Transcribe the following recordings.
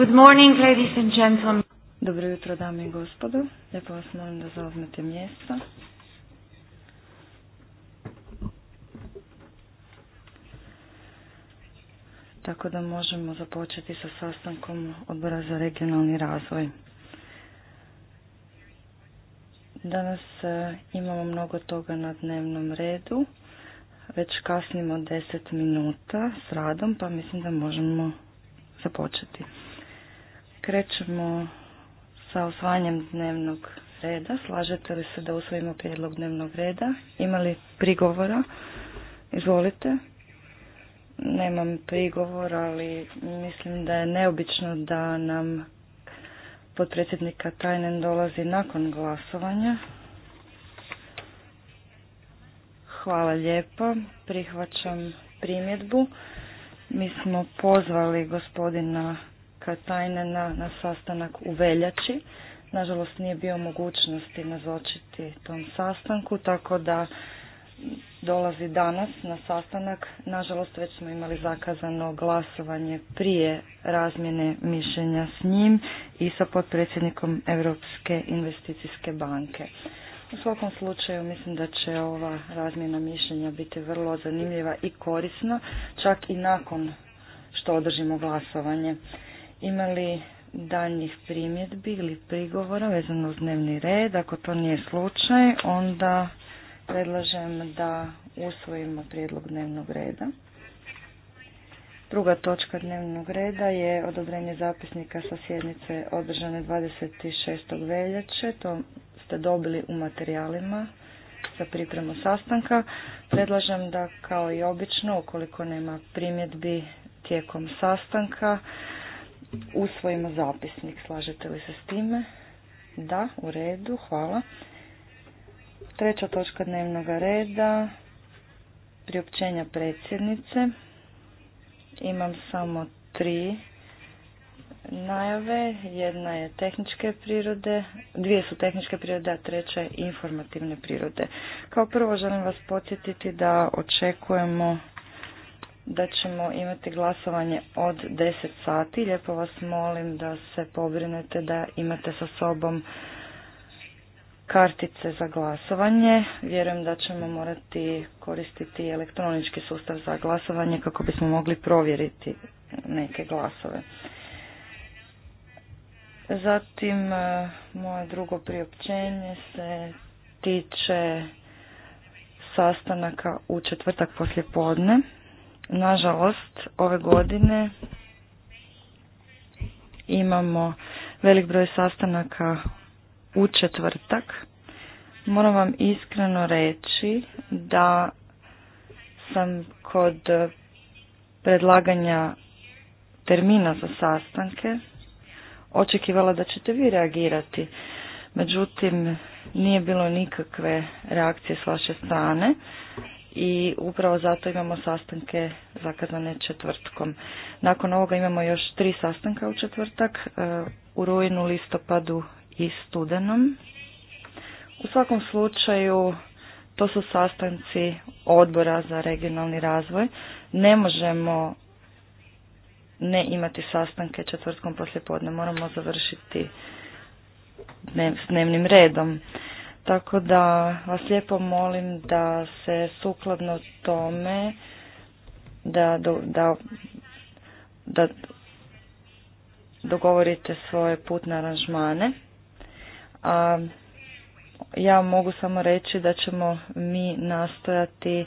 Good morning, ladies and gentlemen. Dobro jutro, dame i gospodo. Lijepo vas molim da zauzmete mjesta. Tako da možemo započeti sa sastankom odbora za regionalni razvoj. Danas e, imamo mnogo toga na dnevnom redu. Već kasnimo 10 minuta s radom, pa mislim da možemo započeti. Krećemo sa osvajanjem dnevnog reda. Slažete li se da usvojimo prijedlog dnevnog reda? Imali prigovora? Izvolite. Nemam prigovora, ali mislim da je neobično da nam podpredsjednika Tajnen dolazi nakon glasovanja. Hvala lijepo. Prihvaćam primjedbu. Mi smo pozvali gospodina Katajnena na sastanak u veljači. Nažalost nije bio mogućnosti nazočiti tom sastanku, tako da dolazi danas na sastanak. Nažalost već smo imali zakazano glasovanje prije razmjene mišljenja s njim i sa potpredsjednikom Europske investicijske banke. U svakom slučaju mislim da će ova razmjena mišljenja biti vrlo zanimljiva i korisna, čak i nakon što održimo glasovanje imali daljnjih primjedbi ili prigovora vezano uz dnevni red. Ako to nije slučaj, onda predlažem da usvojimo prijedlog dnevnog reda. Druga točka dnevnog reda je odobrenje zapisnika sa sjednice održane 26. veljače. To ste dobili u materijalima za pripremu sastanka. Predlažem da kao i obično, ukoliko nema primjedbi tijekom sastanka, usvojimo zapisnik. Slažete li se s time? Da, u redu, hvala. Treća točka dnevnog reda, priopćenja predsjednice. Imam samo tri najave. Jedna je tehničke prirode, dvije su tehničke prirode, a treća je informativne prirode. Kao prvo želim vas podsjetiti da očekujemo da ćemo imati glasovanje od 10 sati. Lijepo vas molim da se pobrinete da imate sa sobom kartice za glasovanje. Vjerujem da ćemo morati koristiti elektronički sustav za glasovanje kako bismo mogli provjeriti neke glasove. Zatim, e, moje drugo priopćenje se tiče sastanaka u četvrtak poslje podne. Nažalost, ove godine imamo velik broj sastanaka u četvrtak. Moram vam iskreno reći da sam kod predlaganja termina za sastanke očekivala da ćete vi reagirati. Međutim, nije bilo nikakve reakcije s vaše strane i upravo zato imamo sastanke zakazane četvrtkom. Nakon ovoga imamo još tri sastanka u četvrtak, e, u rujnu, listopadu i studenom. U svakom slučaju to su sastanci odbora za regionalni razvoj. Ne možemo ne imati sastanke četvrtkom poslijepodne. Moramo završiti s dnevnim redom. Tako da vas lijepo molim da se sukladno tome da, da, da dogovorite svoje putne aranžmane. A ja mogu samo reći da ćemo mi nastojati e,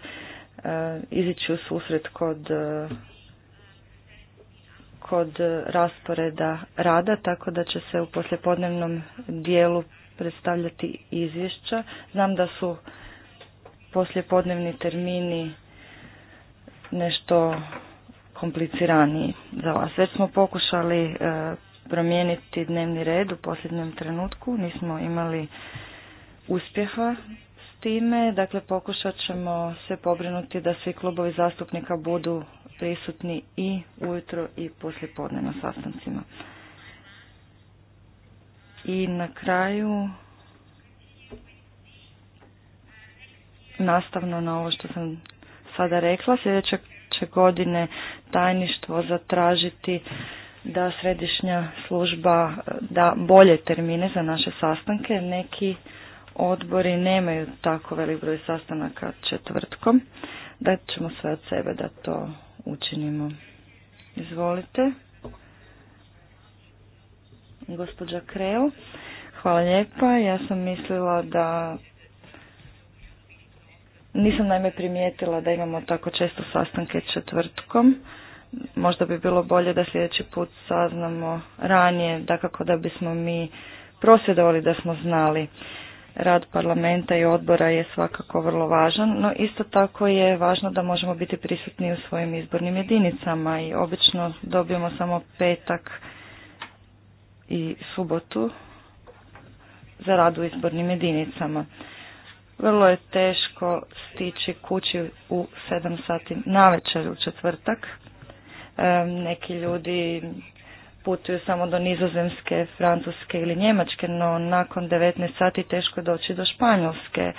izići u susret kod e, kod rasporeda rada, tako da će se u poslijepodnevnom dijelu predstavljati izvješća. Znam da su poslijepodnevni termini nešto kompliciraniji za vas. Već smo pokušali e, promijeniti dnevni red u posljednjem trenutku, nismo imali uspjeha s time, dakle pokušat ćemo se pobrinuti da svi klubovi zastupnika budu prisutni i ujutro i poslijepodne na sastancima. I na kraju, nastavno na ovo što sam sada rekla, sljedeće će godine tajništvo zatražiti da središnja služba e, da bolje termine za naše sastanke. Neki odbori nemaju tako velik broj sastanaka četvrtkom. Da ćemo sve od sebe da to učinimo. Izvolite gospođa Kreo. Hvala lijepa. Ja sam mislila da nisam naime primijetila da imamo tako često sastanke četvrtkom. Možda bi bilo bolje da sljedeći put saznamo ranije, dakako da bismo mi prosvjedovali da smo znali. Rad parlamenta i odbora je svakako vrlo važan, no isto tako je važno da možemo biti prisutni u svojim izbornim jedinicama i obično dobijemo samo petak i subotu za rad u izbornim jedinicama. Vrlo je teško stići kući u 7 sati navečer u četvrtak. E, neki ljudi putuju samo do nizozemske, francuske ili njemačke, no nakon 19 sati teško je doći do španjolske,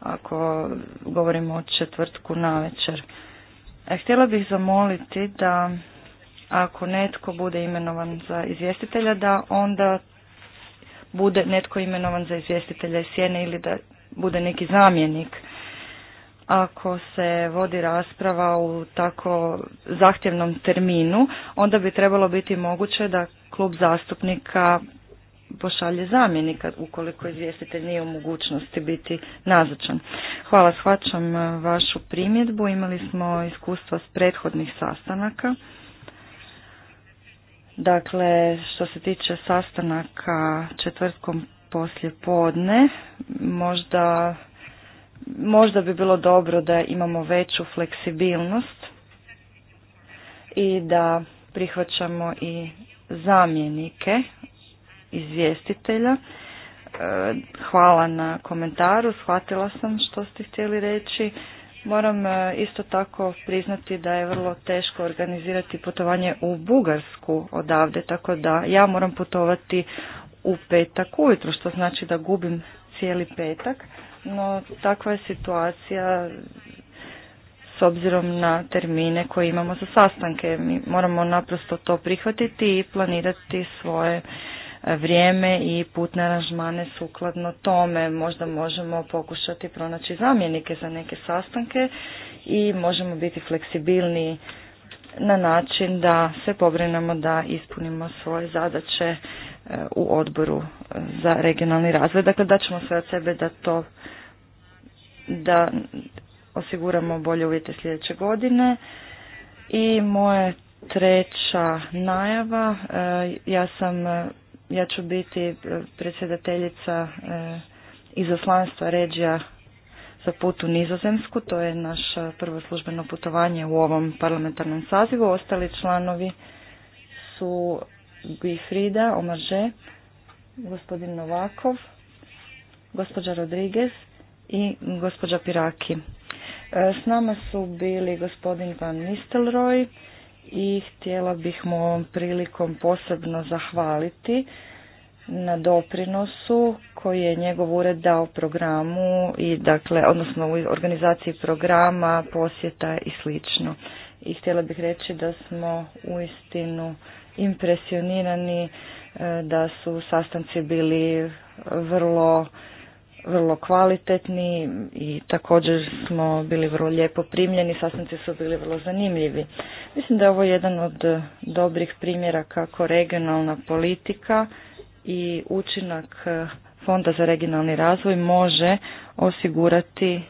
ako govorimo o četvrtku navečer. E, htjela bih zamoliti da ako netko bude imenovan za izvjestitelja da onda bude netko imenovan za izvjestitelja sjene ili da bude neki zamjenik. Ako se vodi rasprava u tako zahtjevnom terminu, onda bi trebalo biti moguće da klub zastupnika pošalje zamjenika ukoliko izvjestitelj nije u mogućnosti biti nazočan. Hvala, shvaćam eh, vašu primjedbu. Imali smo iskustva s prethodnih sastanaka. Dakle, što se tiče sastanaka četvrtkom poslje podne, možda, možda bi bilo dobro da imamo veću fleksibilnost i da prihvaćamo i zamjenike izvjestitelja. E, hvala na komentaru, shvatila sam što ste htjeli reći. Moram e, isto tako priznati da je vrlo teško organizirati putovanje u Bugarsku odavde, tako da ja moram putovati u petak ujutro, što znači da gubim cijeli petak, no takva je situacija s obzirom na termine koje imamo za sastanke. Mi moramo naprosto to prihvatiti i planirati svoje vrijeme i putne aranžmane sukladno tome. Možda možemo pokušati pronaći zamjenike za neke sastanke i možemo biti fleksibilniji na način da se pobrinemo da ispunimo svoje zadaće e, u odboru za regionalni razvoj. Dakle, da ćemo sve od sebe da to da osiguramo bolje uvjete sljedeće godine. I moje treća najava, e, ja sam ja ću biti e, predsjedateljica e, izaslanstva ređija za put u Nizozemsku. To je naš prvo službeno putovanje u ovom parlamentarnom sazivu. Ostali članovi su Guifrida Omarže, gospodin Novakov, gospođa Rodriguez i gospođa Piraki. E, s nama su bili gospodin Van Nistelrooy, i htjela bih mu ovom prilikom posebno zahvaliti na doprinosu koji je njegov ured dao programu i dakle, odnosno u organizaciji programa, posjeta i slično. I htjela bih reći da smo uistinu impresionirani e, da su sastanci bili vrlo vrlo kvalitetni i također smo bili vrlo lijepo primljeni, sastanci su bili vrlo zanimljivi. Mislim da je ovo jedan od dobrih primjera kako regionalna politika i učinak Fonda za regionalni razvoj može osigurati e,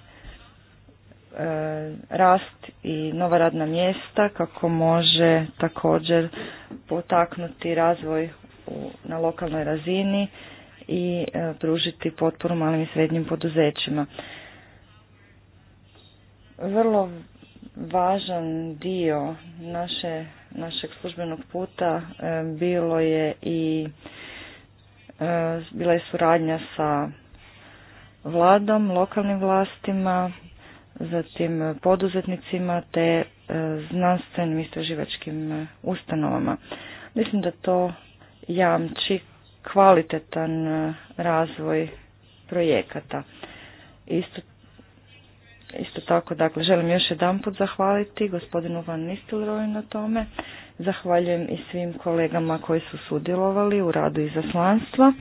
rast i nova radna mjesta kako može također potaknuti razvoj na lokalnoj razini i e, pružiti potporu malim i srednjim poduzećima. Vrlo važan dio naše, našeg službenog puta e, bilo je i e, bila je suradnja sa vladom, lokalnim vlastima, zatim poduzetnicima te znanstvenim istraživačkim ustanovama. Mislim da to jamči kvalitetan e, razvoj projekata. Isto, isto tako, dakle, želim još jedanput zahvaliti gospodinu Van Nistelrooju na tome. Zahvaljujem i svim kolegama koji su sudjelovali u radu izaslanstva.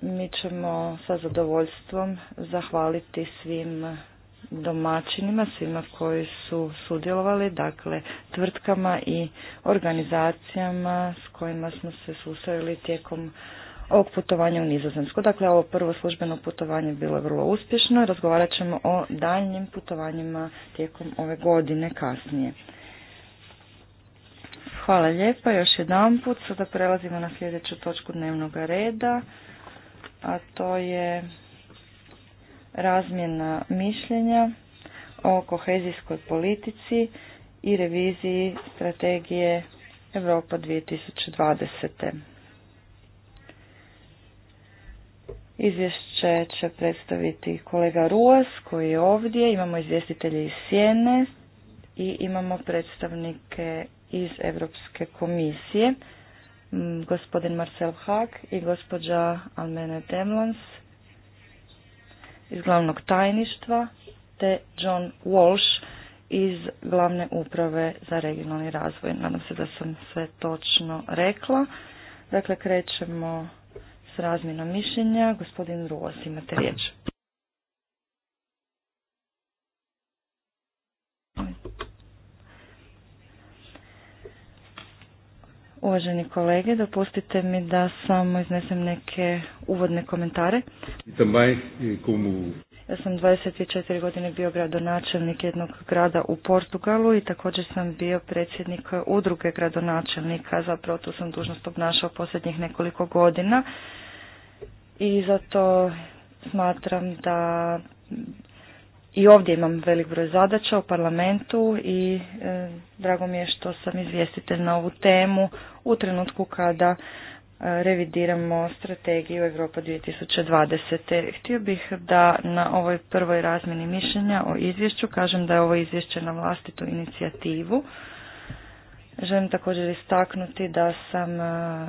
Mi ćemo sa zadovoljstvom zahvaliti svim domaćinima, svima koji su sudjelovali, dakle tvrtkama i organizacijama s kojima smo se susreli tijekom ovog putovanja u Nizozemsku. Dakle, ovo prvo službeno putovanje bilo je vrlo uspješno. Razgovarat ćemo o daljnjim putovanjima tijekom ove godine kasnije. Hvala lijepa još jedan put. Sada prelazimo na sljedeću točku dnevnog reda, a to je razmjena mišljenja o kohezijskoj politici i reviziji strategije Europa 2020. Izvješće će predstaviti kolega Ruas koji je ovdje, imamo izvjestitelje iz Sjene i imamo predstavnike iz Europske komisije, mm, gospodin Marcel Haag i gospođa Almene Demlans iz glavnog tajništva te John Walsh iz glavne uprave za regionalni razvoj. Nadam se da sam sve točno rekla. Dakle, krećemo s razminom mišljenja. Gospodin Ruos, imate riječ. Uvaženi kolege, dopustite mi da samo iznesem neke uvodne komentare. E ja sam 24 godine bio gradonačelnik jednog grada u Portugalu i također sam bio predsjednik udruge gradonačelnika, zapravo tu sam dužnost obnašao posljednjih nekoliko godina i zato smatram da i ovdje imam velik broj zadaća u parlamentu i e, drago mi je što sam izvjestitelj na ovu temu u trenutku kada e, revidiramo strategiju Europa 2020. Htio bih da na ovoj prvoj razmjeni mišljenja o izvješću kažem da je ovo izvješće na vlastitu inicijativu. Želim također istaknuti da sam e,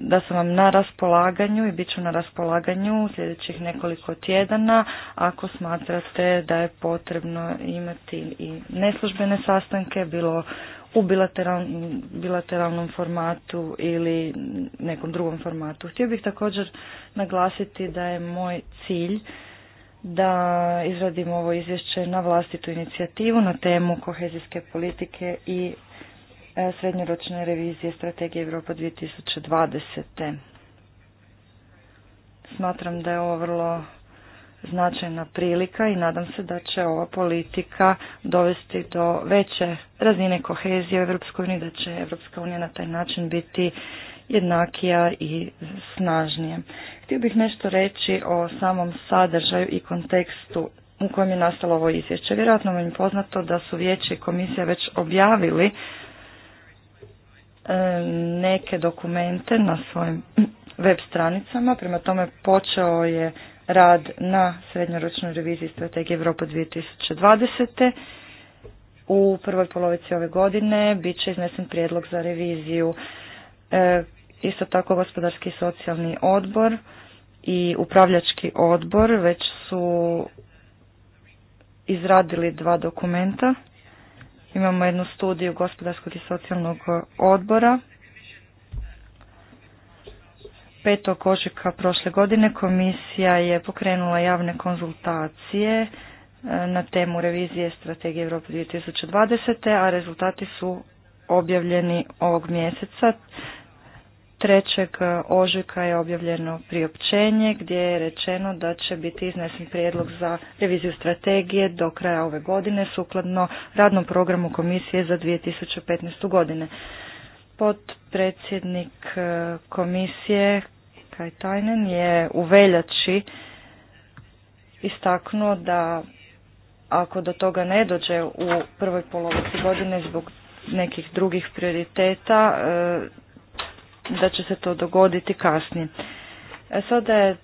da sam vam na raspolaganju i bit ću na raspolaganju sljedećih nekoliko tjedana ako smatrate da je potrebno imati i neslužbene sastanke, bilo u bilateralnom formatu ili nekom drugom formatu. Htio bih također naglasiti da je moj cilj da izradim ovo izvješće na vlastitu inicijativu na temu kohezijske politike i E, srednjoročne revizije strategije Europa 2020. Smatram da je ovo vrlo značajna prilika i nadam se da će ova politika dovesti do veće razine kohezije u Evropskoj uniji, da će Evropska unija na taj način biti jednakija i snažnija. Htio bih nešto reći o samom sadržaju i kontekstu u kojem je nastalo ovo izvješće. Vjerojatno vam je poznato da su vijeće i komisija već objavili E, neke dokumente na svojim web stranicama, prema tome počeo je rad na srednjoročnoj reviziji strategije Europa 2020. U prvoj polovici ove godine bit će iznesen prijedlog za reviziju. E, isto tako gospodarski i socijalni odbor i upravljački odbor već su izradili dva dokumenta Imamo jednu studiju gospodarskog i socijalnog odbora. Petog ožujka prošle godine komisija je pokrenula javne konzultacije e, na temu revizije strategije Europe 2020. a rezultati su objavljeni ovog mjeseca. Trećeg eh, ožujka je objavljeno priopćenje gdje je rečeno da će biti iznesen prijedlog za reviziju strategije do kraja ove godine sukladno radnom programu komisije za 2015. godine. Podpredsjednik eh, komisije Kajtajnen je u veljači istaknuo da ako do toga ne dođe u prvoj polovici godine zbog nekih drugih prioriteta, eh, da će se to dogoditi kasnije. E, sada je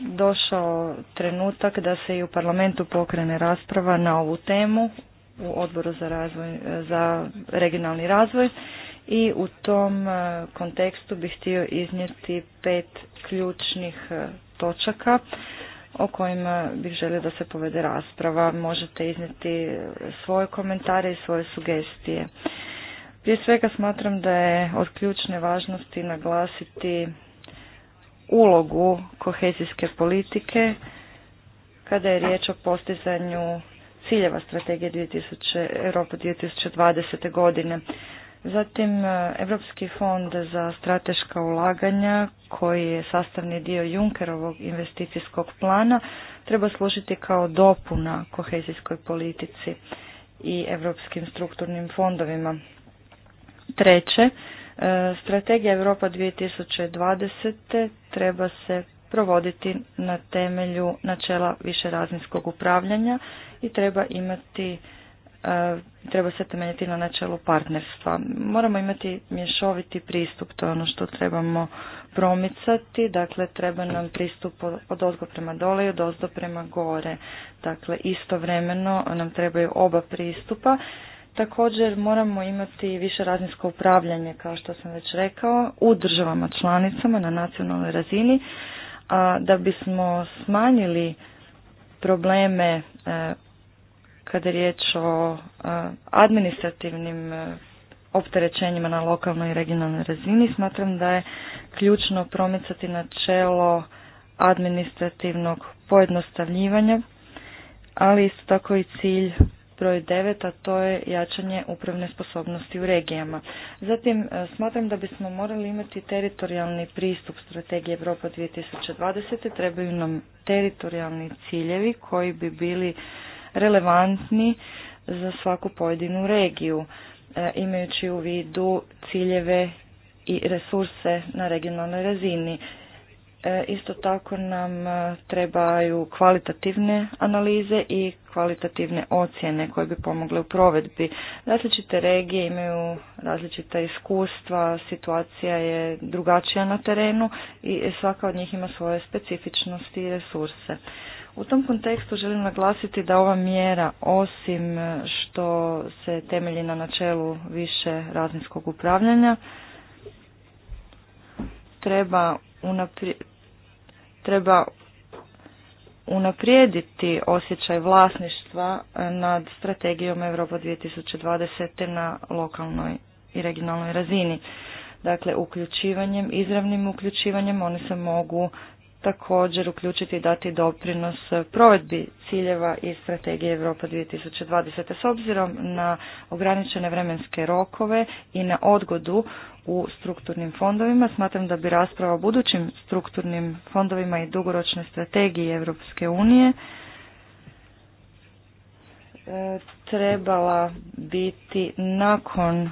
došao trenutak da se i u parlamentu pokrene rasprava na ovu temu u odboru za, razvoj, e, za regionalni razvoj i u tom e, kontekstu bih htio iznijeti pet ključnih točaka o kojima bih želio da se povede rasprava. Možete iznijeti svoje komentare i svoje sugestije. Prije svega smatram da je od ključne važnosti naglasiti ulogu kohezijske politike kada je riječ o postizanju ciljeva strategije Europa 2020. godine. Zatim e, Europski fond za strateška ulaganja koji je sastavni dio Junkerovog investicijskog plana treba služiti kao dopuna kohezijskoj politici i europskim strukturnim fondovima. Treće, e, strategija Europa 2020. treba se provoditi na temelju načela višerazinskog upravljanja i treba imati e, treba se temeljiti na načelu partnerstva. Moramo imati mješoviti pristup, to je ono što trebamo promicati, dakle treba nam pristup od ozgo prema dole i od prema gore. Dakle, istovremeno nam trebaju oba pristupa Također moramo imati više razinsko upravljanje, kao što sam već rekao, u državama članicama na nacionalnoj razini, a da bismo smanjili probleme e, kada je riječ o e, administrativnim e, opterećenjima na lokalnoj i regionalnoj razini, smatram da je ključno promicati načelo administrativnog pojednostavljivanja, ali isto tako i cilj broj 9, a to je jačanje upravne sposobnosti u regijama. Zatim, e, smatram da bismo morali imati teritorijalni pristup strategije Europa 2020. Trebaju nam teritorijalni ciljevi koji bi bili relevantni za svaku pojedinu regiju, e, imajući u vidu ciljeve i resurse na regionalnoj razini. E, isto tako nam e, trebaju kvalitativne analize i kvalitativne ocjene koje bi pomogle u provedbi. Različite regije imaju različita iskustva, situacija je drugačija na terenu i svaka od njih ima svoje specifičnosti i resurse. U tom kontekstu želim naglasiti da ova mjera, osim što se temelji na načelu više razinskog upravljanja, treba treba unaprijediti osjećaj vlasništva nad strategijom Europa 2020. na lokalnoj i regionalnoj razini. Dakle, uključivanjem, izravnim uključivanjem oni se mogu također uključiti i dati doprinos provedbi ciljeva i strategije Europa 2020. S obzirom na ograničene vremenske rokove i na odgodu u strukturnim fondovima, smatram da bi rasprava o budućim strukturnim fondovima i dugoročnoj strategiji Europske unije e, trebala biti nakon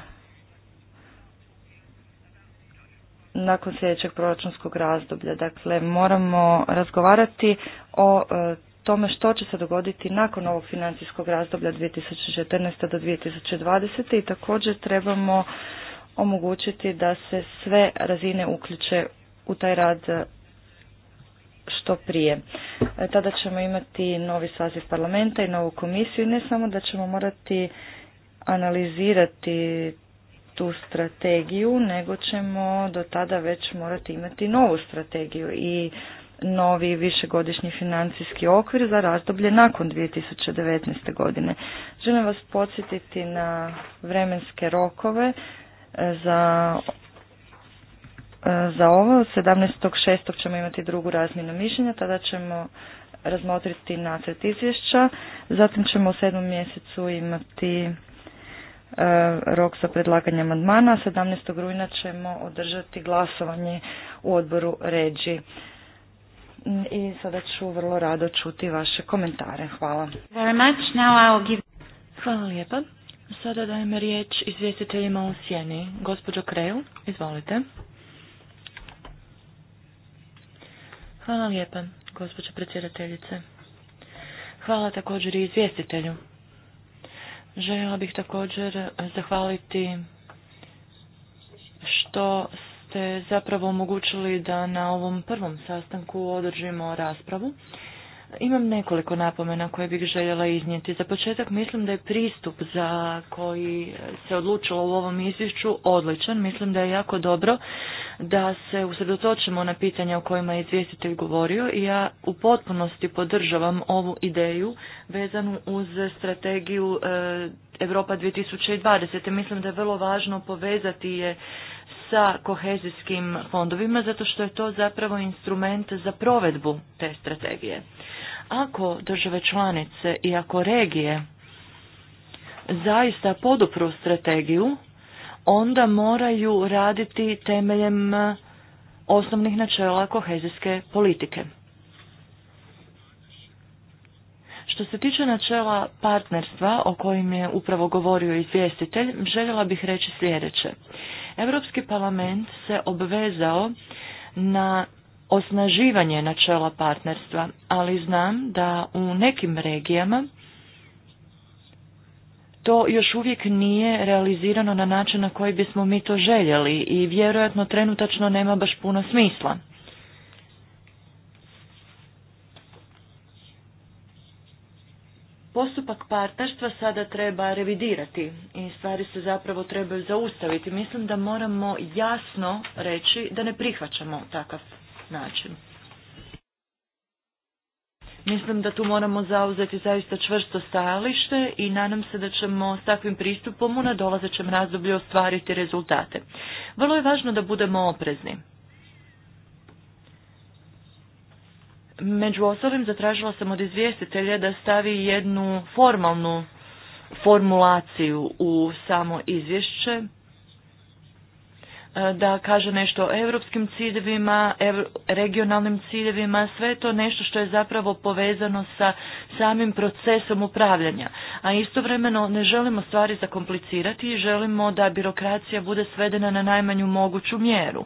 nakon sljedećeg proračunskog razdoblja. Dakle, moramo razgovarati o e, tome što će se dogoditi nakon ovog financijskog razdoblja 2014. do 2020. i također trebamo omogućiti da se sve razine uključe u taj rad što prije. E, tada ćemo imati novi saziv parlamenta i novu komisiju i ne samo da ćemo morati analizirati tu strategiju, nego ćemo do tada već morati imati novu strategiju i novi višegodišnji financijski okvir za razdoblje nakon 2019. godine. Želim vas podsjetiti na vremenske rokove e, za e, za ovo. 17.6. ćemo imati drugu razmjenu mišljenja, tada ćemo razmotriti nacrt izvješća, zatim ćemo u sedmom mjesecu imati E, rok za predlaganje amandmana. 17. rujna ćemo održati glasovanje u odboru ređi. I sada ću vrlo rado čuti vaše komentare. Hvala. Hvala lijepa. Sada dajem riječ izvjestiteljima u sjeni. Gospođo Kreju, izvolite. Hvala lijepa, gospođo predsjedateljice. Hvala također i izvjestitelju. Željela bih također zahvaliti što ste zapravo omogućili da na ovom prvom sastanku održimo raspravu. Imam nekoliko napomena koje bih željela iznijeti. Za početak mislim da je pristup za koji se odlučilo u ovom izvješću odličan. Mislim da je jako dobro da se usredotočimo na pitanja o kojima je izvjestitelj govorio i ja u potpunosti podržavam ovu ideju vezanu uz strategiju e, Europa 2020. Mislim da je vrlo važno povezati je sa kohezijskim fondovima zato što je to zapravo instrument za provedbu te strategije. Ako države članice i ako regije zaista podupru strategiju, onda moraju raditi temeljem e, osnovnih načela kohezijske politike. Što se tiče načela partnerstva o kojim je upravo govorio izvjestitelj, željela bih reći sljedeće. Europski parlament se obvezao na osnaživanje načela partnerstva, ali znam da u nekim regijama to još uvijek nije realizirano na način na koji bismo mi to željeli i vjerojatno trenutačno nema baš puno smisla. Postupak partnerstva sada treba revidirati i stvari se zapravo trebaju zaustaviti. Mislim da moramo jasno reći da ne prihvaćamo takav način. Mislim da tu moramo zauzeti zaista čvrsto stajalište i nadam se da ćemo s takvim pristupom u nadolazećem razdoblju ostvariti rezultate. Vrlo je važno da budemo oprezni. Među ostalim zatražila sam od izvjestitelja da stavi jednu formalnu formulaciju u samo izvješće da kaže nešto o europskim ciljevima, regionalnim ciljevima, sve to nešto što je zapravo povezano sa samim procesom upravljanja. A istovremeno ne želimo stvari zakomplicirati i želimo da birokracija bude svedena na najmanju moguću mjeru.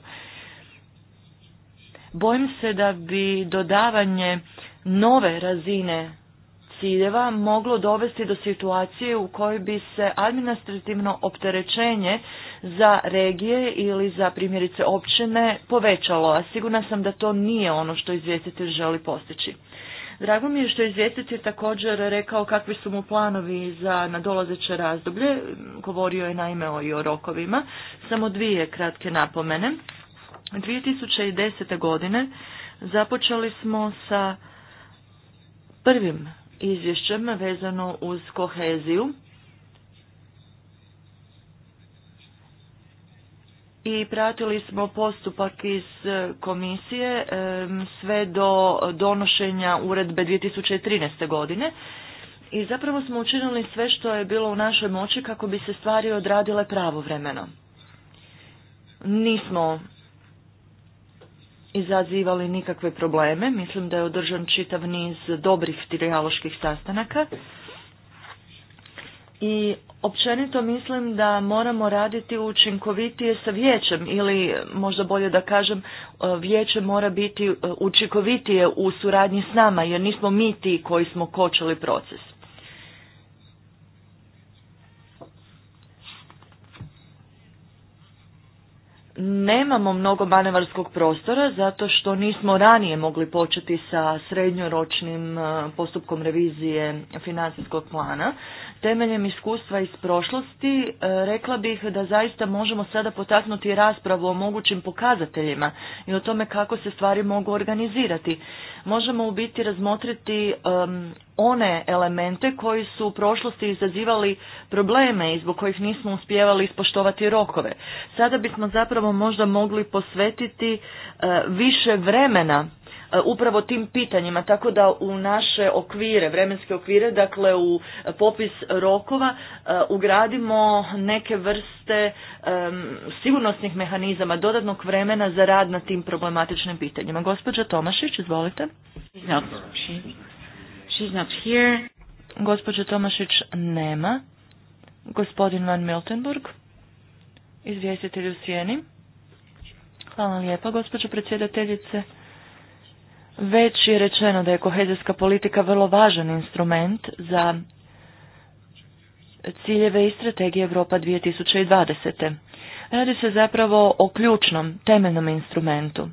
Bojim se da bi dodavanje nove razine ciljeva moglo dovesti do situacije u kojoj bi se administrativno opterećenje za regije ili za primjerice općine povećalo, a sigurna sam da to nije ono što izvjestitelj želi postići. Drago mi je što je izvjestitelj također rekao kakvi su mu planovi za nadolazeće razdoblje, govorio je naime i o rokovima, samo dvije kratke napomene. 2010. godine započeli smo sa prvim izvješćem vezano uz koheziju. i pratili smo postupak iz komisije sve do donošenja uredbe 2013. godine i zapravo smo učinili sve što je bilo u našoj moći kako bi se stvari odradile pravovremeno. Nismo izazivali nikakve probleme. Mislim da je održan čitav niz dobrih trijaloških sastanaka. I općenito mislim da moramo raditi učinkovitije sa vijećem ili možda bolje da kažem vijeće mora biti učinkovitije u suradnji s nama jer nismo mi ti koji smo kočili proces. nemamo mnogo manevarskog prostora zato što nismo ranije mogli početi sa srednjoročnim eh, postupkom revizije financijskog plana, Temeljem iskustva iz prošlosti e, rekla bih da zaista možemo sada potaknuti raspravu o mogućim pokazateljima i o tome kako se stvari mogu organizirati. Možemo u biti razmotriti one elemente koji su u prošlosti izazivali probleme i zbog kojih nismo uspjevali ispoštovati rokove. Sada bismo zapravo možda mogli posvetiti e, više vremena E, upravo tim pitanjima, tako da u naše okvire, vremenske okvire, dakle u popis rokova e, ugradimo neke vrste e, sigurnosnih mehanizama, dodatnog vremena za rad na tim problematičnim pitanjima. Gospođa Tomašić, izvolite. She's Tomašić nema. Gospodin Van Miltenburg, izvjestitelj u sjeni. Hvala lijepa, gospođo predsjedateljice. Već je rečeno da je kohezijska politika vrlo važan instrument za ciljeve i strategije Europa 2020. Radi se zapravo o ključnom, temeljnom instrumentu.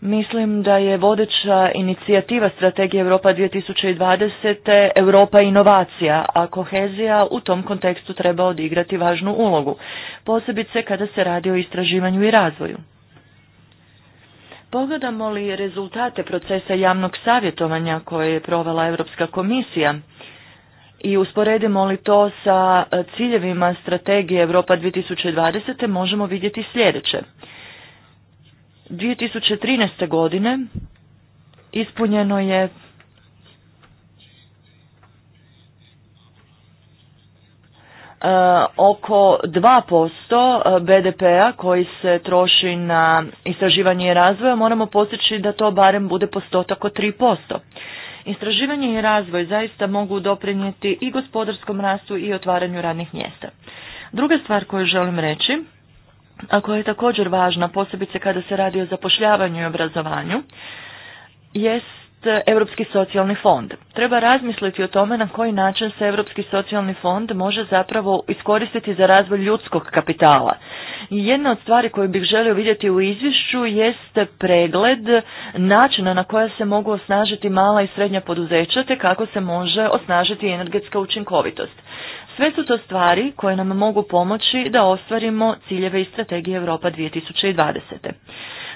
Mislim da je vodeća inicijativa strategije Europa 2020. Europa inovacija, a kohezija u tom kontekstu treba odigrati važnu ulogu, posebice kada se radi o istraživanju i razvoju. Pogledamo li rezultate procesa javnog savjetovanja koje je provela Europska komisija i usporedimo li to sa e, ciljevima strategije Europa 2020. možemo vidjeti sljedeće. 2013. godine ispunjeno je E, oko 2% e, BDP-a koji se troši na istraživanje i razvoj, moramo postići da to barem bude postotak od 3%. Istraživanje i razvoj zaista mogu doprinijeti i gospodarskom rastu i otvaranju radnih mjesta. Druga stvar koju želim reći, a koja je također važna, posebice kada se radi o zapošljavanju i obrazovanju, jest Europski socijalni fond. Treba razmisliti o tome na koji način se Europski socijalni fond može zapravo iskoristiti za razvoj ljudskog kapitala. Jedna od stvari koju bih želio vidjeti u izvješću jeste pregled načina na koja se mogu osnažiti mala i srednja poduzeća te kako se može osnažiti energetska učinkovitost. Sve su to stvari koje nam mogu pomoći da ostvarimo ciljeve i strategije Europa 2020.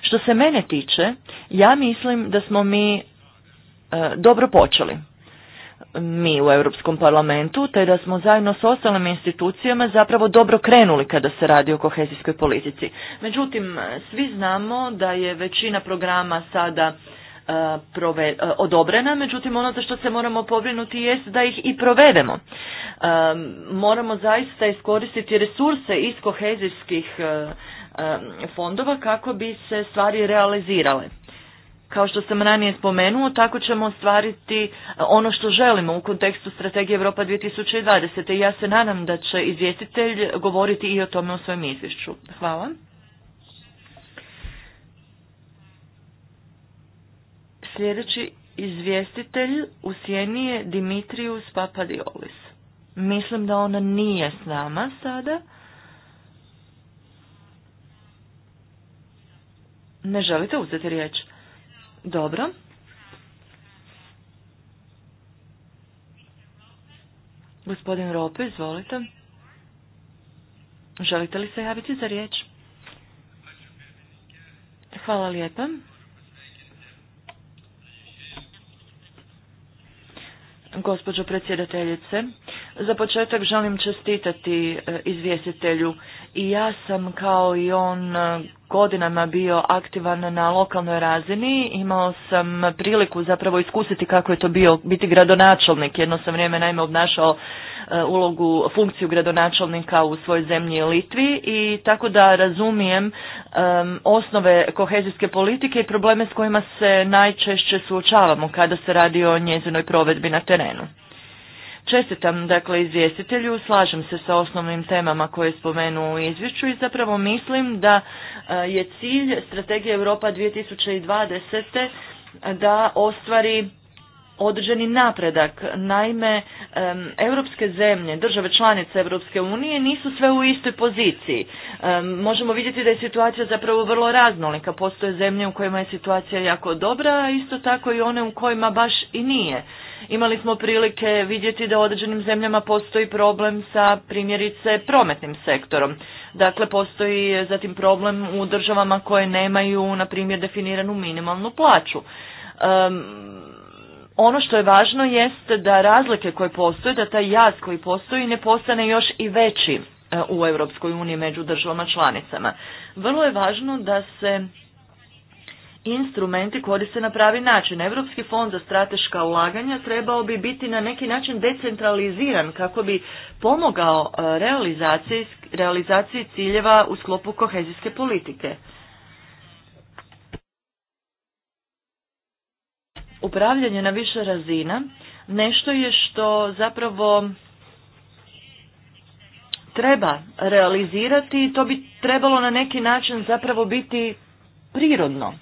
Što se mene tiče, ja mislim da smo mi E, dobro počeli mi u Europskom parlamentu, te da smo zajedno s ostalim institucijama zapravo dobro krenuli kada se radi o kohezijskoj politici. Međutim, svi znamo da je većina programa sada e, e, odobrena, međutim ono za što se moramo pobrinuti jest da ih i provedemo. Moramo zaista iskoristiti resurse iz kohezijskih fondova kako bi se stvari realizirale. Kao što sam ranije spomenuo, tako ćemo ostvariti e, ono što želimo u kontekstu strategije Europa 2020. I ja se nadam da će izvjestitelj govoriti i o tome u svojem izvješću. Hvala. Sljedeći izvjestitelj u sjeni je Dimitrius Papadiolis. Mislim da ona nije s nama sada. Ne želite uzeti riječ? Dobro. Gospodin Rope, izvolite. Želite li se javiti za riječ? Hvala lijepa. Gospođo predsjedateljice, za početak želim čestitati e, izvjestitelju i ja sam kao i on e, godinama bio aktivan na lokalnoj razini. Imao sam priliku zapravo iskusiti kako je to bio biti gradonačelnik. Jedno sam vrijeme naime obnašao e, ulogu, funkciju gradonačelnika u svojoj zemlji Litvi i tako da razumijem osnove kohezijske politike i probleme s kojima se najčešće suočavamo kada se radi o njezinoj provedbi na terenu. Čestitam, dakle, izvjestitelju, slažem se sa osnovnim temama koje spomenu u izvješću i zapravo mislim da e, je cilj strategije Europa 2020. E, da ostvari određeni napredak. Naime, europske zemlje, države članice Europske unije nisu sve u istoj poziciji. Možemo vidjeti da je situacija zapravo vrlo raznolika. Postoje zemlje u kojima je situacija jako dobra, a isto tako i one u kojima baš i nije. Imali smo prilike vidjeti da u određenim zemljama postoji problem sa primjerice prometnim sektorom. Dakle, postoji e, zatim problem u državama koje nemaju, na primjer, definiranu minimalnu plaću. Um, ono što je važno jest da razlike koje postoje, da taj jaz koji postoji ne postane još i veći e, u Europskoj među državama članicama. Vrlo je važno da se instrumenti koriste na pravi način. Europski fond za strateška ulaganja trebao bi biti na neki način decentraliziran kako bi pomogao e, realizaciji, realizaciji ciljeva u sklopu kohezijske politike. Upravljanje na više razina nešto je što zapravo treba realizirati i to bi trebalo na neki način zapravo biti prirodno.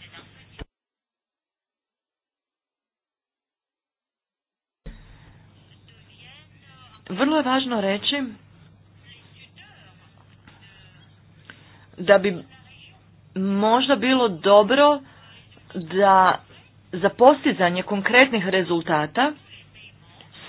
Vrlo je važno reći da bi možda bilo dobro da za postizanje konkretnih rezultata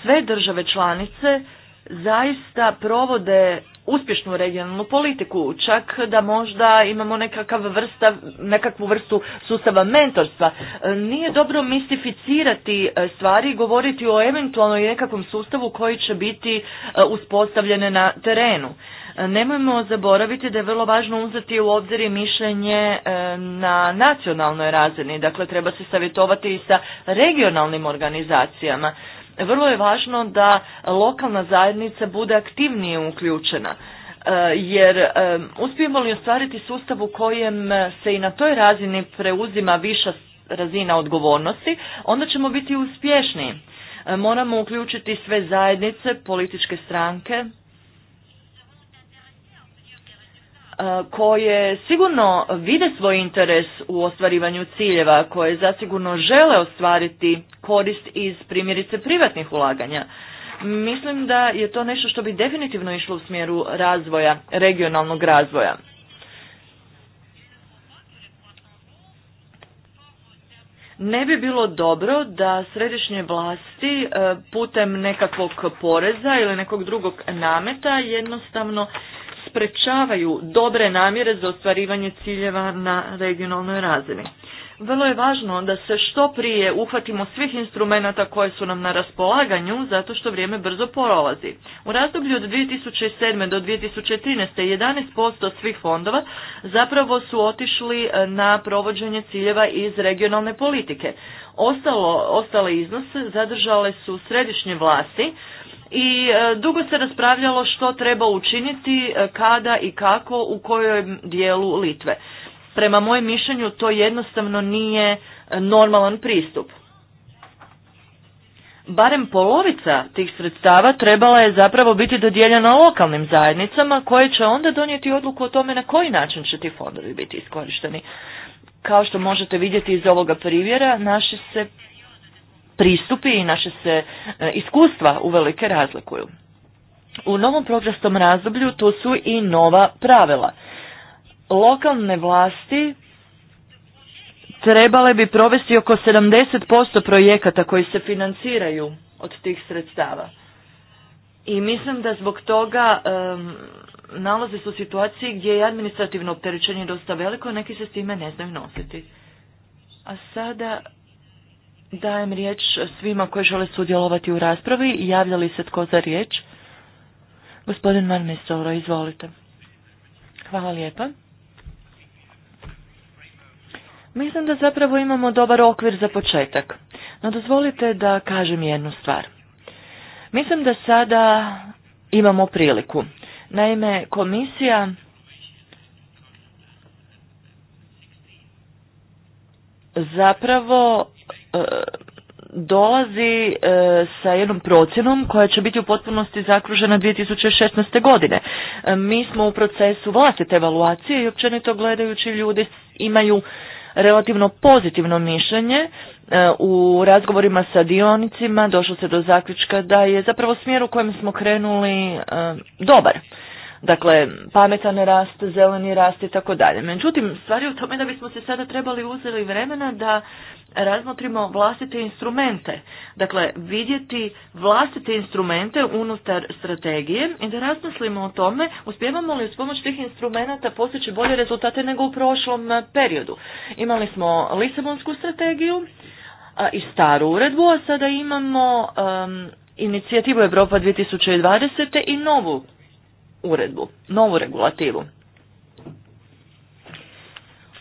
sve države članice zaista provode uspješnu regionalnu politiku, čak da možda imamo nekakav vrsta, nekakvu vrstu sustava mentorstva. E, nije dobro mistificirati e, stvari i govoriti o eventualno nekakvom sustavu koji će biti e, uspostavljene na terenu. Nemojmo zaboraviti da je vrlo važno uzeti u obzir i mišljenje na nacionalnoj razini, dakle treba se savjetovati i sa regionalnim organizacijama vrlo je važno da lokalna zajednica bude aktivnije uključena e, jer e, uspijemo li ostvariti sustav u kojem se i na toj razini preuzima viša razina odgovornosti, onda ćemo biti uspješniji. E, moramo uključiti sve zajednice, političke stranke, E, koje sigurno vide svoj interes u ostvarivanju ciljeva, koje zasigurno žele ostvariti korist iz primjerice privatnih ulaganja. Mislim da je to nešto što bi definitivno išlo u smjeru razvoja, regionalnog razvoja. Ne bi bilo dobro da središnje vlasti e, putem nekakvog poreza ili nekog drugog nameta jednostavno sprečavaju dobre namjere za ostvarivanje ciljeva na regionalnoj razini. Vrlo je važno da se što prije uhvatimo svih instrumenata koje su nam na raspolaganju, zato što vrijeme brzo porolazi. U razdoblju od 2007. do 2014. 11% svih fondova zapravo su otišli e, na provođenje ciljeva iz regionalne politike. Ostalo, ostale iznose zadržale su središnje vlasti, i e, dugo se raspravljalo što treba učiniti, e, kada i kako, u kojoj dijelu Litve. Prema mojem mišljenju to jednostavno nije e, normalan pristup. Barem polovica tih sredstava trebala je zapravo biti dodijeljena lokalnim zajednicama koje će onda donijeti odluku o tome na koji način će ti fondovi biti iskorišteni. Kao što možete vidjeti iz ovoga privjera, naši se pristupi i naše se e, iskustva uvelike razlikuju. U novom programskom razdoblju tu su i nova pravila. Lokalne vlasti trebale bi provesti oko 70% projekata koji se financiraju od tih sredstava. I mislim da zbog toga um, nalaze su situaciji gdje je administrativno opterećenje dosta veliko, neki se s time ne znaju nositi. A sada Dajem riječ svima koji žele sudjelovati u raspravi. Javlja li se tko za riječ? Gospodin Van izvolite. Hvala lijepa. Mislim da zapravo imamo dobar okvir za početak. No dozvolite da kažem jednu stvar. Mislim da sada imamo priliku. Naime, komisija zapravo e, dolazi e, sa jednom procjenom koja će biti u potpunosti zakružena 2016. godine. E, mi smo u procesu vlastite evaluacije i općenito gledajući ljudi imaju relativno pozitivno mišljenje. u razgovorima sa dionicima došlo se do zaključka da je zapravo smjer u kojem smo krenuli dobar. Dakle, pametan rast, zeleni rast i tako dalje. Međutim, stvar je u tome da bismo se sada trebali uzeli vremena da razmotrimo vlastite instrumente. Dakle, vidjeti vlastite instrumente unutar strategije i da razmislimo o tome uspijevamo li s pomoć tih instrumenta postići bolje rezultate nego u prošlom periodu. Imali smo Lisabonsku strategiju i staru uredbu, a sada imamo inicijativu Europa 2020. i novu uredbu, novu regulativu.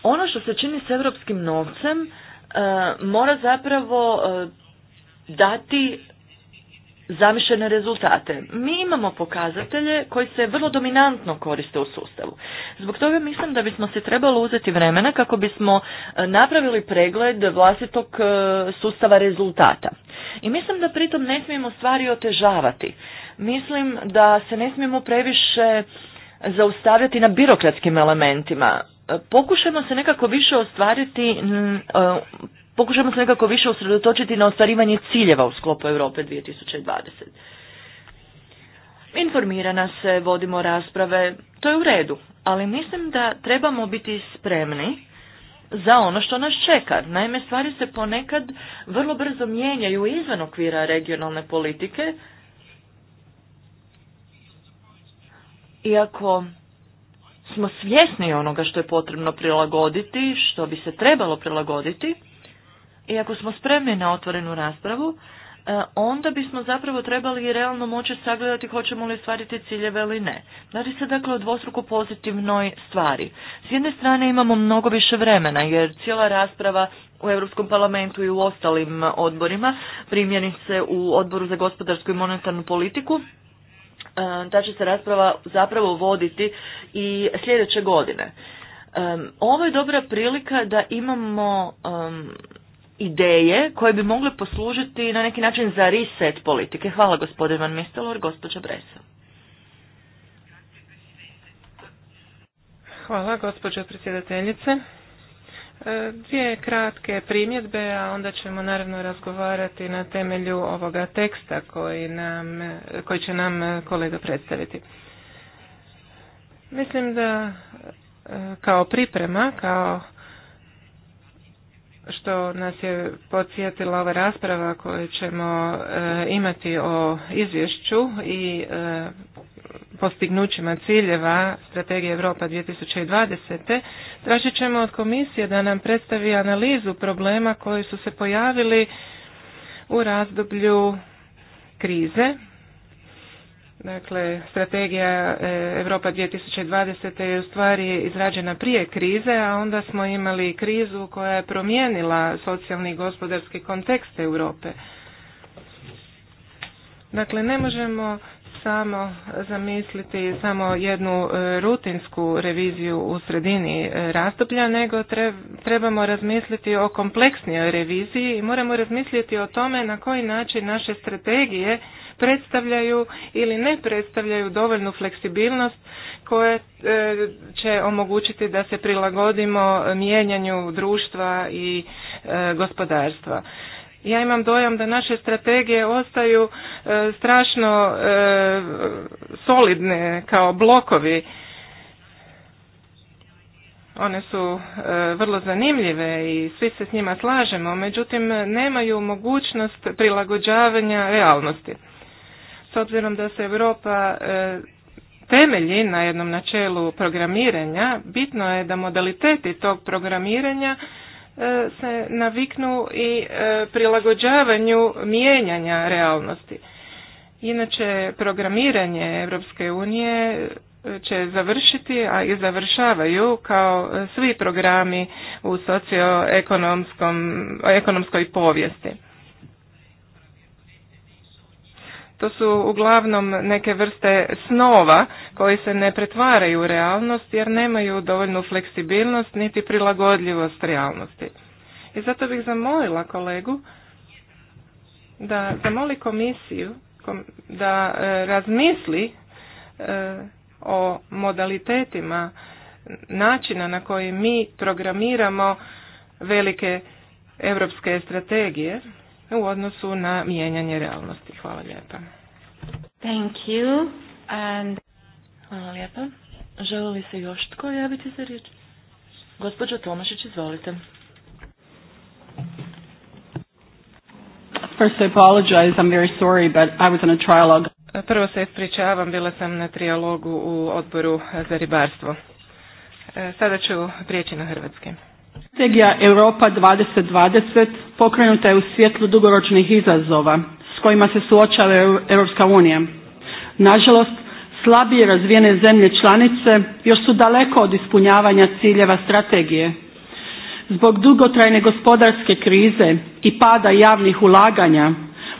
Ono što se čini s europskim novcem e, mora zapravo e, dati zamišljene rezultate. Mi imamo pokazatelje koji se vrlo dominantno koriste u sustavu. Zbog toga mislim da bismo se trebalo uzeti vremena kako bismo e, napravili pregled vlastitog sustava rezultata. I mislim da pritom ne smijemo stvari otežavati. Mislim da se ne smijemo previše zaustavljati na birokratskim elementima. Pokušajmo se nekako više ostvariti, e, pokušajmo se nekako više usredotočiti na ostvarivanje ciljeva u sklopu Europe 2020. Informirana se, vodimo rasprave, to je u redu, ali mislim da trebamo biti spremni za ono što nas čeka. Naime, stvari se ponekad vrlo brzo mijenjaju izvan okvira regionalne politike, iako smo svjesni onoga što je potrebno prilagoditi, što bi se trebalo prilagoditi, i ako smo spremni na otvorenu raspravu, e, onda bismo zapravo trebali i realno moći sagledati hoćemo li stvariti ciljeve ili ne. Radi se dakle o dvostruku pozitivnoj stvari. S jedne strane imamo mnogo više vremena jer cijela rasprava u Europskom parlamentu i u ostalim odborima, primjerice u odboru za gospodarsku i monetarnu politiku, E, ta će se rasprava zapravo voditi i sljedeće godine. E, ovo je dobra prilika da imamo ideje koje bi mogle poslužiti na neki način za reset politike. Hvala gospodin Van Mistelor, gospođa Bresa. Hvala gospođa predsjedateljice. E, dvije kratke primjedbe, a onda ćemo naravno razgovarati na temelju ovoga teksta koji, nam, koji će nam kolega predstaviti. Mislim da e, kao priprema, kao što nas je podsjetila ova rasprava koju ćemo e, imati o izvješću i e, postignućima ciljeva Strategije Europa 2020. Tražit ćemo od komisije da nam predstavi analizu problema koji su se pojavili u razdoblju krize Dakle, strategija e, Europa 2020. je u stvari izrađena prije krize, a onda smo imali krizu koja je promijenila socijalni i gospodarski kontekst Europe. Dakle, ne možemo samo zamisliti samo jednu e, rutinsku reviziju u sredini e, razdoblja, nego trebamo razmisliti o kompleksnijoj reviziji i moramo razmisliti o tome na koji način naše strategije predstavljaju ili ne predstavljaju dovoljnu fleksibilnost koja e, će omogućiti da se prilagodimo mijenjanju društva i e, gospodarstva. Ja imam dojam da naše strategije ostaju e, strašno solidne kao blokovi one su vrlo zanimljive i svi se s njima slažemo, međutim nemaju mogućnost prilagođavanja realnosti. S obzirom da se Europa e, temelji na jednom načelu programiranja, bitno je da modaliteti tog programiranja e, se naviknu i e, prilagođavanju mijenjanja realnosti. Inače, programiranje Europske unije će završiti, a i završavaju kao svi programi u socioekonomskoj povijesti. To su uglavnom neke vrste snova koji se ne pretvaraju u realnost jer nemaju dovoljnu fleksibilnost niti prilagodljivost realnosti. I zato bih zamolila kolegu da zamoli komisiju da e, razmisli e, o modalitetima načina na koji mi programiramo velike europske strategije u odnosu na mijenjanje realnosti. Hvala lijepa. Thank you. And... Hvala lijepa. Želi li se još tko javiti za riječ? Gospođo Tomašić, izvolite. First, I apologize. I'm very sorry, but I was in a Prvo se ispričavam, bila sam na trijalogu u odboru za ribarstvo. E, sada ću prijeći na hrvatski. Strategija Europa 2020 pokrenuta je u svjetlu dugoročnih izazova s kojima se suočava Europska unija. Nažalost, slabije razvijene zemlje članice još su daleko od ispunjavanja ciljeva strategije. Zbog dugotrajne gospodarske krize i pada javnih ulaganja,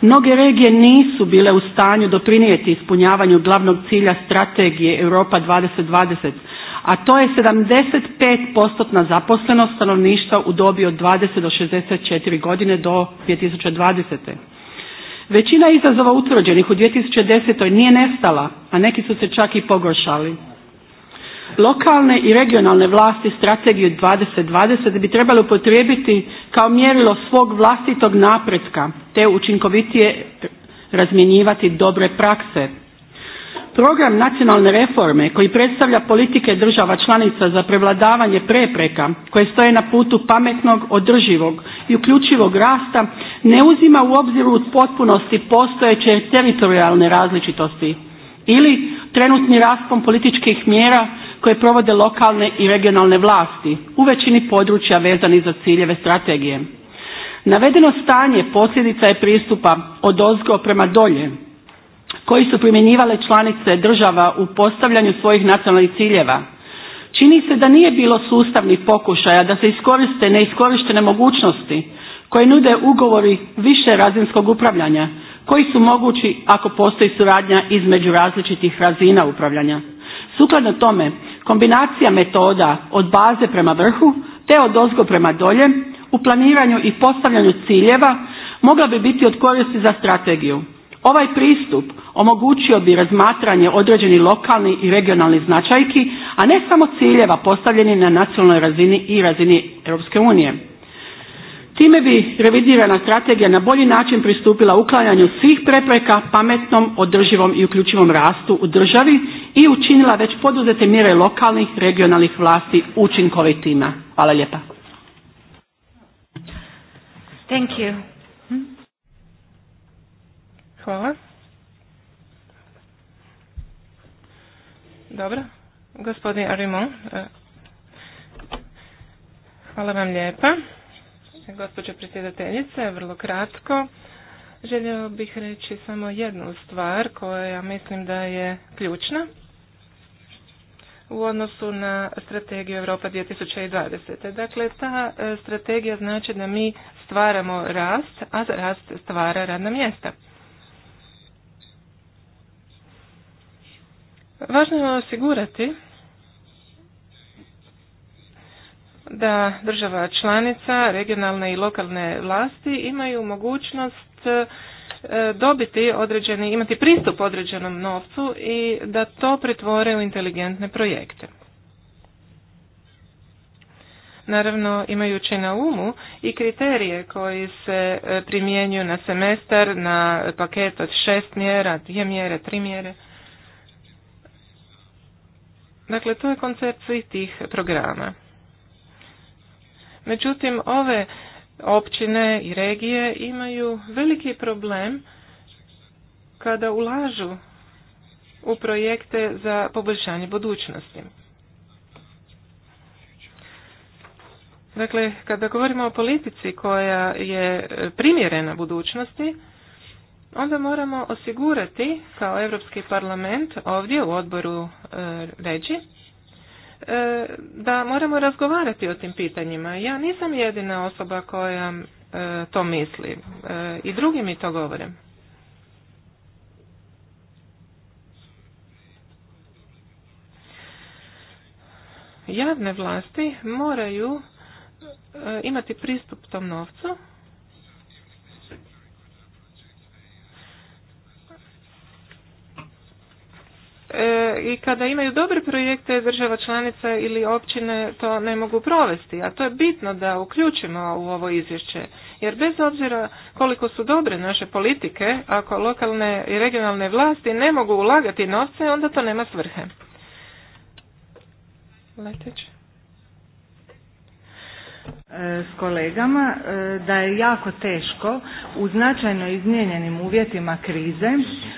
mnoge regije nisu bile u stanju doprinijeti ispunjavanju glavnog cilja strategije Europa 2020 a to je 75% zaposlenost stanovništva u dobi od 20 do 64 godine do 2020. Većina izazova utvrđenih u 2010. nije nestala, a neki su se čak i pogoršali. Lokalne i regionalne vlasti strategiju 2020 bi trebali upotrijebiti kao mjerilo svog vlastitog napretka te učinkovitije razmjenjivati dobre prakse. Program nacionalne reforme koji predstavlja politike država članica za prevladavanje prepreka koje stoje na putu pametnog, održivog i uključivog rasta ne uzima u obzir u potpunosti postojeće teritorijalne različitosti ili trenutni raspon političkih mjera koje provode lokalne i regionalne vlasti u većini područja vezanih za ciljeve strategije. Navedeno stanje posljedica je pristupa od odozgo prema dolje koji su primjenjivale članice država u postavljanju svojih nacionalnih ciljeva. Čini se da nije bilo sustavnih pokušaja da se iskoriste neiskorištene mogućnosti koje nude ugovori više razinskog upravljanja, koji su mogući ako postoji suradnja između različitih razina upravljanja. Sukladno tome, kombinacija metoda od baze prema vrhu te od ozgo prema dolje u planiranju i postavljanju ciljeva mogla bi biti od koristi za strategiju. Ovaj pristup omogućio bi razmatranje određenih lokalni i regionalni značajki, a ne samo ciljeva postavljenih na nacionalnoj razini i razini Europske unije. Time bi revidirana strategija na bolji način pristupila uklanjanju svih prepreka pametnom, održivom i uključivom rastu u državi i učinila već poduzete mjere lokalnih, regionalnih vlasti učinkovitima. Hvala lijepa. Thank Hvala. Dobro. Gospodin Arimon. E. Hvala vam lijepa. Gospođo predsjedateljice, vrlo kratko. Želio bih reći samo jednu stvar koja ja mislim da je ključna u odnosu na strategiju Europa 2020. Dakle, ta e, strategija znači da mi stvaramo rast, a rast stvara radna mjesta. Važno je osigurati da država članica, regionalne i lokalne vlasti imaju mogućnost e, dobiti određeni, imati pristup određenom novcu i da to pretvore u inteligentne projekte. Naravno, imajući na umu i kriterije koji se e, primjenjuju na semestar, na paket od šest mjera, dvije mjere, tri mjere. Dakle, to je koncept svih tih programa. Međutim, ove općine i regije imaju veliki problem kada ulažu u projekte za poboljšanje budućnosti. Dakle, kada govorimo o politici koja je primjerena budućnosti, onda moramo osigurati kao Europski parlament ovdje u odboru e, ređi e, da moramo razgovarati o tim pitanjima. Ja nisam jedina osoba koja e, to misli i drugi mi to govore. Javne vlasti moraju imati pristup tom novcu E, i kada imaju dobre projekte država članica ili općine to ne mogu provesti, a to je bitno da uključimo u ovo izvješće. Jer bez obzira koliko su dobre naše politike, ako lokalne i regionalne vlasti ne mogu ulagati novce, onda to nema svrhe. Leteće s kolegama e, da je jako teško u značajno izmijenjenim uvjetima krize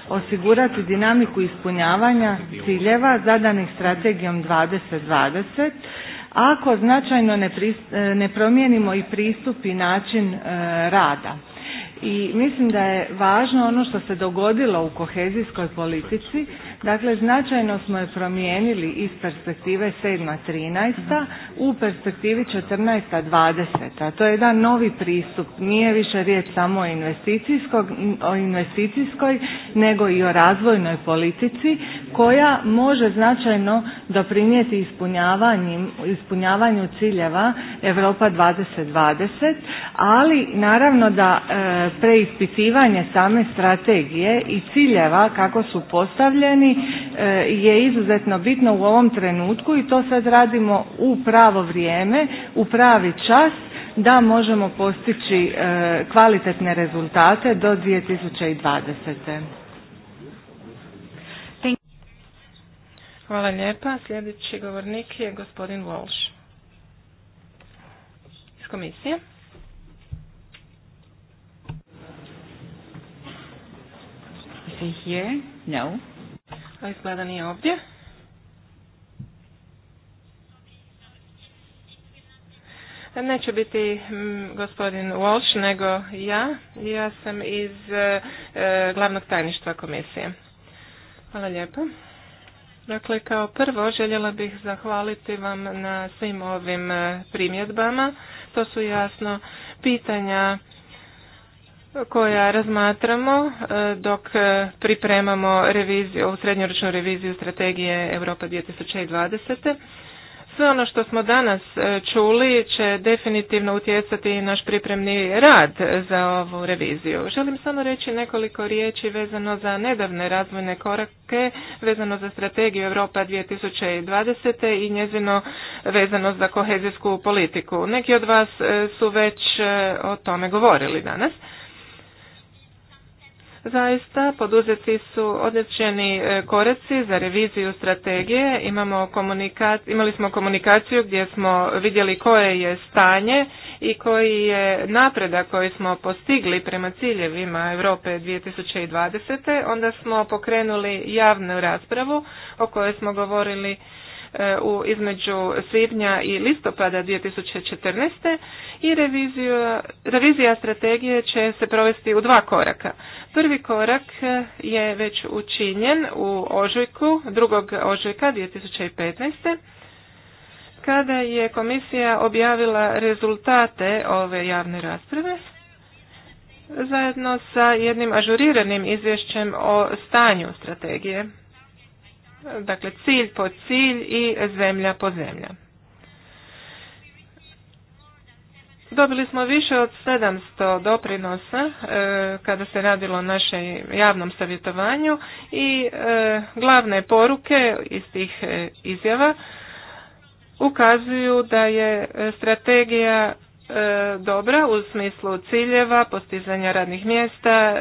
osigurati dinamiku ispunjavanja ciljeva zadanih strategijom 2020 ako značajno ne, e, ne promijenimo i pristup i način e, rada i mislim da je važno ono što se dogodilo u kohezijskoj politici. Dakle, značajno smo je promijenili iz perspektive 7.13. u perspektivi 14.20. To je jedan novi pristup. Nije više riječ samo o, investicijskoj, nego i o razvojnoj politici koja može značajno doprinijeti ispunjavanju ciljeva Europa 2020, ali naravno da e, preispitivanje same strategije i ciljeva kako su postavljeni e, je izuzetno bitno u ovom trenutku i to sad radimo u pravo vrijeme, u pravi čas da možemo postići e, kvalitetne rezultate do 2020. Hvala lijepa. Sljedeći govornik je gospodin Walsh iz komisije. je here. No. A izgleda nije ovdje. Neće biti mm, gospodin Walsh, nego ja. Ja sam iz e, e, glavnog tajništva komisije. Hvala lijepo. Dakle, kao prvo željela bih zahvaliti vam na svim ovim e, primjedbama. To su jasno pitanja koja razmatramo e, dok e, pripremamo reviziju, ovu srednjoročnu reviziju strategije Europa 2020. Sve ono što smo danas e, čuli će definitivno utjecati naš pripremni rad za ovu reviziju. Želim samo reći nekoliko riječi vezano za nedavne razvojne korake, vezano za strategiju Europa 2020. i njezino vezano za kohezijsku politiku. Neki od vas su već o tome govorili danas. Zaista poduzeti su određeni e, koreci za reviziju strategije. Imamo imali smo komunikaciju gdje smo vidjeli koje je stanje i koji je napredak koji smo postigli prema ciljevima Europe 2020. Onda smo pokrenuli javnu raspravu o kojoj smo govorili E, u između svibnja i listopada 2014. i revizija, revizija strategije će se provesti u dva koraka. Prvi korak je već učinjen u ožujku, drugog ožujka 2015 kada je komisija objavila rezultate ove javne rasprave zajedno sa jednim ažuriranim izvješćem o stanju strategije dakle cilj po cilj i zemlja po zemlja. Dobili smo više od 700 doprinosa e, kada se radilo o našem javnom savjetovanju i e, glavne poruke iz tih e, izjava ukazuju da je strategija dobra u smislu ciljeva, postizanja radnih mjesta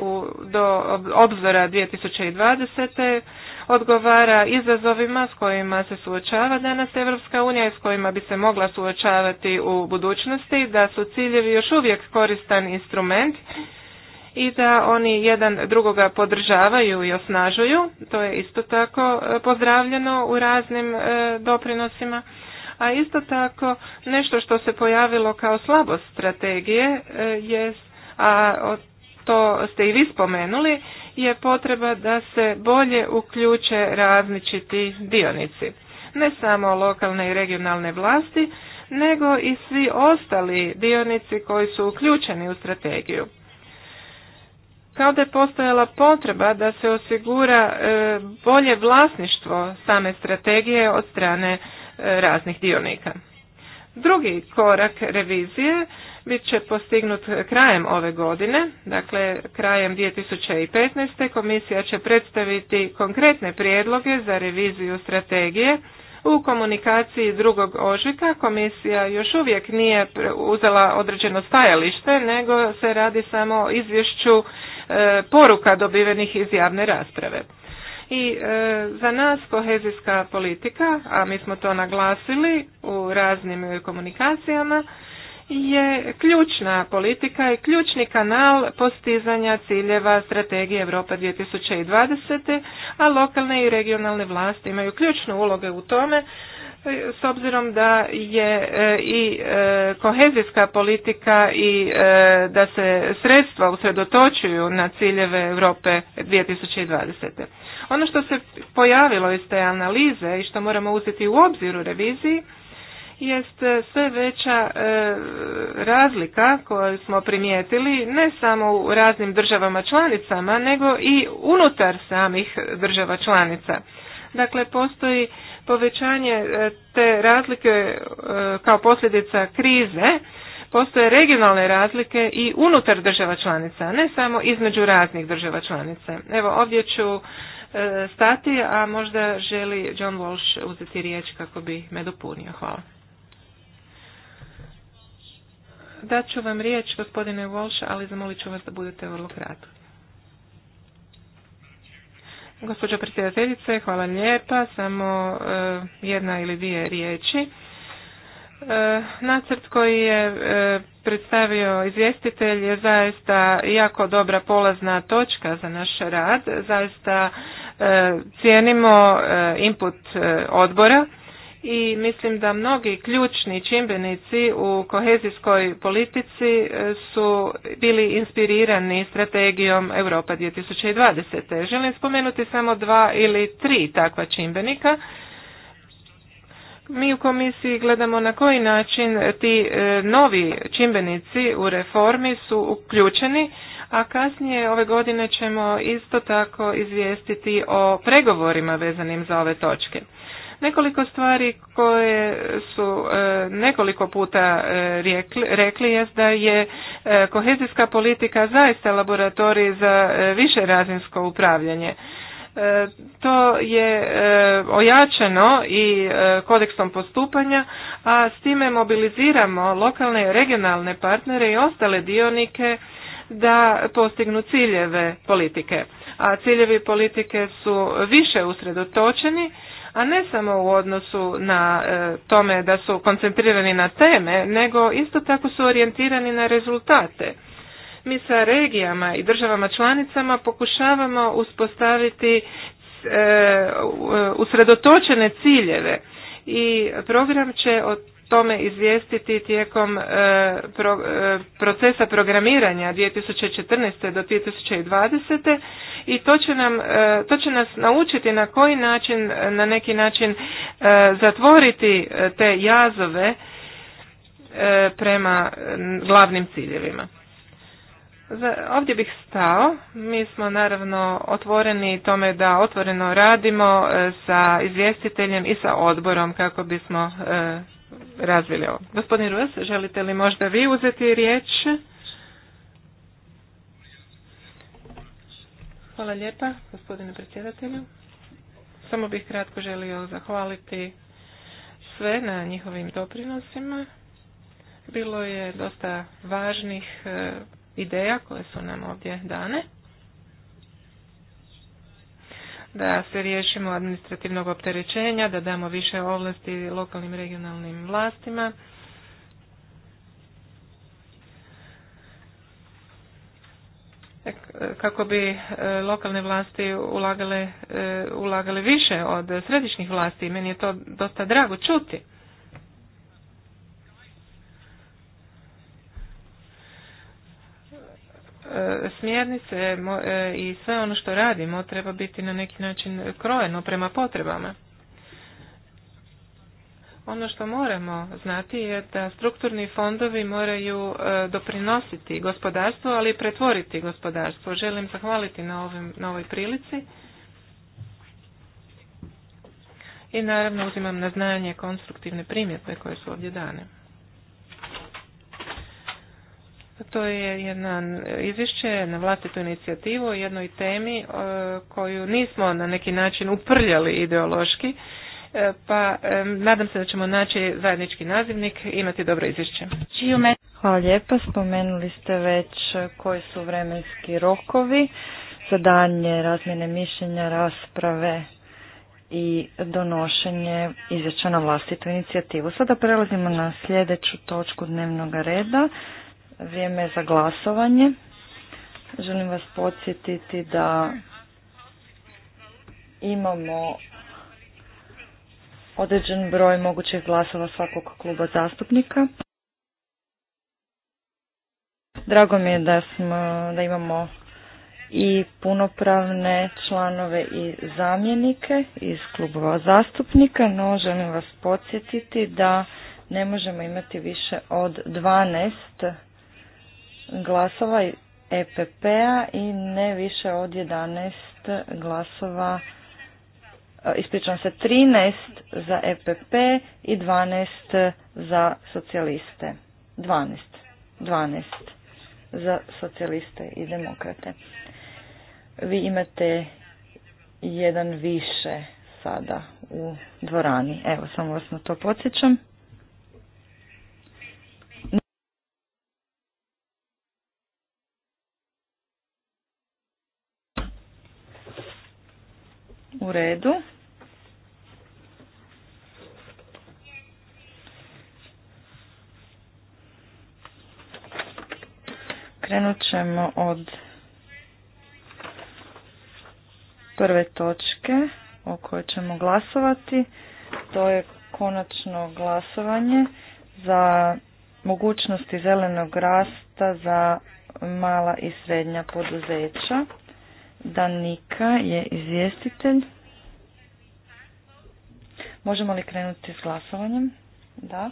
u, do obzora 2020 odgovara izazovima s kojima se suočava danas Europska unija i s kojima bi se mogla suočavati u budućnosti, da su ciljevi još uvijek koristan instrument i da oni jedan drugoga podržavaju i osnažuju. To je isto tako e, pozdravljeno u raznim e, doprinosima. A isto tako nešto što se pojavilo kao slabost strategije, e, jest, a to ste i vi spomenuli, je potreba da se bolje uključe različiti dionici. Ne samo lokalne i regionalne vlasti, nego i svi ostali dionici koji su uključeni u strategiju. Kao da je postojala potreba da se osigura e, bolje vlasništvo same strategije od strane e, raznih dionika. Drugi korak revizije bit će postignut krajem ove godine, dakle krajem 2015. komisija će predstaviti konkretne prijedloge za reviziju strategije. U komunikaciji drugog ožujka komisija još uvijek nije uzela određeno stajalište, nego se radi samo o izvješću e, poruka dobivenih iz javne rasprave. I e, za nas kohezijska politika, a mi smo to naglasili u raznim komunikacijama, je ključna politika i ključni kanal postizanja ciljeva strategije Europa 2020. a lokalne i regionalne vlasti imaju ključnu uloge u tome e, s obzirom da je e, i e, kohezijska politika i da se sredstva usredotočuju na ciljeve Europe 2020. Ono što se pojavilo iz te analize i što moramo uzeti u obzir u reviziji jest e, sve veća e, razlika koju smo primijetili ne samo u raznim državama članicama nego i unutar samih država članica. Dakle, postoji povećanje e, te razlike kao posljedica krize, postoje regionalne razlike i unutar država članica, ne samo između raznih država članica. Evo ovdje ću stati, a možda želi John Walsh uzeti riječ kako bi me dopunio. Hvala ću vam riječ, gospodine Walsh, ali zamolit ću vas da budete vrlo kratki. Gospođo predsjedateljice, hvala lijepa. Samo e, jedna ili dvije riječi. E, nacrt koji je e, predstavio izvjestitelj je zaista jako dobra polazna točka za naš rad. Zaista cijenimo input odbora i mislim da mnogi ključni čimbenici u kohezijskoj politici e, su bili inspirirani strategijom Europa 2020. Želim spomenuti samo dva ili tri takva čimbenika. Mi u komisiji gledamo na koji način ti e, novi čimbenici u reformi su uključeni, a kasnije ove godine ćemo isto tako izvijestiti o pregovorima vezanim za ove točke. Nekoliko stvari koje su e, nekoliko puta e, rekli, je da je e, kohezijska politika zaista laboratorij za više razinsko upravljanje. To je ojačeno i kodeksom postupanja, a s time mobiliziramo lokalne i regionalne partnere i ostale dionike da postignu ciljeve politike. A ciljevi politike su više usredotočeni a ne samo u odnosu na e, tome da su koncentrirani na teme, nego isto tako su orijentirani na rezultate. Mi sa regijama i državama članicama pokušavamo uspostaviti e, usredotočene ciljeve i program će od tome izvijestiti tijekom e, pro, e, procesa programiranja 2014. do 2020 i to će, nam, e, to će nas naučiti na koji način, na neki način e, zatvoriti e, te jazove prema glavnim ciljevima. Ovdje bih stao. Mi smo naravno otvoreni tome da otvoreno radimo sa izvjestiteljem i sa odborom kako bismo razvili ovo. Gospodin Rus, želite li možda vi uzeti riječ? Hvala lijepa, gospodine predsjedatelju. Samo bih kratko želio zahvaliti sve na njihovim doprinosima. Bilo je dosta važnih e, ideja koje su nam ovdje dane. Da se riješimo administrativnog opterećenja, da damo više ovlasti lokalnim regionalnim vlastima E, kako bi e, lokalne vlasti ulagale, e, ulagale više od središnjih vlasti meni je to dosta drago čuti. Smjernice i sve ono što radimo treba biti na neki način krojeno prema potrebama. Ono što moramo znati je da strukturni fondovi moraju e, doprinositi gospodarstvu, ali i pretvoriti gospodarstvo. Želim zahvaliti na, ovim, na ovoj prilici. I naravno uzimam na znanje konstruktivne primjedbe koje su ovdje dane. To je jedno izvješće na vlastitu inicijativu o jednoj temi e, koju nismo na neki način uprljali ideološki, E, pa e, nadam se da ćemo naći zajednički nazivnik i imati dobro izvješće. Hvala lijepa, spomenuli ste već koji su vremenski rokovi za danje razmjene mišljenja, rasprave i donošenje izvješća na vlastitu inicijativu. Sada prelazimo na sljedeću točku dnevnog reda. Vrijeme za glasovanje. Želim vas podsjetiti da imamo određen broj mogućih glasova svakog kluba zastupnika. Drago mi je da, smo, da imamo i punopravne članove i zamjenike iz klubova zastupnika, no želim vas podsjetiti da ne možemo imati više od 12 glasova EPP-a i ne više od 11 glasova E, ispričavam se, 13 za EPP i 12 za socijaliste. 12. 12 za socijaliste i demokrate. Vi imate jedan više sada u dvorani. Evo, samo vas na to podsjećam. U redu. Krenut ćemo od prve točke o kojoj ćemo glasovati. To je konačno glasovanje za mogućnosti zelenog rasta za mala i srednja poduzeća. Danika je izvjestitelj. Možemo li krenuti s glasovanjem? Da.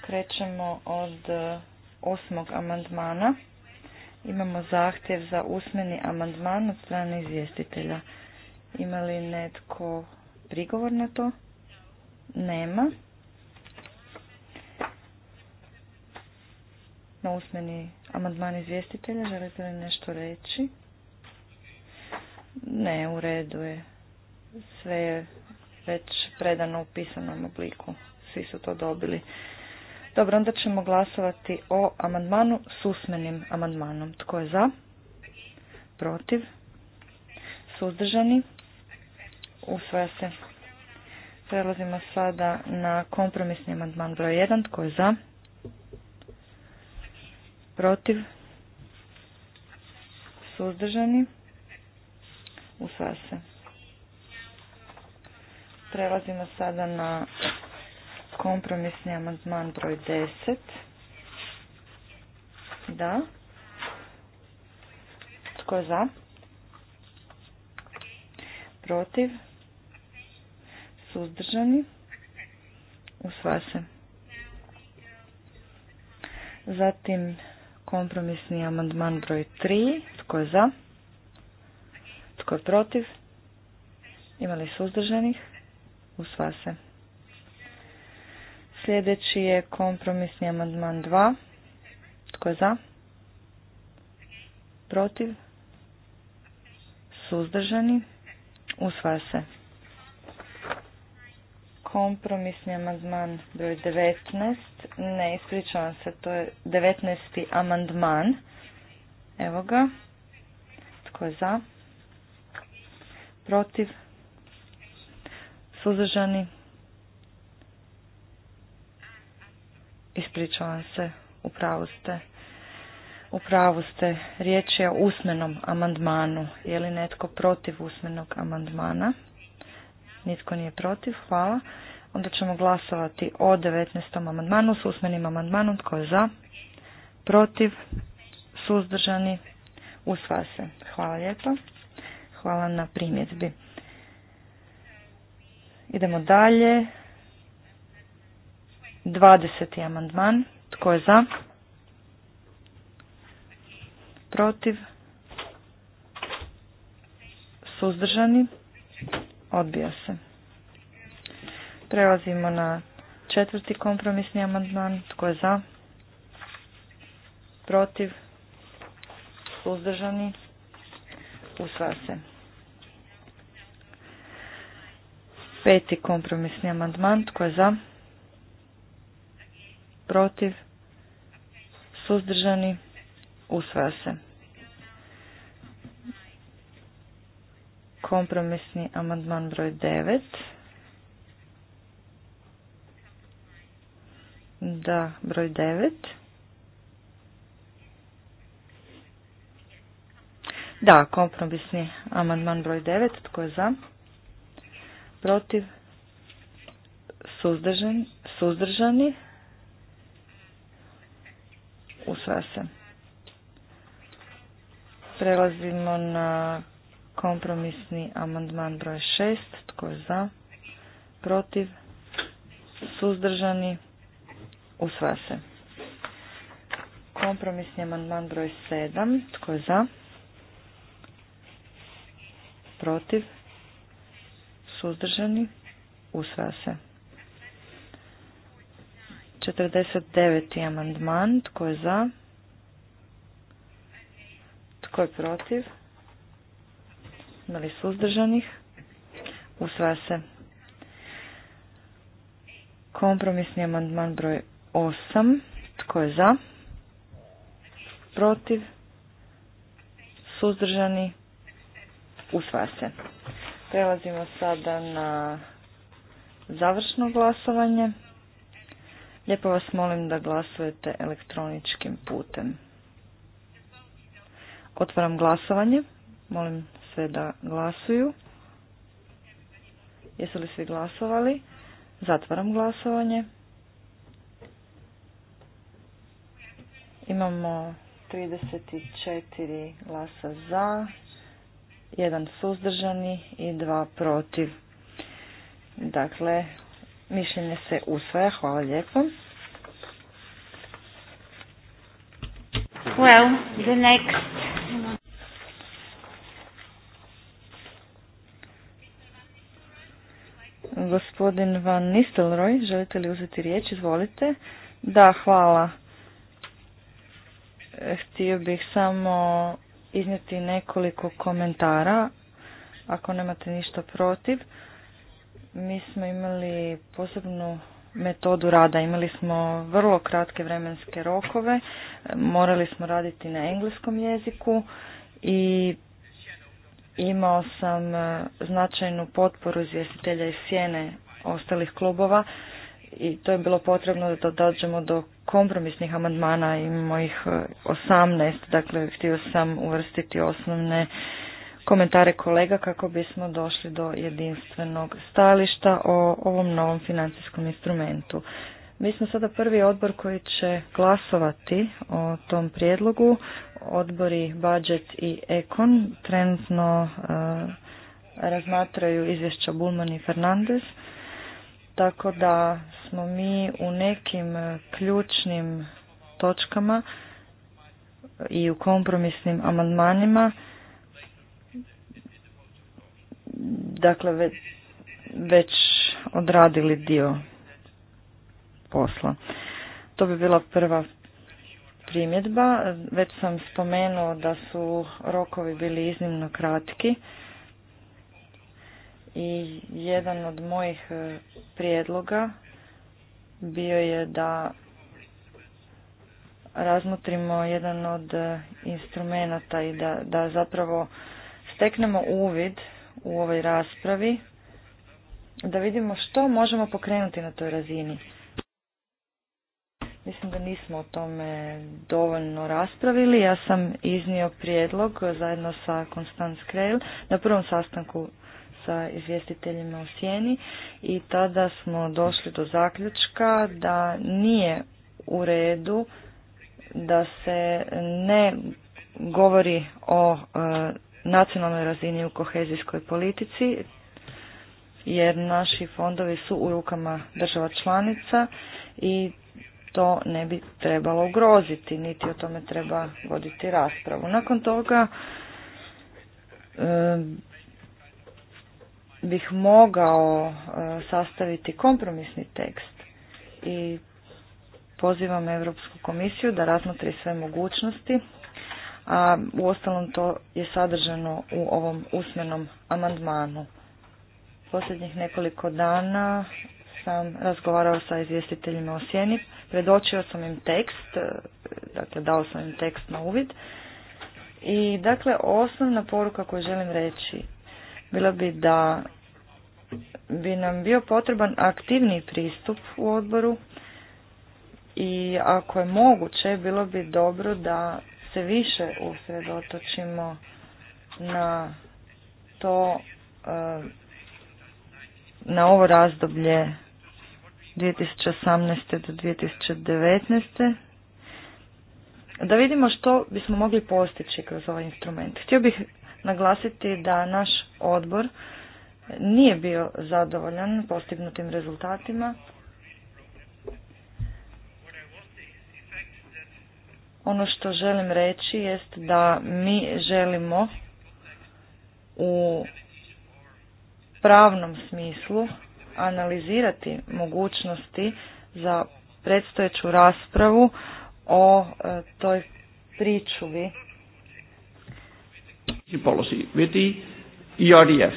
Krećemo od osmog amandmana. Imamo zahtjev za usmeni amandman od strane izvjestitelja. Ima li netko prigovor na to? Nema. na usmeni amandman izvjestitelja. Želite li nešto reći? Ne, u redu je. Sve je već predano u pisanom obliku. Svi su to dobili. Dobro, onda ćemo glasovati o amandmanu s usmenim amandmanom. Tko je za? Protiv? Suzdržani? Usvaja se. Prelazimo sada na kompromisni amandman broj 1. Tko je za? protiv, suzdržani, ...usvase. se. Prelazimo sada na kompromisni amandman broj 10. Da. Tko je za? Protiv? Suzdržani? Usvase. Zatim kompromisni amandman broj 3. Tko je za? Tko je protiv? Imali suzdržanih? usvaja se. Sljedeći je kompromisni amandman 2. Tko je za? Protiv? Suzdržani? Usva se kompromisni amandman broj 19. Ne, ispričavam se, to je 19. amandman. Evo ga. Tko je za? Protiv? Suzdržani? Ispričavam se, upravo ste. pravu ste, riječ je o usmenom amandmanu. Je li netko protiv usmenog amandmana? Nitko nije protiv, hvala. Onda ćemo glasovati o 19. amandmanu s usmenim amandmanom. Tko je za? Protiv? Suzdržani? Usva se. Hvala lijepa. Hvala na primjedbi. Idemo dalje. 20. amandman. Tko je za? Protiv? Suzdržani? Odbija se. Prelazimo na četvrti kompromisni amandman. Tko je za? Protiv? Suzdržani? Usvaja se. Peti kompromisni amandman. Tko je za? Protiv? Suzdržani? Usvaja se. kompromisni amandman broj 9. Da, broj 9. Da, kompromisni amandman broj 9. Tko je za? Protiv? Suzdržan, suzdržani? Usvaja se. Prelazimo na Kompromisni amandman broj 6. Tko je za? Protiv? Suzdržani? Usvaja se. Kompromisni amandman broj 7. Tko je za? Protiv? Suzdržani? Usvaja se. 49. amandman. Tko je za? Tko je protiv? li suzdržanih? Usvaja se. Kompromisni amandman broj 8. Tko je za? Protiv? Suzdržani? Usvaja se. Prelazimo sada na završno glasovanje. Lijepo vas molim da glasujete elektroničkim putem. Otvaram glasovanje. Molim se da glasuju. Jesu li svi glasovali? Zatvaram glasovanje. Imamo 34 glasa za, jedan suzdržani i dva protiv. Dakle, mišljenje se usvaja. Hvala lijepo. Well, the next Gospodin Van Nistelrooy, želite li uzeti riječ? Izvolite. Da, hvala. E, htio bih samo iznijeti nekoliko komentara, ako nemate ništa protiv. Mi smo imali posebnu metodu rada. Imali smo vrlo kratke vremenske rokove, morali smo raditi na engleskom jeziku i imao sam e, značajnu potporu izvjestitelja i sjene ostalih klubova i to je bilo potrebno da dođemo do kompromisnih amandmana, imamo mojih 18, e, dakle htio sam uvrstiti osnovne komentare kolega kako bismo došli do jedinstvenog stališta o ovom novom financijskom instrumentu. Mi smo sada prvi odbor koji će glasovati o tom prijedlogu. Odbori Budget i Ekon trenutno eh, razmatraju izvješća Bulman i Fernandez. Tako da smo mi u nekim eh, ključnim točkama i u kompromisnim amandmanima dakle već odradili dio posla. To bi bila prva primjedba. Već sam spomenuo da su rokovi bili iznimno kratki i jedan od mojih e, prijedloga bio je da razmotrimo jedan od e, instrumenata i da, da zapravo steknemo uvid u ovoj raspravi da vidimo što možemo pokrenuti na toj razini. Mislim da nismo o tome dovoljno raspravili. Ja sam iznio prijedlog zajedno sa konstanc Krejl na prvom sastanku sa izvjestiteljima u Sjeni i tada smo došli do zaključka da nije u redu da se ne govori o e, nacionalnoj razini u kohezijskoj politici jer naši fondovi su u rukama država članica i to ne bi trebalo ugroziti, niti o tome treba voditi raspravu. Nakon toga bih mogao eh, sastaviti kompromisni tekst i pozivam Europsku komisiju da razmotri sve mogućnosti, a uostalom to je sadržano u ovom usmenom amandmanu. Posljednjih nekoliko dana sam razgovarao sa izvjestiteljima o sjeni Predočio sam im tekst, e, dakle dao sam im tekst na uvid. I dakle osnovna poruka koju želim reći bila bi da bi nam bio potreban aktivni pristup u odboru i ako je moguće bilo bi dobro da se više usredotočimo na to e, na ovo razdoblje 2018. do 2019. Da vidimo što bismo mogli postići kroz ovaj instrument. Htio bih naglasiti da naš odbor nije bio zadovoljan postignutim rezultatima. Ono što želim reći jest da mi želimo u pravnom smislu analizirati mogućnosti za predstojeću raspravu o e, toj pričuvi. E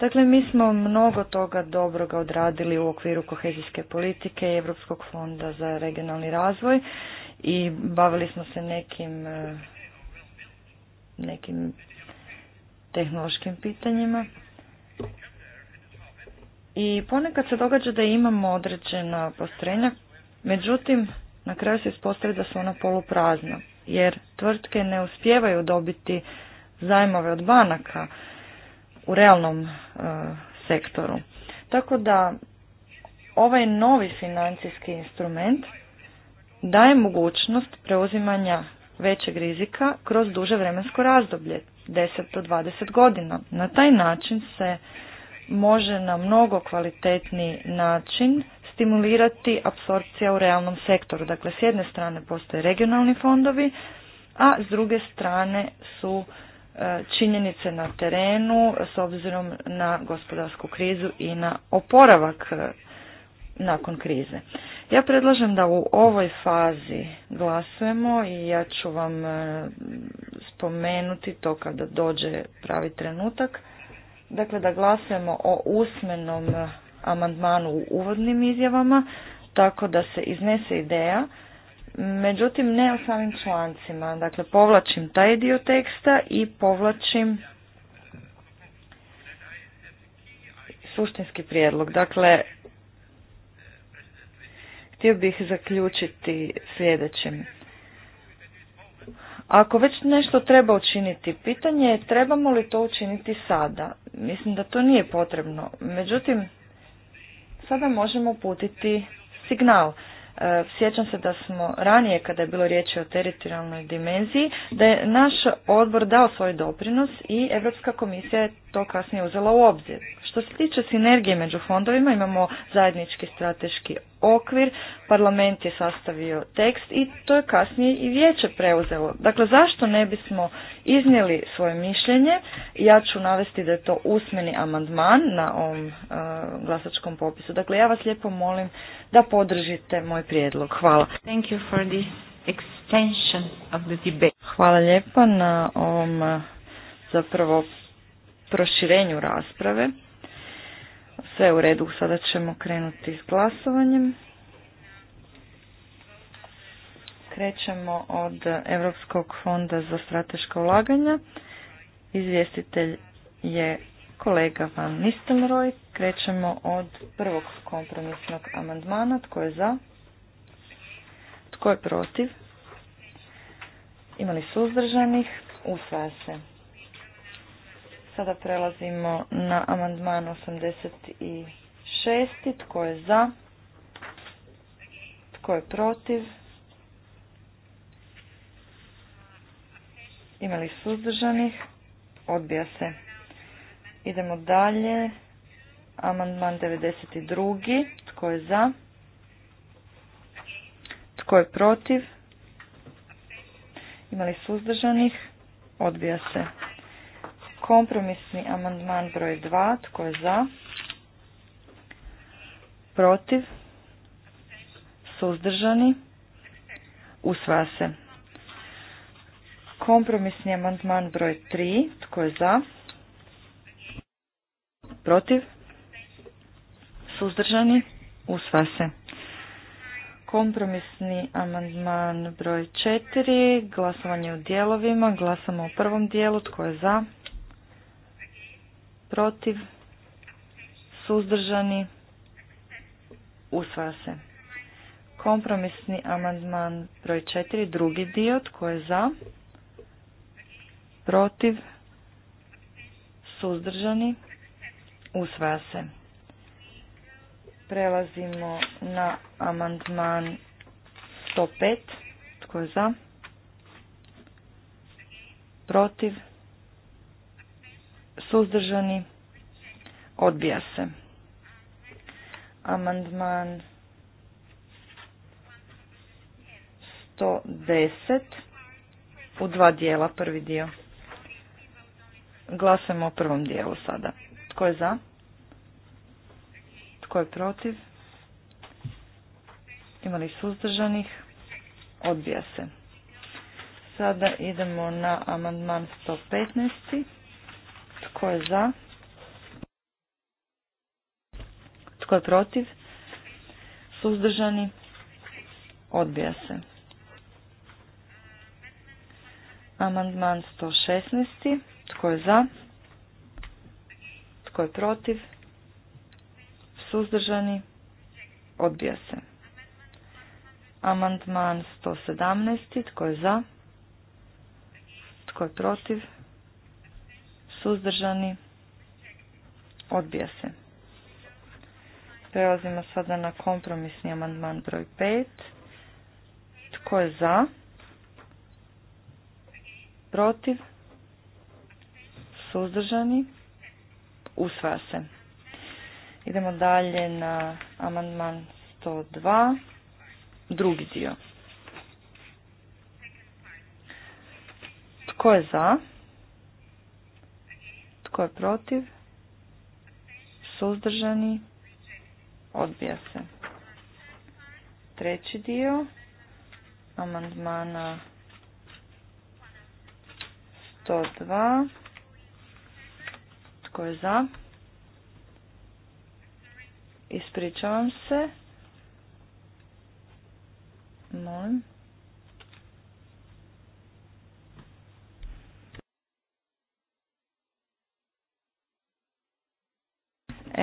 dakle, mi smo mnogo toga dobroga odradili u okviru kohezijske politike i Europskog fonda za regionalni razvoj i bavili smo se nekim e, nekim tehnološkim pitanjima. I ponekad se događa da imamo određena postrojenja, međutim na kraju se ispostavlja da su ona poluprazna, jer tvrtke ne uspijevaju dobiti zajmove od banaka u realnom e, sektoru. Tako da ovaj novi financijski instrument daje mogućnost preuzimanja većeg rizika kroz duže vremensko razdoblje, 10 do 20 godina. Na taj način se može na mnogo kvalitetni način stimulirati apsorpcija u realnom sektoru. Dakle, s jedne strane postoje regionalni fondovi, a s druge strane su e, činjenice na terenu s obzirom na gospodarsku krizu i na oporavak e, nakon krize. Ja predlažem da u ovoj fazi glasujemo i ja ću vam e, spomenuti to kada dođe pravi trenutak dakle da glasujemo o usmenom eh, amandmanu u uvodnim izjavama, tako da se iznese ideja, međutim ne o samim člancima. Dakle, povlačim taj dio teksta i povlačim suštinski prijedlog. Dakle, htio bih zaključiti sljedećim. Ako već nešto treba učiniti, pitanje je trebamo li to učiniti sada. Mislim da to nije potrebno. Međutim, sada možemo putiti signal. E, sjećam se da smo ranije, kada je bilo riječi o teritorijalnoj dimenziji, da je naš odbor dao svoj doprinos i Europska komisija je to kasnije uzela u obzir. Što se tiče sinergije među fondovima, imamo zajednički strateški okvir, parlament je sastavio tekst i to je kasnije i vijeće preuzelo. Dakle, zašto ne bismo iznijeli svoje mišljenje? Ja ću navesti da je to usmeni amandman na ovom e, glasačkom popisu. Dakle, ja vas lijepo molim da podržite moj prijedlog. Hvala. Thank you for this of the Hvala lijepa na ovom e, zapravo proširenju rasprave. Sve u redu, sada ćemo krenuti s glasovanjem. Krećemo od Europskog fonda za strateška ulaganja. Izvjestitelj je kolega Van Nistelrooy. Krećemo od prvog kompromisnog amandmana. Tko je za? Tko je protiv? Imali suzdržanih? Usvaja se. Sada prelazimo na amandman 86. Tko je za? Tko je protiv? Imali suzdržanih? Odbija se. Idemo dalje. Amandman 92. Tko je za? Tko je protiv? Imali suzdržanih? Odbija se. Kompromisni amandman broj 2. Tko je za? Protiv? Suzdržani? Usvaja se. Kompromisni amandman broj 3. Tko je za? Protiv? Suzdržani? Usvaja se. Kompromisni amandman broj 4. Glasovanje u dijelovima. Glasamo u prvom dijelu. Tko je za? protiv, suzdržani, usvaja se. Kompromisni amandman broj 4, drugi dio, tko je za, protiv, suzdržani, usvaja se. Prelazimo na amandman 105, tko je za, protiv, suzdržani, odbija se. Amandman 110 u dva dijela, prvi dio. Glasujemo o prvom dijelu sada. Tko je za? Tko je protiv? Imali suzdržanih? Odbija se. Sada idemo na amandman 115. Tko je za? Tko je protiv? Suzdržani? Odbija se. Amandman 116. Tko je za? Tko je protiv? Suzdržani? Odbija se. Amandman 117. Tko je za? Tko je protiv? suzdržani, odbija se. Prelazimo sada na kompromisni amandman broj 5. Tko je za? Protiv? Suzdržani? Usvaja se. Idemo dalje na amandman 102. Drugi dio. Tko je za? Tko je protiv? Suzdržani? Odbija se. Treći dio amandmana 102. Tko je za? Ispričavam se. Molim.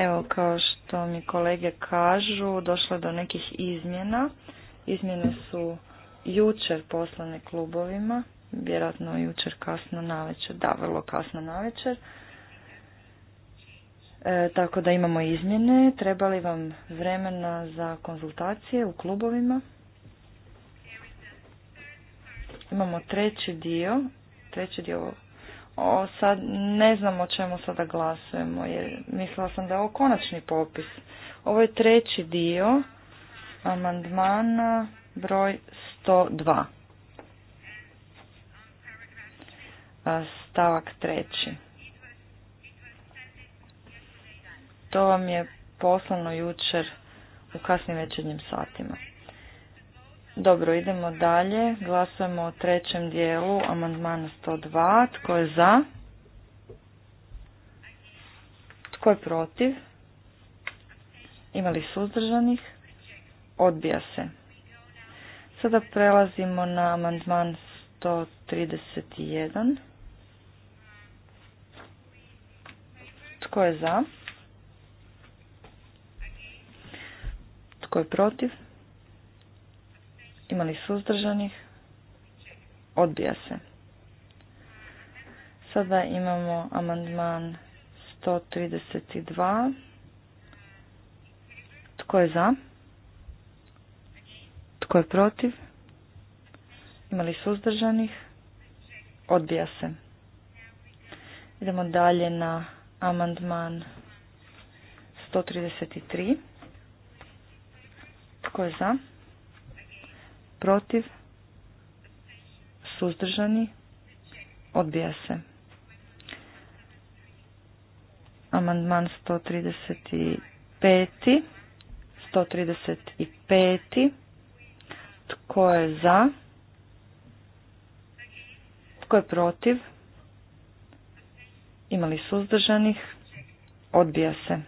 Evo, kao što mi kolege kažu, došlo je do nekih izmjena. Izmjene su jučer poslane klubovima, vjerojatno jučer kasno navečer, da, vrlo kasno navečer. E, tako da imamo izmjene. Trebali vam vremena za konzultacije u klubovima? Imamo treći dio, treći dio o sad ne znam o čemu sada glasujemo jer mislila sam da je ovo konačni popis. Ovo je treći dio amandmana broj 102. Stavak treći. To vam je poslano jučer u kasnim večernjim satima. Dobro, idemo dalje. Glasujemo o trećem dijelu amandmana 102. Tko je za? Tko je protiv? Ima li suzdržanih? Odbija se. Sada prelazimo na amandman 131. Tko je za? Tko je protiv? Ima li suzdržanih, odbija se. Sada imamo amandman 132. Tko je za? Tko je protiv? Ima li suzdržanih? Odbija se. Idemo dalje na amandman 133. Tko je za? protiv, suzdržani, odbija se. Amandman 135. 135. Tko je za? Tko je protiv? Imali suzdržanih? Odbija se.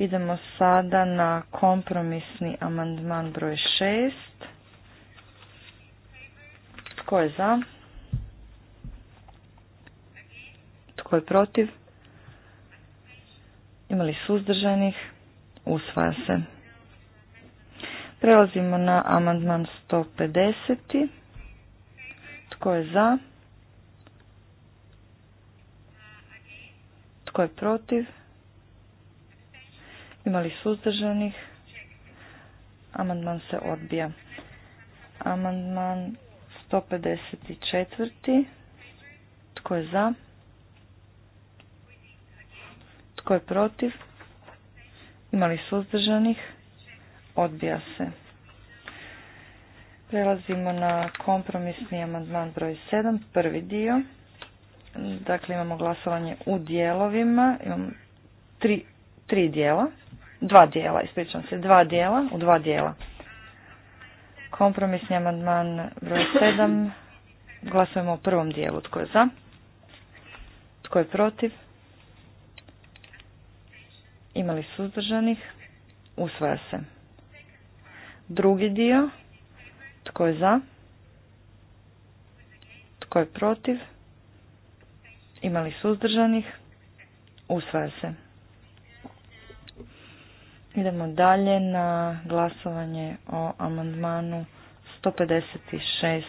Idemo sada na kompromisni amandman broj 6. Tko je za? Tko je protiv? Imali suzdržanih? Usvaja se. Prelazimo na amandman 150. Tko je za? Tko je protiv? Imali suzdržanih? Amandman se odbija. Amandman 154. Tko je za? Tko je protiv? Imali suzdržanih? Odbija se. Prelazimo na kompromisni amandman broj 7, prvi dio. Dakle, imamo glasovanje u dijelovima. Imamo tri, tri dijela dva dijela, ispričam se, dva dijela, u dva dijela. Kompromisni amandman broj 7, glasujemo o prvom dijelu, tko je za, tko je protiv, imali suzdržanih, usvaja se. Drugi dio, tko je za, tko je protiv, imali suzdržanih, usvaja se. Idemo dalje na glasovanje o amandmanu 156.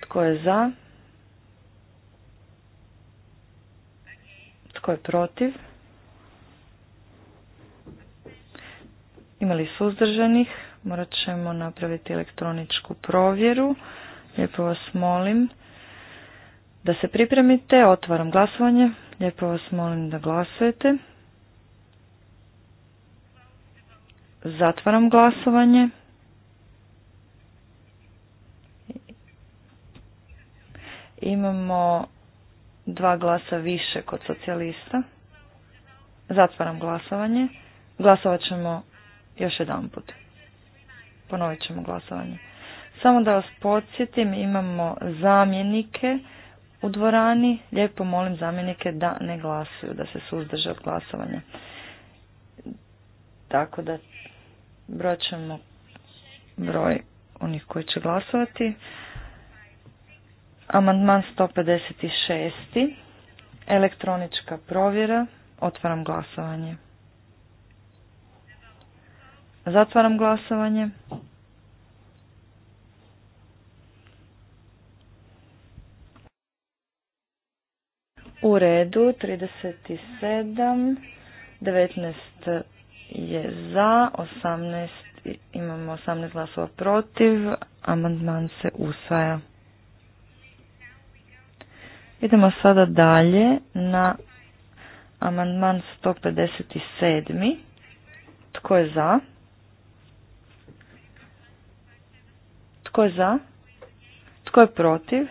Tko je za? Tko je protiv? Imali suzdržanih? Morat ćemo napraviti elektroničku provjeru. Lijepo vas molim da se pripremite. Otvaram glasovanje. Lijepo vas molim da glasujete. Zatvaram glasovanje. Imamo dva glasa više kod socijalista. Zatvaram glasovanje. Glasovat ćemo još jedan put. Ponovit ćemo glasovanje. Samo da vas podsjetim, imamo zamjenike u dvorani. Lijepo molim zamjenike da ne glasuju, da se suzdrže od glasovanja. Tako da ćemo broj onih koji će glasovati. Amandman 156. Elektronička provjera. Otvaram glasovanje. Zatvaram glasovanje. U redu 37, 19 je za, 18, imamo 18 glasova protiv, amandman se usvaja. Idemo sada dalje na amandman 157. Tko je za? Tko je za? Tko je protiv?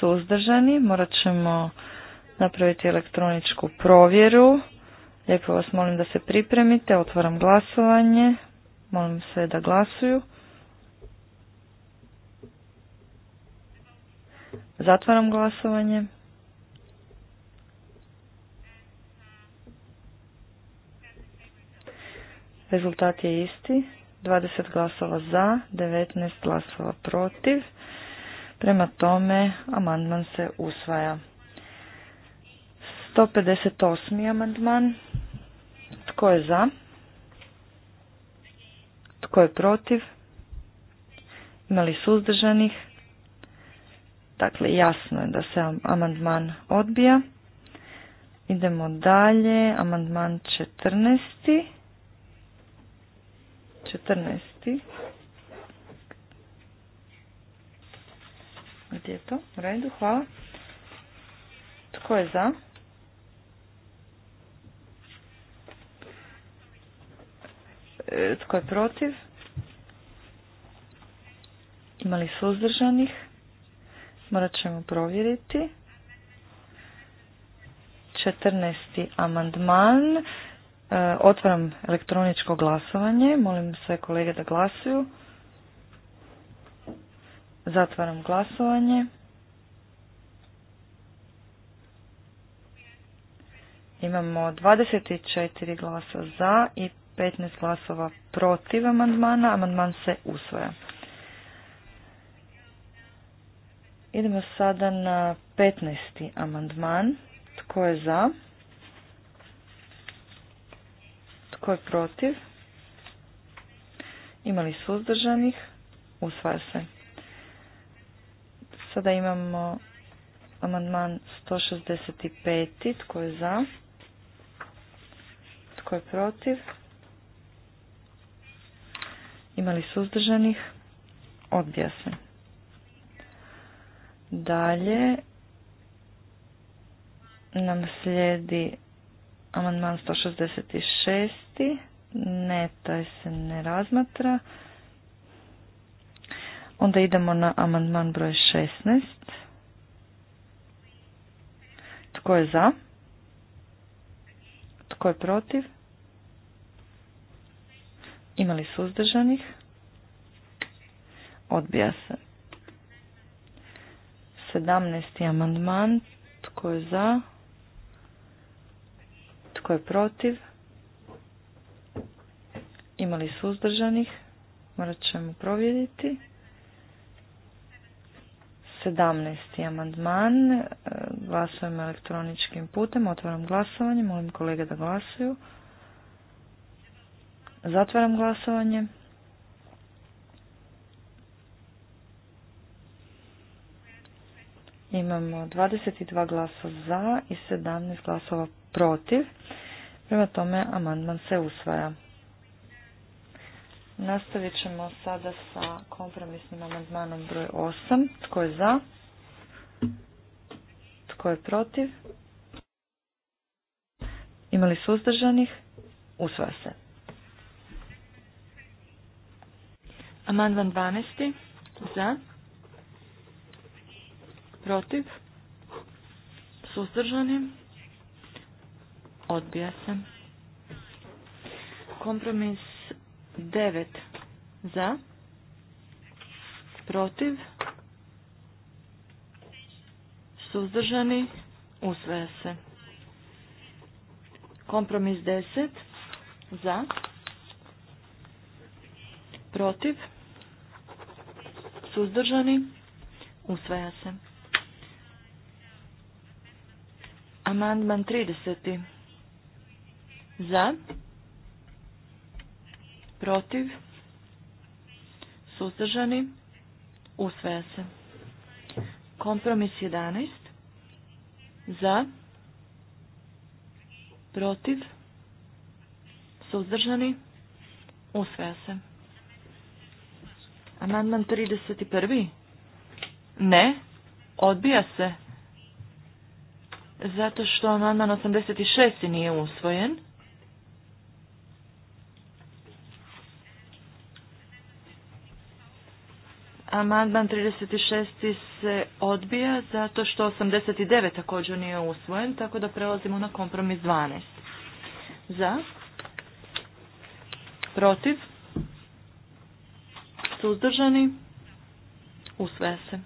Suzdržani. Morat ćemo napraviti elektroničku provjeru. Lijepo vas molim da se pripremite. Otvaram glasovanje. Molim sve da glasuju. Zatvaram glasovanje. Rezultat je isti. 20 glasova za, 19 glasova protiv. Prema tome, amandman se usvaja. 158. amandman. Tko je za? Tko je protiv? Imali suzdržanih? Dakle, jasno je da se amandman odbija. Idemo dalje. Amandman 14. 14. Gdje je to? U redu, hvala. Tko je za? Tko je protiv? Imali suzdržanih? Morat ćemo provjeriti. 14. amandman. E, otvaram elektroničko glasovanje. Molim sve kolege da glasuju. Zatvaram glasovanje. Imamo 24 glasa za i 15 glasova protiv amandmana. Amandman se usvaja. Idemo sada na 15. amandman. Tko je za? Tko je protiv? Imali suzdržanih? Usvaja se. Sada imamo amandman 165. Tko je za? Tko je protiv? Imali suzdržanih? Odbija se. Dalje nam slijedi amandman 166. Ne, taj se ne razmatra. Onda idemo na amandman broj 16. Tko je za? Tko je protiv? Imali suzdržanih? Odbija se. 17. amandman. Tko je za? Tko je protiv? Imali suzdržanih? Morat ćemo provjeriti. 17. amandman. Glasujemo elektroničkim putem. Otvaram glasovanje. Molim kolege da glasuju. Zatvaram glasovanje. Imamo 22 glasa za i 17 glasova protiv. Prema tome, amandman se usvaja. Nastavit ćemo sada sa kompromisnim amandmanom broj 8. Tko je za? Tko je protiv? Imali suzdržanih? Usvaja se. Amandman 12. Za. Protiv. Suzdržani. Odbija se. Kompromis 9. Za. Protiv. Suzdržani. Usvaja se. Kompromis 10. Za. Protiv suzdržani, usvaja se. Amandman 30. Za, protiv, suzdržani, usvaja se. Kompromis 11. Za, protiv, suzdržani, usvaja se. Amandman 31. Ne. Odbija se. Zato što amandman 86. nije usvojen. Amandman 36. se odbija zato što 89. također nije usvojen, tako da prelazimo na kompromis 12. Za? Protiv? suzdržani, usvaja se.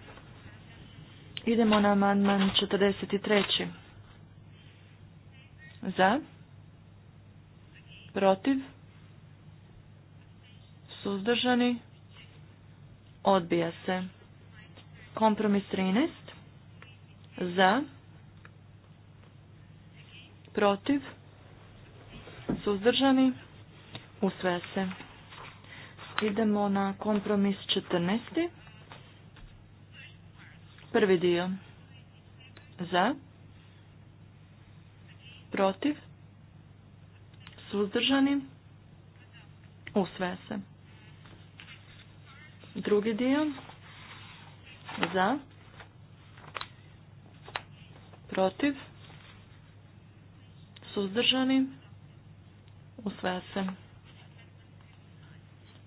Idemo na amandman 43. Za, protiv, suzdržani, odbija se. Kompromis 13. Za, protiv, suzdržani, usvaja se. Idemo na kompromis 14. Prvi dio. Za. Protiv. Suzdržani. Usvaja se. Drugi dio. Za. Protiv. Suzdržani. Usvaja se.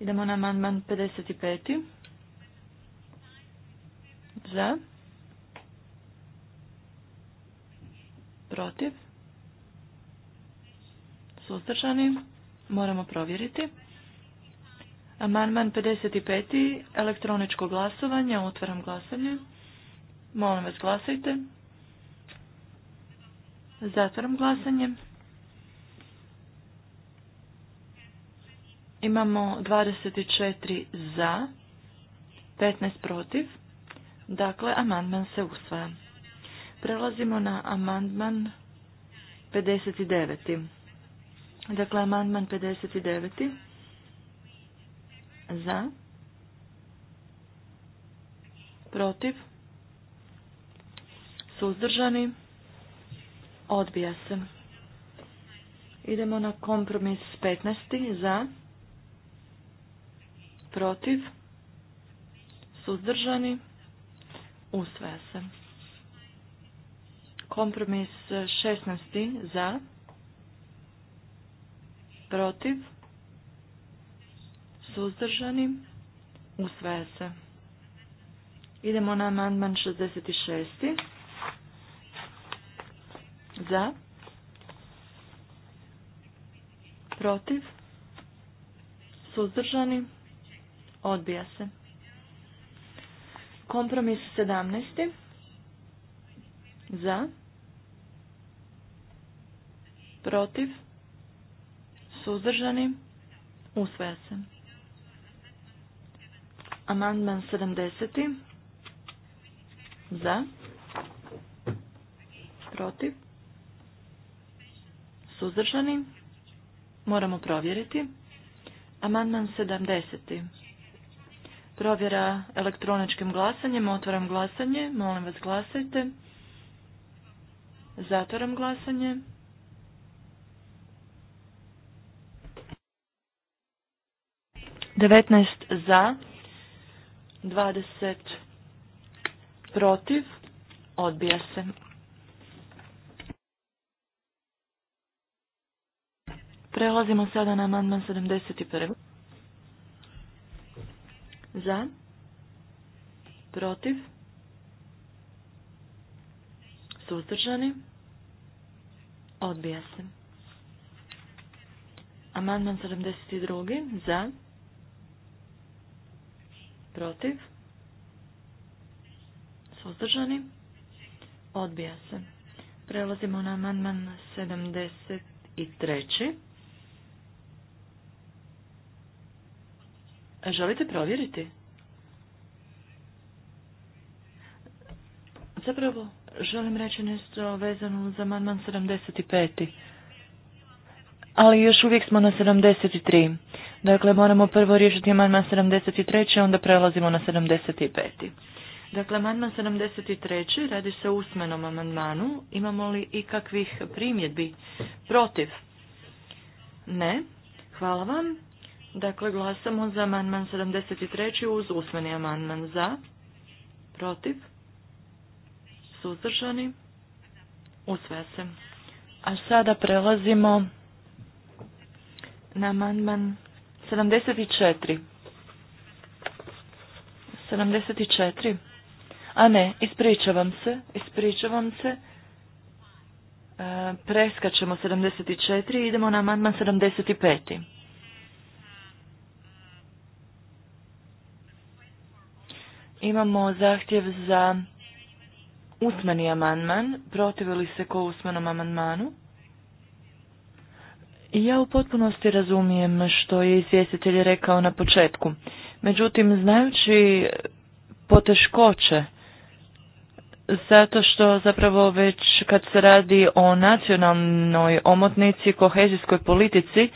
Idemo na amandman 55. Za. Protiv. Suzdržani. Moramo provjeriti. Amandman 55. Elektroničko glasovanje. Otvaram glasanje. Molim vas glasajte. Zatvaram glasanje. Imamo 24 za, 15 protiv. Dakle, amandman se usvaja. Prelazimo na amandman 59. Dakle, amandman 59. Za. Protiv. Suzdržani. Odbija se. Idemo na kompromis 15. Za protiv, suzdržani, usvaja se. Kompromis 16. za, protiv, suzdržani, usvaja se. Idemo na amandman 66. Za, protiv, suzdržani, Odbija se. Kompromis 17. Za. Protiv. Suzdržani. Usvaja se. Amandman 70. Za. Protiv. Suzdržani. Moramo provjeriti. Amandman 70. Provjera elektroničkim glasanjem. Otvaram glasanje. Molim vas glasajte. Zatvaram glasanje. Devetnaest za, dvadeset protiv, odbija se. Prelazimo sada na amandman 71. Za? Protiv? Suzdržani? Odbija se. Amandman 72. Za? Protiv? Suzdržani? Odbija se. Prelazimo na amandman 73. Želite provjeriti? Zapravo, želim reći nešto vezano za Manman 75. Ali još uvijek smo na 73. Dakle, moramo prvo riješiti Manman 73. onda prelazimo na 75. Dakle, amandman 73. radi se o usmenom amandmanu. Imamo li ikakvih primjedbi protiv? Ne. Hvala vam. Dakle, glasamo za amandman 73. uz usmeni amandman za, protiv, suzdržani, usvaja se. A sada prelazimo na amandman 74. 74. A ne, ispričavam se, ispričavam se. E, preskačemo 74 i idemo na amandman 75. Imamo zahtjev za usmeni amandman. Protivili li se ko usmenom amandmanu? Ja u potpunosti razumijem što je izvjestitelj rekao na početku. Međutim, znajući poteškoće, zato što zapravo već kad se radi o nacionalnoj omotnici, kohezijskoj politici,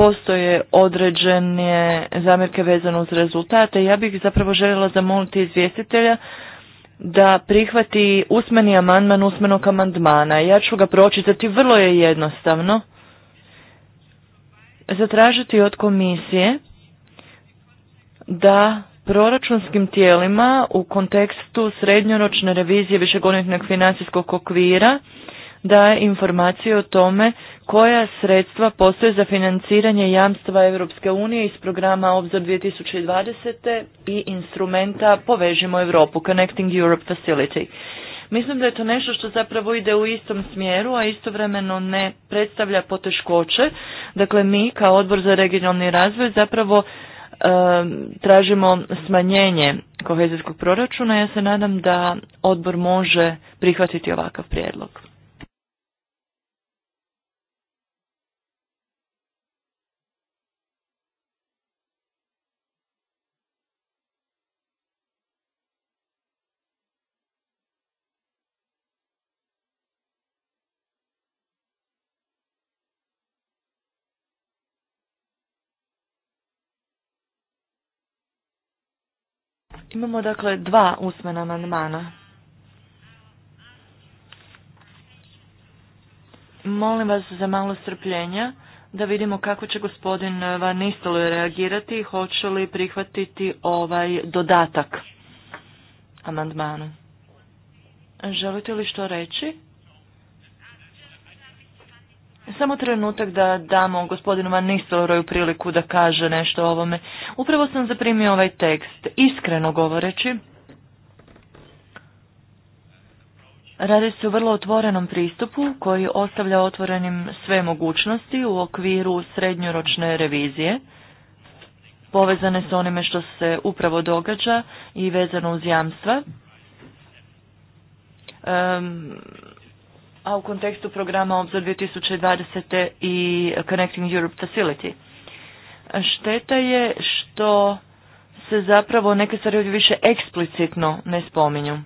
postoje određene zamjerke vezano uz rezultate. Ja bih zapravo željela zamoliti izvjestitelja da prihvati usmeni amandman usmenog amandmana. Ja ću ga pročitati, vrlo je jednostavno. Zatražiti od komisije da proračunskim tijelima u kontekstu srednjoročne revizije višegodišnjeg financijskog okvira daje informacije o tome koja sredstva postoje za financiranje jamstva Europske unije iz programa Obzor 2020. i instrumenta Povežimo Europu, Connecting Europe Facility. Mislim da je to nešto što zapravo ide u istom smjeru, a istovremeno ne predstavlja poteškoće. Dakle, mi kao odbor za regionalni razvoj zapravo tražimo smanjenje kohezijskog proračuna. Ja se nadam da odbor može prihvatiti ovakav prijedlog. Imamo dakle dva usmena amandmana. Molim vas za malo strpljenja da vidimo kako će gospodin Van reagirati i hoće li prihvatiti ovaj dodatak amandmanu. Želite li što reći? Samo trenutak da damo gospodinu Van priliku da kaže nešto o ovome. Upravo sam zaprimio ovaj tekst, iskreno govoreći. Radi se o vrlo otvorenom pristupu koji ostavlja otvorenim sve mogućnosti u okviru srednjoročne revizije, povezane s onime što se upravo događa i vezano uz jamstva. Um, a u kontekstu programa Obzor 2020. i Connecting Europe Facility. Šteta je što se zapravo neke stvari ovdje više eksplicitno ne spominju.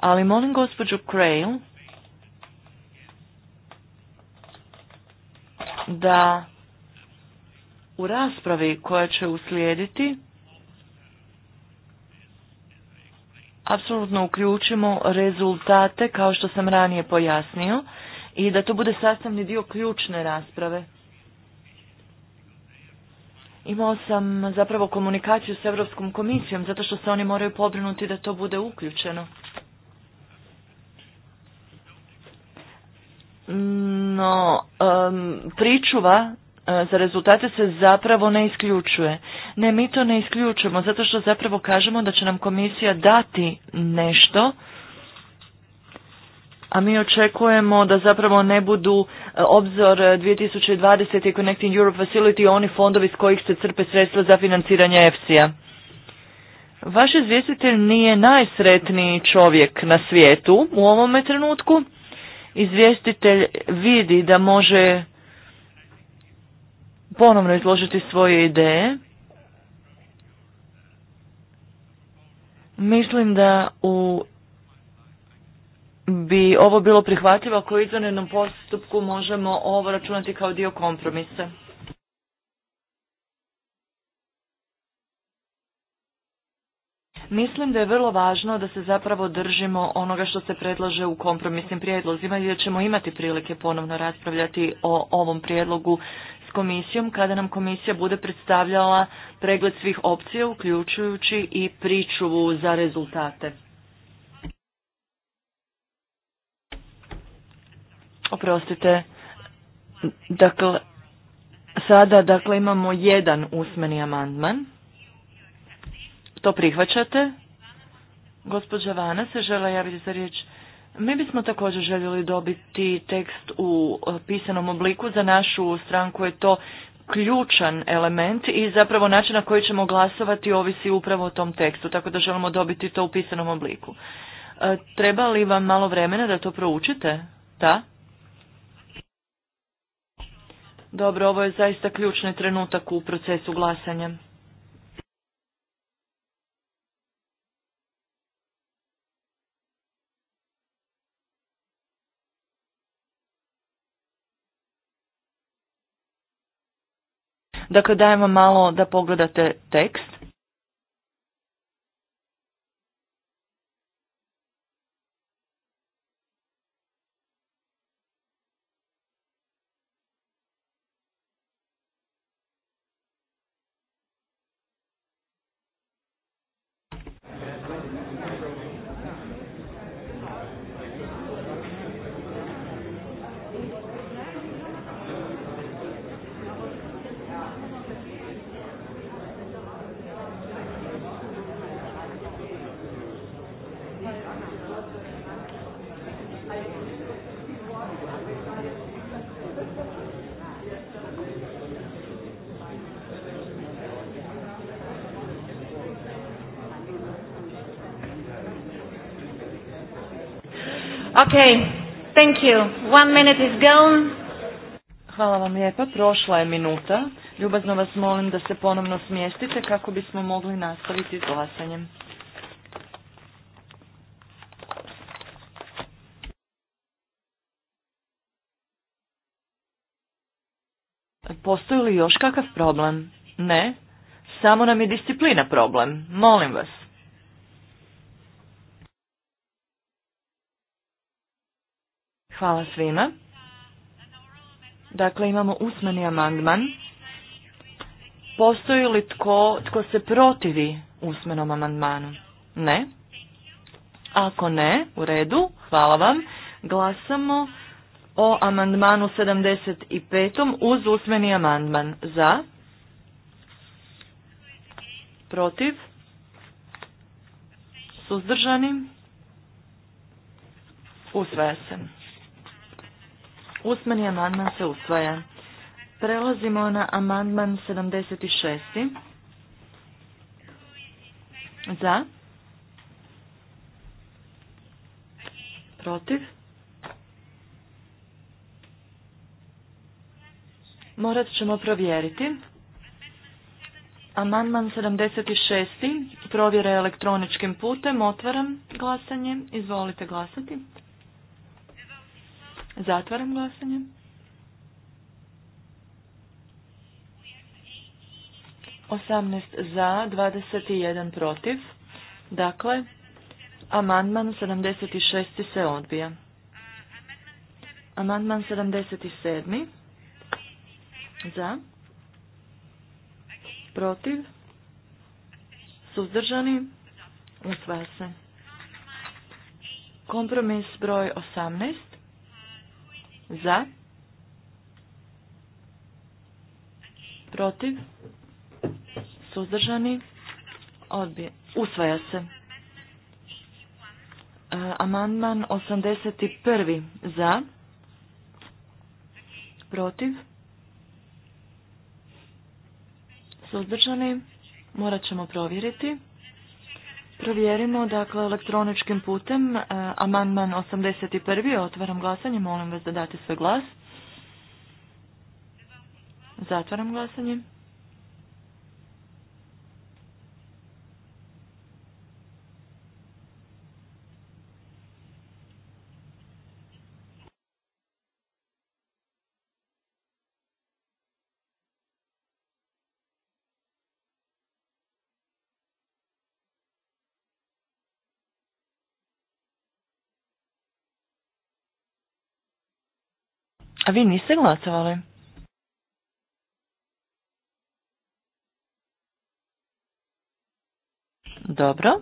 Ali molim gospođu Crail da u raspravi koja će uslijediti apsolutno uključimo rezultate kao što sam ranije pojasnio i da to bude sastavni dio ključne rasprave. Imao sam zapravo komunikaciju s Europskom komisijom zato što se oni moraju pobrinuti da to bude uključeno. No, pričuva E, za rezultate se zapravo ne isključuje. Ne, mi to ne isključujemo, zato što zapravo kažemo da će nam komisija dati nešto, a mi očekujemo da zapravo ne budu e, obzor 2020 i Connecting Europe Facility oni fondovi s kojih se crpe sredstva za financiranje EFSI-a. Vaš izvjestitelj nije najsretniji čovjek na svijetu u ovome trenutku. Izvjestitelj vidi da može ponovno izložiti svoje ideje. Mislim da u bi ovo bilo prihvatljivo ako u izvanrednom postupku možemo ovo računati kao dio kompromisa. Mislim da je vrlo važno da se zapravo držimo onoga što se predlaže u kompromisnim prijedlozima jer ćemo imati prilike ponovno raspravljati o ovom prijedlogu s komisijom kada nam komisija bude predstavljala pregled svih opcija uključujući i pričuvu za rezultate. Oprostite, dakle, sada dakle imamo jedan usmeni amandman. To prihvaćate? Gospođa Vana se žela javiti za riječ. Mi bismo također željeli dobiti tekst u e, pisanom obliku. Za našu stranku je to ključan element i zapravo način na koji ćemo glasovati ovisi upravo o tom tekstu, tako da želimo dobiti to u pisanom obliku. E, treba li vam malo vremena da to proučite? Da? Dobro, ovo je zaista ključni trenutak u procesu glasanja. Dakle, dajemo malo da pogledate tekst. Okay, thank you. One minute is gone. Hvala vam lijepa, prošla je minuta. Ljubazno vas molim da se ponovno smjestite kako bismo mogli nastaviti s glasanjem. Postoji li još kakav problem? Ne, samo nam je disciplina problem. Molim vas. Hvala svima. Dakle, imamo usmeni amandman. Postoji li tko, tko se protivi usmenom amandmanu? Ne. Ako ne, u redu, hvala vam. Glasamo o amandmanu 75. uz usmeni amandman. Za? Protiv? Suzdržani? Usvaja se. Usmeni amandman se usvaja. Prelazimo na amandman 76. Za. Protiv. Morat ćemo provjeriti. Amandman 76. Provjera elektroničkim putem. Otvaram glasanje. Izvolite glasati. Zatvaram glasanje. Osamnaest za, dvadeset jedan protiv. Dakle, amandman 76. se odbija. Amandman 77. Za. Protiv. Suzdržani. Usvaja se. Kompromis broj 18. Za. Protiv. Suzdržani. Odbije. Usvaja se. E, amandman 81. Za. Protiv. Suzdržani. Morat ćemo provjeriti. Provjerimo, dakle, elektroničkim putem. E, amandman 81. Otvaram glasanje. Molim vas da date svoj glas. Zatvaram glasanje. A vi niste glasovali? Dobro.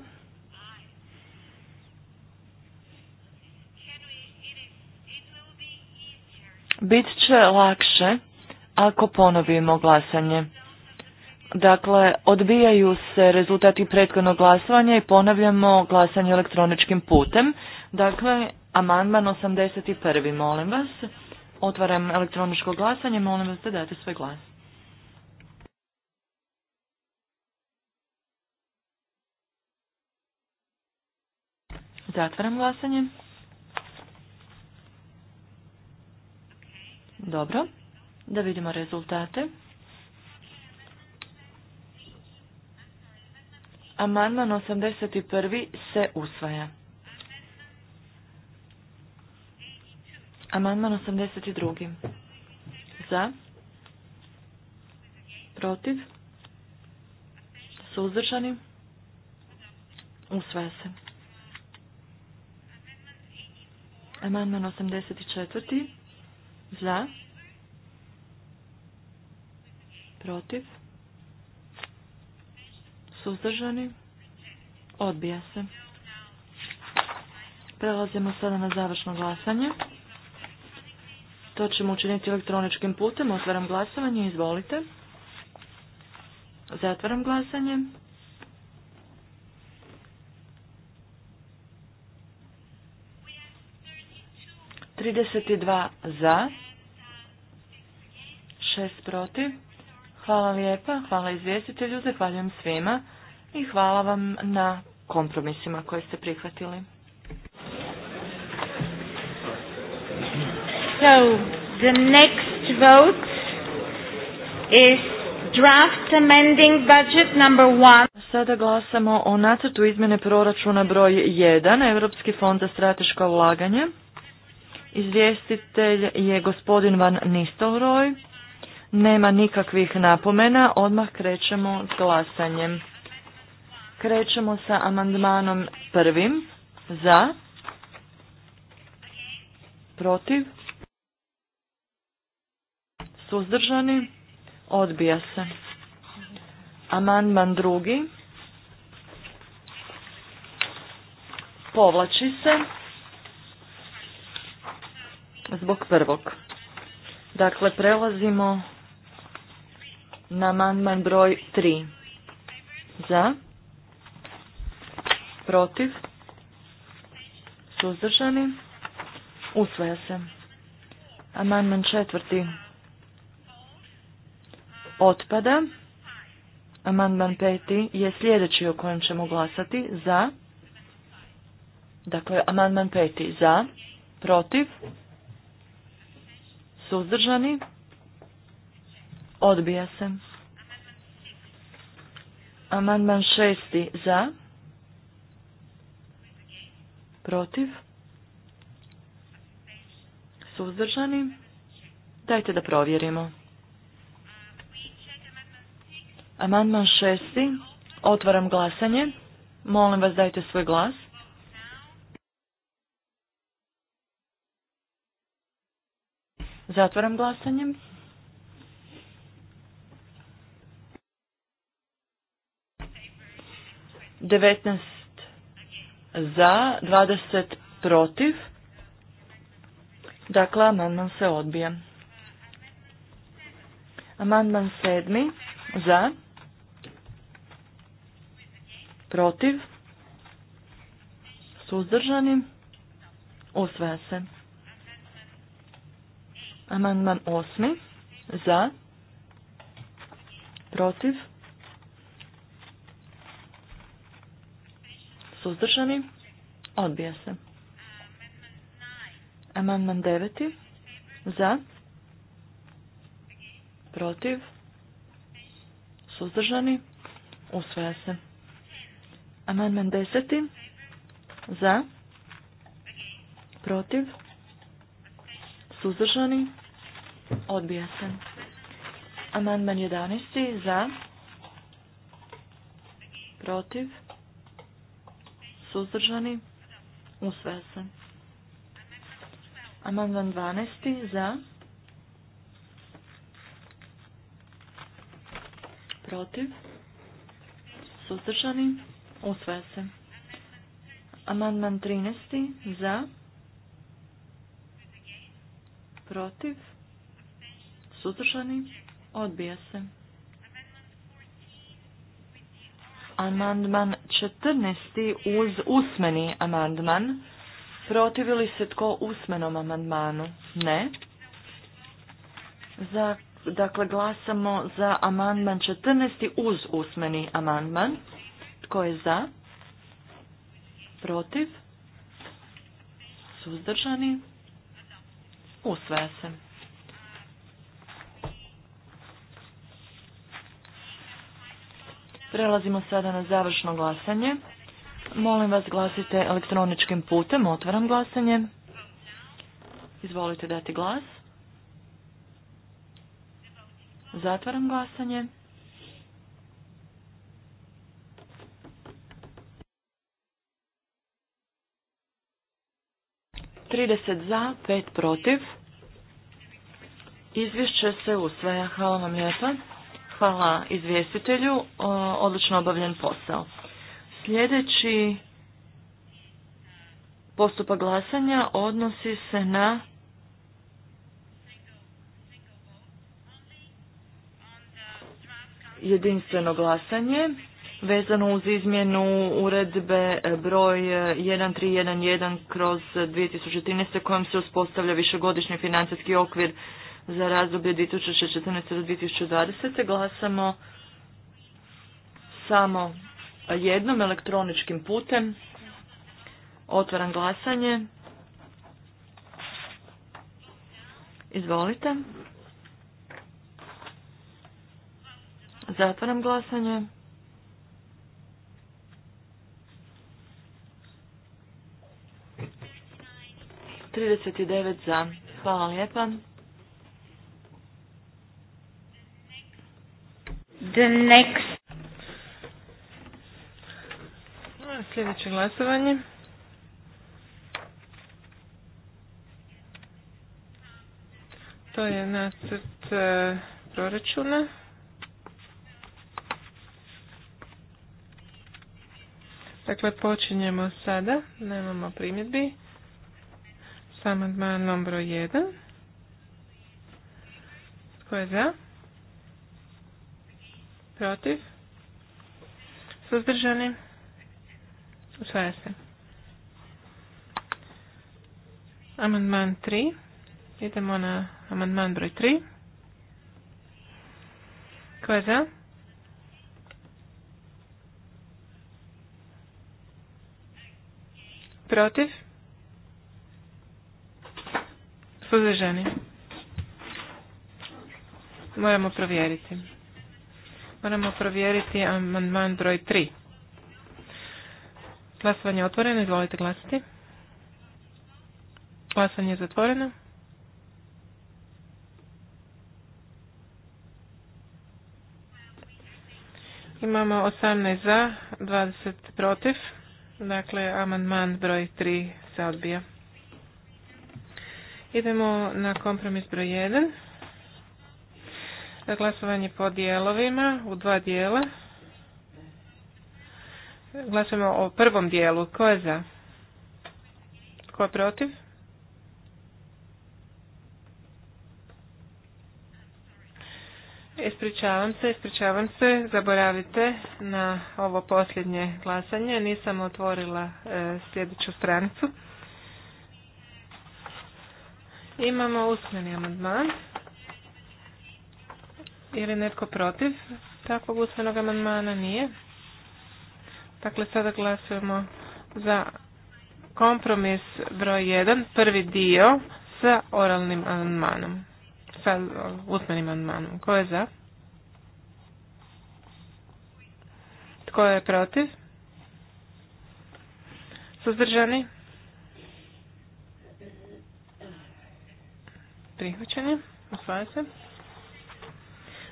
Bit će lakše ako ponovimo glasanje. Dakle, odbijaju se rezultati prethodnog glasovanja i ponavljamo glasanje elektroničkim putem. Dakle, amandman 81. molim vas. Otvaram elektroničko glasanje, molim vas da date svoj glas. Zatvaram glasanje. Dobro, da vidimo rezultate. Amandman 81. se usvaja. Amandman 82. Za. Protiv. Suzdržani. Usvaja se. Amandman 84. Za. Protiv. Suzdržani. Odbija se. Prelazimo sada na završno glasanje. To ćemo učiniti elektroničkim putem. Otvaram glasovanje. Izvolite. Zatvaram glasanje. Trideset dva za, šest protiv. Hvala lijepa, hvala izvjestitelju, zahvaljujem svima i hvala vam na kompromisima koje ste prihvatili. So, the next vote is draft amending budget number one. Sada glasamo o nacrtu izmjene proračuna broj 1, Europski fond za strateško ulaganje. Izvjestitelj je gospodin Van Nistelrooy. Nema nikakvih napomena, odmah krećemo s glasanjem. Krećemo sa amandmanom prvim, za, protiv, Suzdržani? Odbija se. Amandman drugi. Povlači se zbog prvog. Dakle, prelazimo na amandman broj tri. Za? Protiv? Suzdržani? Usvaja se. Amandman četvrti otpada. Amandman peti je sljedeći o kojem ćemo glasati za. Dakle, amandman peti za, protiv, suzdržani, odbija se. Amandman šesti za, protiv, suzdržani, dajte da provjerimo. Amandman šesti. Otvaram glasanje. Molim vas dajte svoj glas. Zatvaram glasanje. Devetnaest za, dvadeset protiv. Dakle, amandman se odbija. Amandman sedmi za protiv, suzdržani, usvaja se. Amandman osmi, za, protiv, suzdržani, odbija se. Amandman deveti, za, protiv, suzdržani, usvaja se. Amandman deseti. Za. Protiv. Suzdržani. Odbija Amandman jedanesti. Za. Protiv. Suzdržani. Usvaja se. Amandman dvanesti Za. Protiv. Suzdržani. Usvaja se. Amandman 13. Za. Protiv. Suzdržani. Odbija se. Amandman 14. uz usmeni amandman. Protivi li se tko usmenom amandmanu? Ne. dakle, glasamo za amandman 14. uz usmeni amandman. Tko je za? Protiv? Suzdržani? Usvaja se. Prelazimo sada na završno glasanje. Molim vas glasite elektroničkim putem. Otvaram glasanje. Izvolite dati glas. Zatvaram glasanje. 30 za, 5 protiv. Izvješće se usvaja. Hvala vam lijepa. Hvala izvjestitelju. Odlično obavljen posao. Sljedeći postupak glasanja odnosi se na jedinstveno glasanje vezano uz izmjenu uredbe broj 1311 kroz 2013. kojom se uspostavlja višegodišnji financijski okvir za razdoblje 2014. do 2020. Glasamo samo jednom elektroničkim putem. Otvaram glasanje. Izvolite. Zatvaram glasanje. 39 za. Hvala lijepa. The next. E, sljedeće glasovanje. To je nacrt e, proračuna. Dakle, počinjemo sada, nemamo primjedbi sa amandmanom broj 1. Tko je za? Protiv? Suzdržani? Usvaja se. Amandman 3. Idemo na amandman broj 3. Tko je za? Protiv? žene, Moramo provjeriti. Moramo provjeriti amandman broj 3. Glasovanje je otvoreno, izvolite glasiti. Glasovanje je zatvoreno. Imamo 18 za, 20 protiv. Dakle, amandman broj 3 se odbija. Idemo na kompromis broj 1. Glasovanje po dijelovima u dva dijela. Glasujemo o prvom dijelu. Ko je za? Ko je protiv? Ispričavam se, ispričavam se, zaboravite na ovo posljednje glasanje, nisam otvorila e, sljedeću stranicu. Imamo usmeni amandman. Je li netko protiv takvog usmenog amandmana? Nije. Dakle, sada glasujemo za kompromis broj 1, prvi dio sa oralnim amandmanom. Sa uh, usmenim amandmanom. Ko je za? Tko je protiv? Suzdržani? Prihvaćanje. Osvaja se.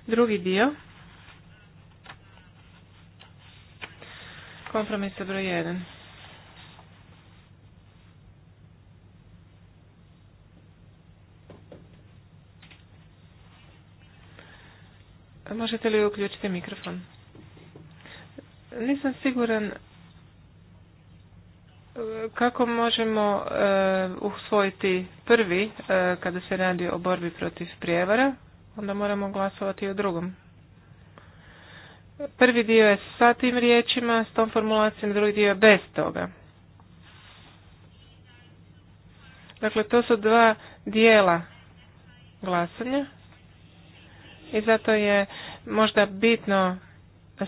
Drugi dio. Kompromis broj 1. Možete li uključiti mikrofon? Nisam siguran kako možemo e, usvojiti prvi e, kada se radi o borbi protiv prijevara, onda moramo glasovati i o drugom. Prvi dio je sa tim riječima, s tom formulacijom, drugi dio je bez toga. Dakle, to su dva dijela glasanja i zato je možda bitno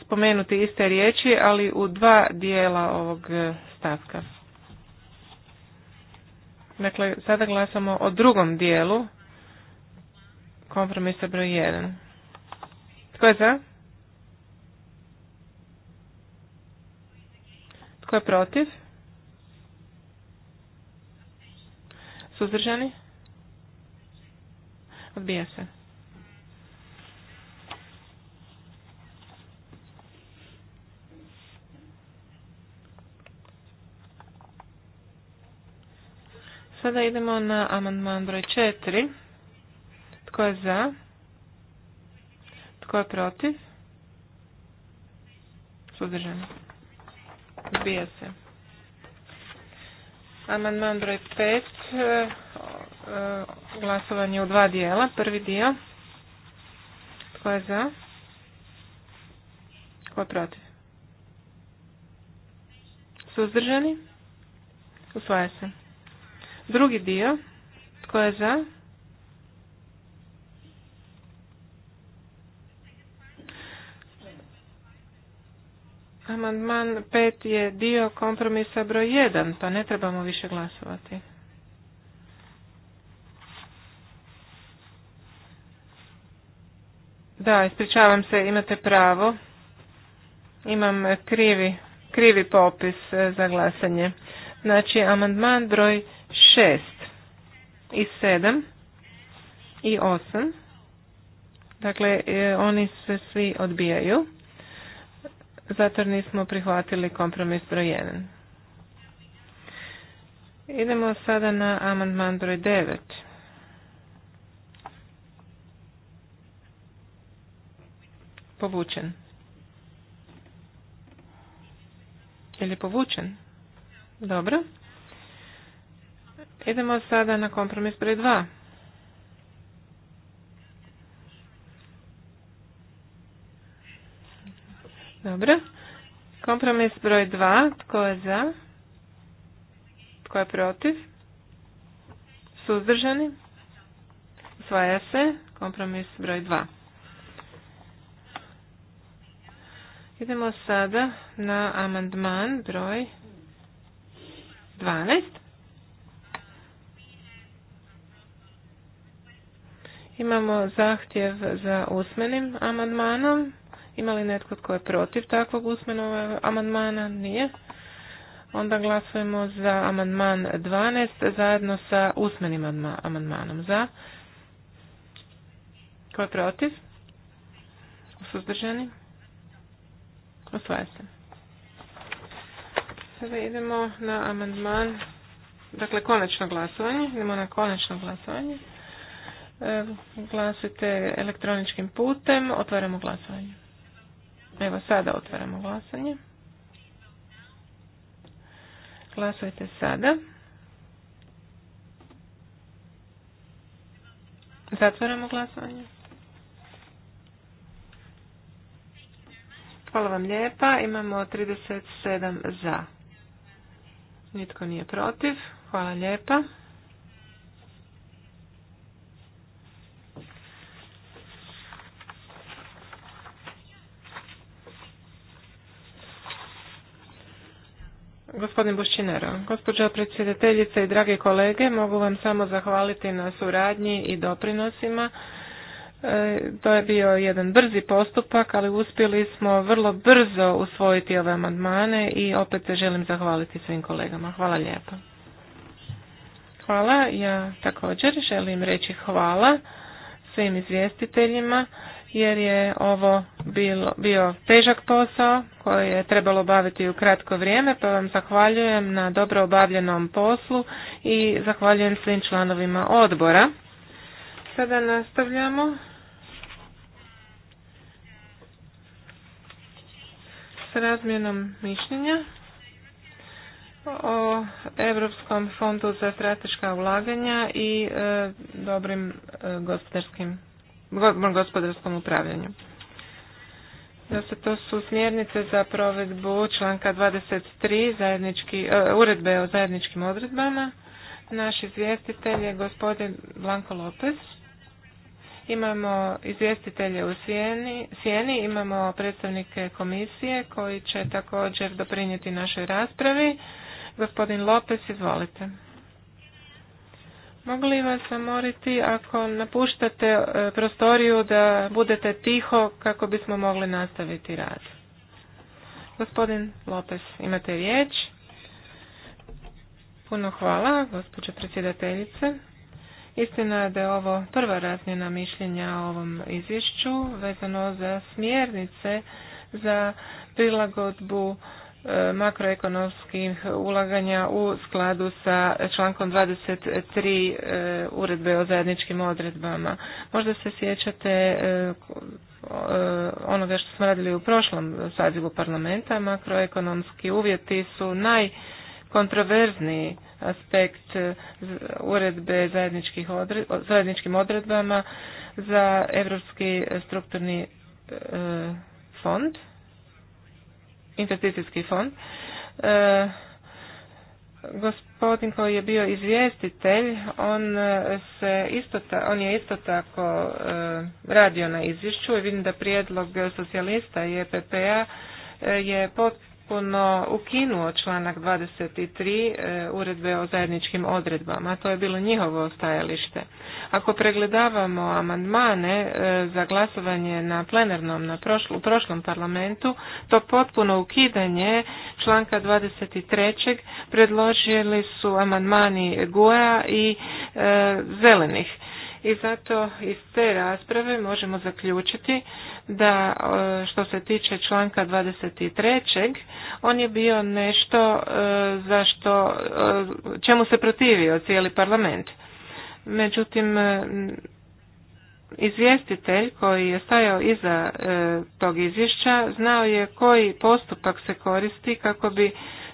spomenuti iste riječi, ali u dva dijela ovog e, stavka. Dakle, sada glasamo o drugom dijelu kompromisa broj 1. Tko je za? Tko je protiv? Suzdržani? Odbija se. Sada idemo na amandman broj četiri. Tko je za? Tko je protiv? Suzdržani. Odbija se. Amandman broj pet. E, e, glasovanje u dva dijela. Prvi dio. Tko je za? Tko je protiv? Suzdržani? Usvaja se. Drugi dio, tko je za? Amandman 5 je dio kompromisa broj 1, pa ne trebamo više glasovati. Da, ispričavam se, imate pravo. Imam krivi, krivi popis e, za glasanje. Znači, amandman broj 6 i 7 i 8. Dakle, e, oni se svi odbijaju. Zato nismo prihvatili kompromis broj 1. Idemo sada na amandman broj 9. Povučen. Je li povučen? Dobro. Idemo sada na kompromis broj 2. Dobro. Kompromis broj 2. Tko je za? Tko je protiv? Suzdržani? Usvaja se. Kompromis broj 2. Idemo sada na amandman broj 12. Imamo zahtjev za usmenim amandmanom. Ima li netko tko je protiv takvog usmenog amandmana? Nije. Onda glasujemo za amandman 12 zajedno sa usmenim amandmanom. Za? Ko je protiv? Suzdržani? Osvaja se. Sada idemo na amandman, dakle konačno glasovanje. Idemo na konačno glasovanje glasite elektroničkim putem. Otvaramo glasovanje. Evo sada otvaramo glasanje. Glasujte sada. Zatvaramo glasovanje. Hvala vam lijepa. Imamo 37 za. Nitko nije protiv. Hvala lijepa. Gospodin Bušćinero, gospođo predsjedateljice i drage kolege, mogu vam samo zahvaliti na suradnji i doprinosima. E, to je bio jedan brzi postupak, ali uspjeli smo vrlo brzo usvojiti ove amandmane i opet se želim zahvaliti svim kolegama. Hvala lijepo. Hvala, ja također želim reći hvala svim izvjestiteljima jer je ovo bilo, bio težak posao koji je trebalo obaviti u kratko vrijeme, pa vam zahvaljujem na dobro obavljenom poslu i zahvaljujem svim članovima odbora. Sada nastavljamo. s razmjenom mišljenja o Europskom fondu za strateška ulaganja i e, dobrim e, gospodarskim gospodarskom upravljanju. To su smjernice za provedbu članka 23 zajednički, e, uredbe o zajedničkim odredbama. Naš izvjestitelj je gospodin Blanko Lopez. Imamo izvjestitelje u Sijeni, imamo predstavnike komisije koji će također doprinijeti našoj raspravi. Gospodin Lopez, izvolite. Mogu li vas zamoriti ako napuštate e, prostoriju da budete tiho kako bismo mogli nastaviti rad? Gospodin Lopes, imate riječ. Puno hvala, gospođo predsjedateljice. Istina je da je ovo prva razmjena mišljenja o ovom izvješću vezano za smjernice za prilagodbu makroekonomskih ulaganja u skladu sa člankom 23 e, uredbe o zajedničkim odredbama. Možda se sjećate e, e, onoga što smo radili u prošlom sazivu parlamenta. Makroekonomski uvjeti su najkontroverzniji aspekt uredbe zajedničkim odredbama za Europski strukturni fond investicijski fond. E, gospodin koji je bio izvjestitelj, on e, se isto on je isto tako e, radio na izvješću i vidim da prijedlog socijalista i EPP-a je potpuno potpuno ukinuo članak 23 e, uredbe o zajedničkim odredbama. To je bilo njihovo stajalište. Ako pregledavamo amandmane e, za glasovanje na plenarnom na u prošlom parlamentu, to potpuno ukidanje članka 23. predložili su amandmani Guja i e, Zelenih. I zato iz te rasprave možemo zaključiti da e, što se tiče članka 23. on je bio nešto e, za što, e, čemu se protivio cijeli parlament. Međutim, izvjestitelj koji je stajao iza tog izvješća znao je koji postupak se koristi kako bi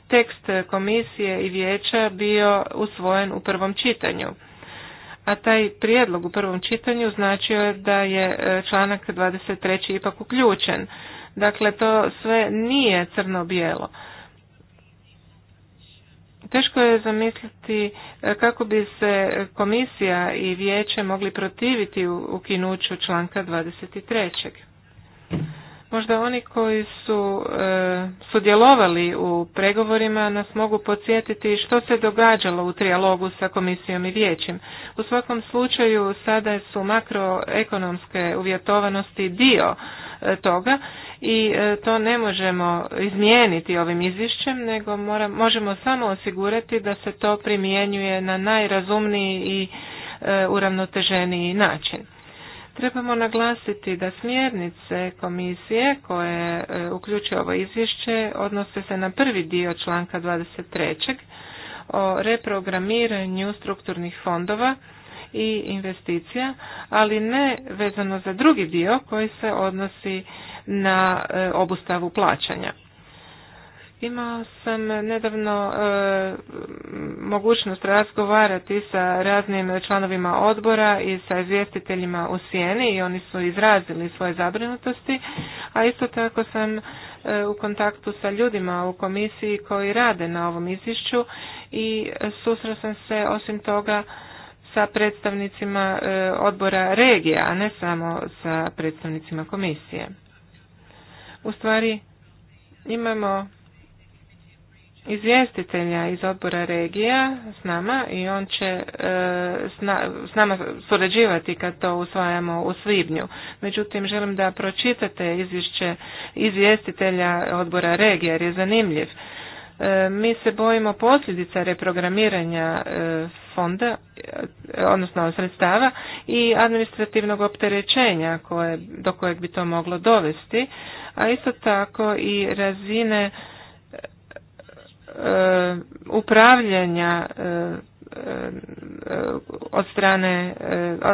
tekst komisije i vijeća bio usvojen u prvom čitanju a taj prijedlog u prvom čitanju značio je da je e, članak 23. ipak uključen. Dakle, to sve nije crno-bijelo. Teško je zamisliti e, kako bi se komisija i vijeće mogli protiviti ukinuću članka 23. Možda oni koji su e, sudjelovali u pregovorima nas mogu podsjetiti što se događalo u trijalogu sa komisijom i vijećem. U svakom slučaju sada su makroekonomske uvjetovanosti dio e, toga i e, to ne možemo izmijeniti ovim izvješćem, nego možemo samo osigurati da se to primjenjuje na najrazumniji i uravnoteženiji način. Trebamo naglasiti da smjernice komisije koje e, uključuje ovo izvješće odnose se na prvi dio članka 23. o reprogramiranju strukturnih fondova i investicija, ali ne vezano za drugi dio koji se odnosi na e, obustavu plaćanja. Imao sam nedavno e, mogućnost razgovarati sa raznim članovima odbora i sa izvjestiteljima u sjeni i oni su izrazili svoje zabrinutosti, a isto tako sam e, u kontaktu sa ljudima u komisiji koji rade na ovom izvješću i susreo sam se osim toga sa predstavnicima e, odbora regija, a ne samo sa predstavnicima komisije. U stvari imamo izvjestitelja iz odbora regija s nama i on će e, s, nama surađivati kad to usvajamo u svibnju. Međutim, želim da pročitate izvješće izvjestitelja odbora regija jer je zanimljiv. E, mi se bojimo posljedica reprogramiranja e, fonda, odnosno sredstava i administrativnog opterećenja koje, do kojeg bi to moglo dovesti, a isto tako i razine E, upravljanja e, e, od strane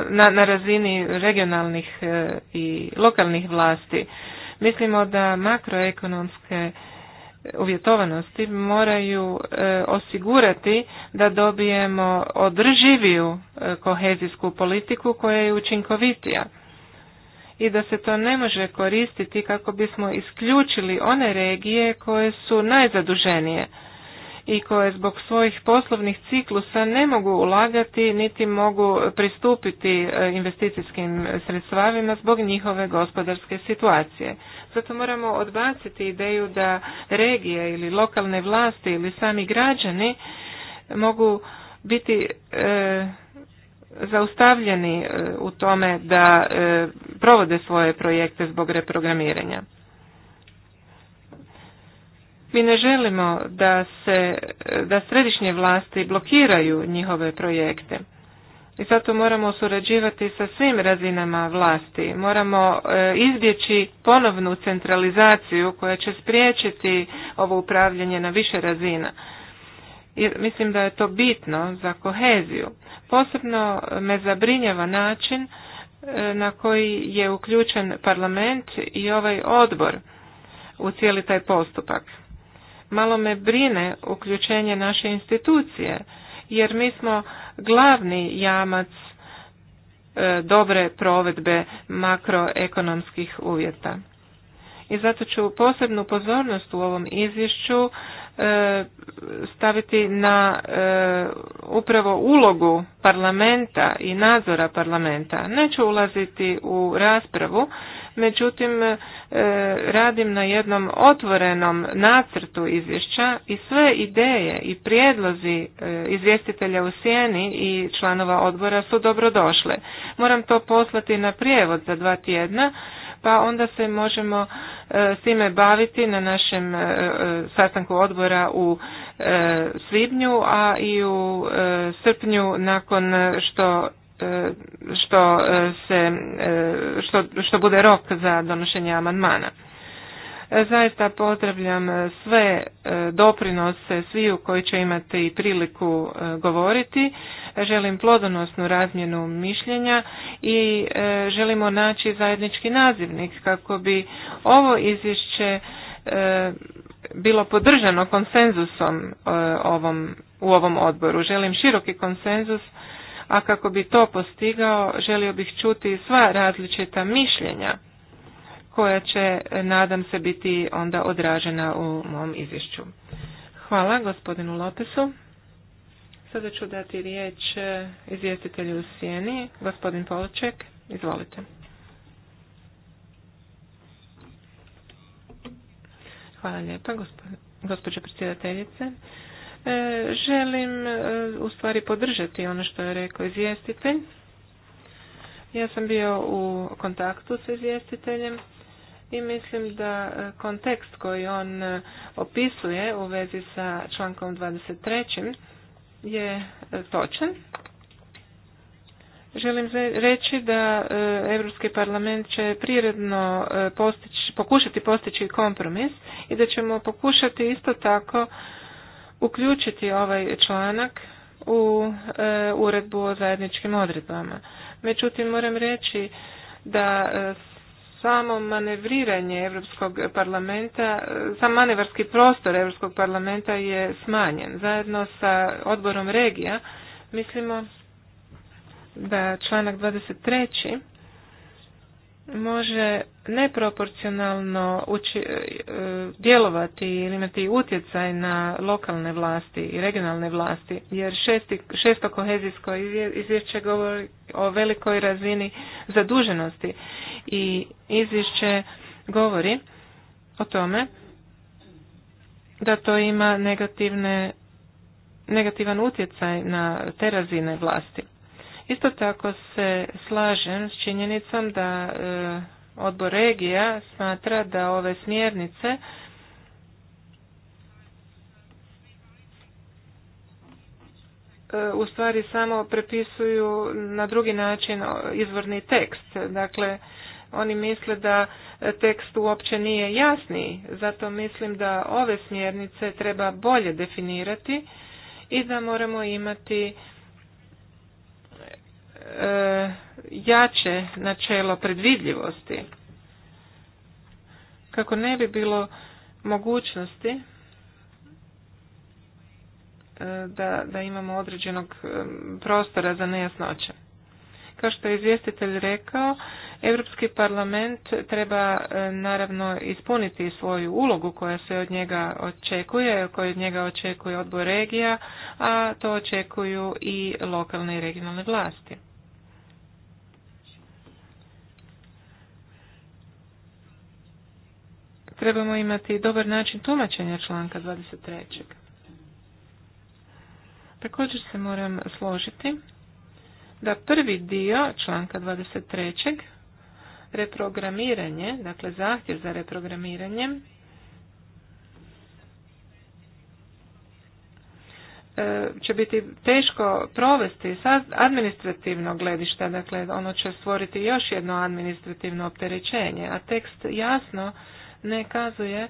na, razini regionalnih i lokalnih vlasti. Mislimo da makroekonomske uvjetovanosti moraju osigurati da dobijemo održiviju kohezijsku politiku koja je učinkovitija i da se to ne može koristiti kako bismo isključili one regije koje su najzaduženije i koje zbog svojih poslovnih ciklusa ne mogu ulagati niti mogu pristupiti e, investicijskim sredstvavima zbog njihove gospodarske situacije. Zato moramo odbaciti ideju da regije ili lokalne vlasti ili sami građani mogu biti e, zaustavljeni e, u tome da provode svoje projekte zbog reprogramiranja. Mi ne želimo da se, da središnje vlasti blokiraju njihove projekte. I zato moramo surađivati sa svim razinama vlasti. Moramo e, izbjeći ponovnu centralizaciju koja će spriječiti ovo upravljanje na više razina. I mislim da je to bitno za koheziju. Posebno me zabrinjava način e, na koji je uključen parlament i ovaj odbor u cijeli taj postupak. Malo me brine uključenje naše institucije, jer mi smo glavni jamac e, dobre provedbe makroekonomskih uvjeta. I zato ću posebnu pozornost u ovom izvješću e, staviti na e, upravo ulogu parlamenta i nadzora parlamenta. Neću ulaziti u raspravu međutim e, radim na jednom otvorenom nacrtu izvješća i sve ideje i prijedlozi e, izvjestitelja u sjeni i članova odbora su dobrodošle. Moram to poslati na prijevod za dva tjedna pa onda se možemo e, s time baviti na našem sastanku odbora u svibnju, a i u srpnju nakon što E, što, e, se, e, što, što bude rok za donošenje amandmana. Zaista potrebljam sve doprinose sviju koji će imati priliku govoriti. Želim plodonosnu razmjenu mišljenja i želimo naći zajednički nazivnik kako bi ovo izvješće bilo podržano konsenzusom u ovom odboru. Želim široki konsenzus a kako bi to postigao želio bih čuti sva različita mišljenja koja će, nadam se, biti onda odražena u mom izvješću. Hvala gospodinu Lopesu. Sada ću dati riječ e, izvjestitelju u Sijeni, gospodin Polček, izvolite. Hvala lijepa, gospođo predsjedateljice. E, želim e, u stvari podržati ono što je rekao izvjestitelj. Ja sam bio u kontaktu sa izvjestiteljem i mislim da e, kontekst koji on opisuje u vezi sa člankom 23. je točan. Želim reći da Europski parlament će prirodno pokušati postići kompromis i da ćemo pokušati isto tako uključiti ovaj članak u e, uredbu o zajedničkim odredbama. Međutim, moram reći da e, samo manevriranje Europskog parlamenta, e, sam manevarski prostor Europskog parlamenta je smanjen. Zajedno sa odborom regija mislimo da članak 23 može neproporcionalno e, djelovati ili imati utjecaj na lokalne vlasti i regionalne vlasti, jer šesti, šesto kohezijsko izvješće govori o velikoj razini zaduženosti i izvješće govori o tome da to ima negativne, negativan utjecaj na te razine vlasti. Isto tako se slažem s činjenicom da e, odbor regija smatra da ove smjernice e, u stvari samo prepisuju na drugi način izvorni tekst. Dakle, oni misle da tekst uopće nije jasniji, zato mislim da ove smjernice treba bolje definirati i da moramo imati E, jače načelo predvidljivosti kako ne bi bilo mogućnosti e, da, da imamo određenog e, prostora za nejasnoće. Kao što je izvjestitelj rekao, Europski parlament treba naravno ispuniti svoju ulogu koja se od njega očekuje, koju od njega očekuje odbor regija, a to očekuju i lokalne i regionalne vlasti. trebamo imati dobar način tumačenja članka 23. Također se moram složiti da prvi dio članka 23. reprogramiranje, dakle zahtjev za reprogramiranjem, e, će biti teško provesti sa administrativnog gledišta, dakle ono će stvoriti još jedno administrativno opterećenje, a tekst jasno ne kazuje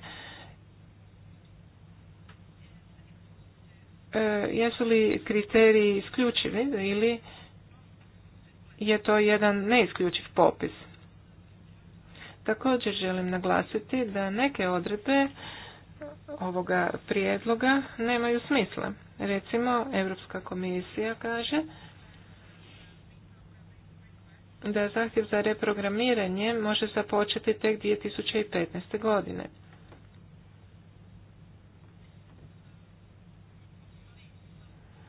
e, jesu li kriteriji isključivi ili je to jedan neisključiv popis. Također želim naglasiti da neke odredbe ovoga prijedloga nemaju smisla. Recimo, Europska komisija kaže da zahtjev za reprogramiranje može započeti tek 2015. godine.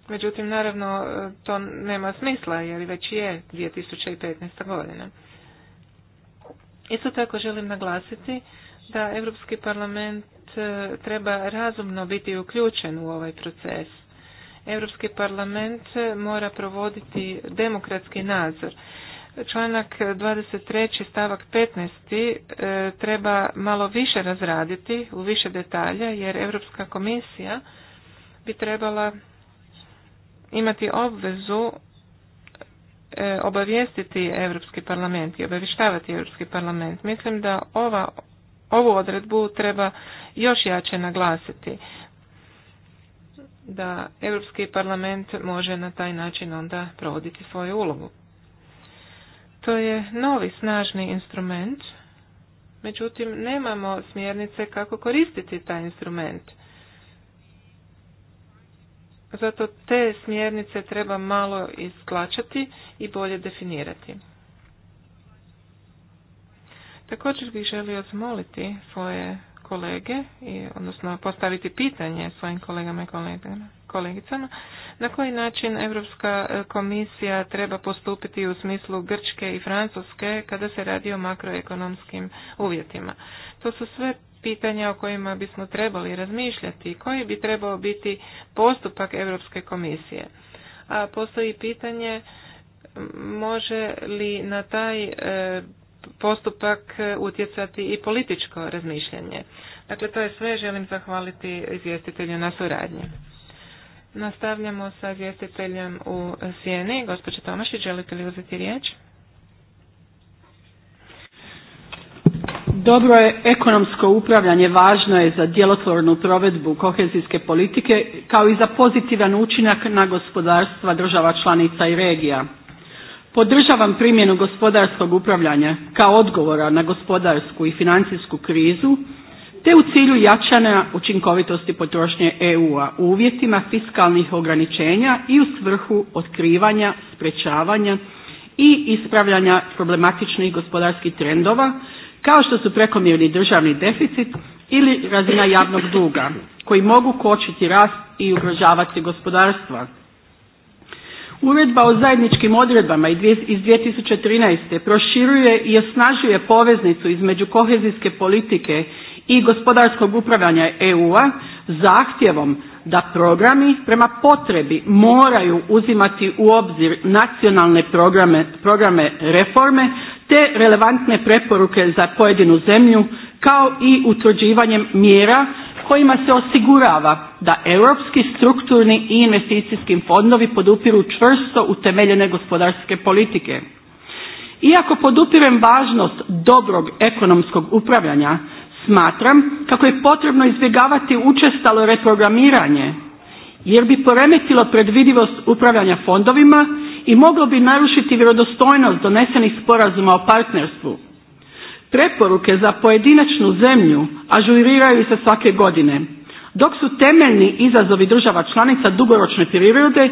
Međutim, naravno, to nema smisla jer već je 2015. godina. Isto tako želim naglasiti da Europski parlament e, treba razumno biti uključen u ovaj proces. Europski parlament e, mora provoditi demokratski nadzor članak 23. stavak 15. E, treba malo više razraditi u više detalja jer Europska komisija bi trebala imati obvezu e, obavijestiti Europski parlament i obavještavati Europski parlament. Mislim da ova, ovu odredbu treba još jače naglasiti da Europski parlament može na taj način onda provoditi svoju ulogu. To je novi snažni instrument, međutim nemamo smjernice kako koristiti taj instrument. Zato te smjernice treba malo isklačati i bolje definirati. Također bih želio zamoliti svoje kolege, odnosno postaviti pitanje svojim kolegama i kolegama kolegicama. Na koji način Europska e, komisija treba postupiti u smislu Grčke i Francuske kada se radi o makroekonomskim uvjetima? To su sve pitanja o kojima bismo trebali razmišljati. Koji bi trebao biti postupak Europske komisije? A postoji pitanje može li na taj e, postupak utjecati i političko razmišljanje. Dakle, to je sve. Želim zahvaliti izvjestitelju na suradnji. Nastavljamo sa izvjestiteljem u Sijeni, Gospođa Tomašić, želite li uzeti riječ? Dobro je ekonomsko upravljanje važno je za djelotvornu provedbu kohezijske politike kao i za pozitivan učinak na gospodarstva država članica i regija. Podržavam primjenu gospodarskog upravljanja kao odgovora na gospodarsku i financijsku krizu te u cilju jačanja učinkovitosti potrošnje EU-a u uvjetima fiskalnih ograničenja i u svrhu otkrivanja, sprečavanja i ispravljanja problematičnih gospodarskih trendova kao što su prekomjerni državni deficit ili razina javnog duga koji mogu kočiti rast i ugrožavati gospodarstva. Uredba o zajedničkim odredbama iz 2013. proširuje i osnažuje poveznicu između kohezijske politike i gospodarskog upravljanja EU-a zahtjevom da programi prema potrebi moraju uzimati u obzir nacionalne programe, programe reforme te relevantne preporuke za pojedinu zemlju kao i utvrđivanjem mjera kojima se osigurava da europski strukturni i investicijski fondovi podupiru čvrsto utemeljene gospodarske politike. Iako podupirem važnost dobrog ekonomskog upravljanja, Smatram kako je potrebno izbjegavati učestalo reprogramiranje jer bi poremetilo predvidivost upravljanja fondovima i moglo bi narušiti vjerodostojnost donesenih sporazuma o partnerstvu. Preporuke za pojedinačnu zemlju ažuriraju se svake godine, dok su temeljni izazovi država članica dugoročne prirode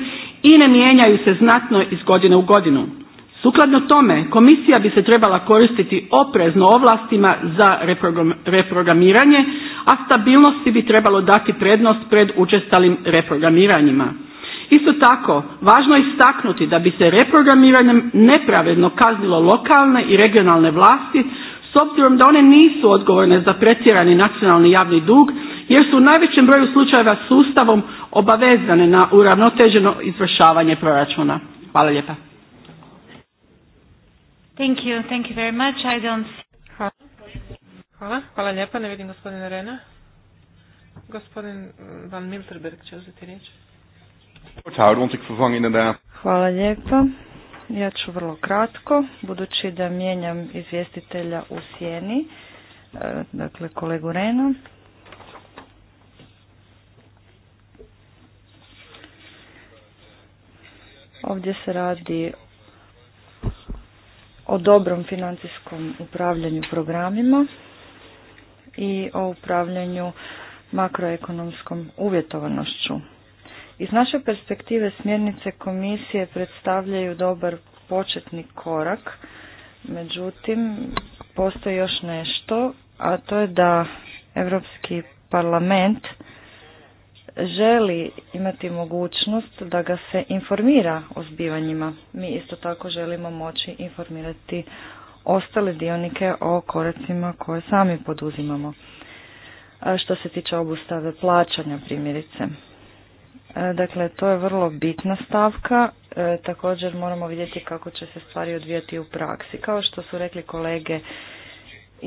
i ne mijenjaju se znatno iz godine u godinu. Sukladno tome, komisija bi se trebala koristiti oprezno ovlastima za reprogramiranje, a stabilnosti bi trebalo dati prednost pred učestalim reprogramiranjima. Isto tako, važno je istaknuti da bi se reprogramiranjem nepravedno kaznilo lokalne i regionalne vlasti s obzirom da one nisu odgovorne za pretjerani nacionalni javni dug jer su u najvećem broju slučajeva sustavom obavezane na uravnoteženo izvršavanje proračuna. Hvala lijepa. Thank you, thank you very much. I don't... Hvala. Hvala, hvala lijepa, ne vidim gospodina Rena. Gospodin mm, Van Milterberg će uzeti riječ. Hvala lijepa. Ja ću vrlo kratko, budući da mijenjam izvjestitelja u sjeni, e, dakle kolegu Rena. Ovdje se radi o dobrom financijskom upravljanju programima i o upravljanju makroekonomskom uvjetovanošću. Iz naše perspektive smjernice komisije predstavljaju dobar početni korak, međutim postoji još nešto, a to je da Europski parlament želi imati mogućnost da ga se informira o zbivanjima. Mi isto tako želimo moći informirati ostale dionike o koracima koje sami poduzimamo. Što se tiče obustave plaćanja primjerice. E, dakle, to je vrlo bitna stavka. E, također moramo vidjeti kako će se stvari odvijati u praksi. Kao što su rekli kolege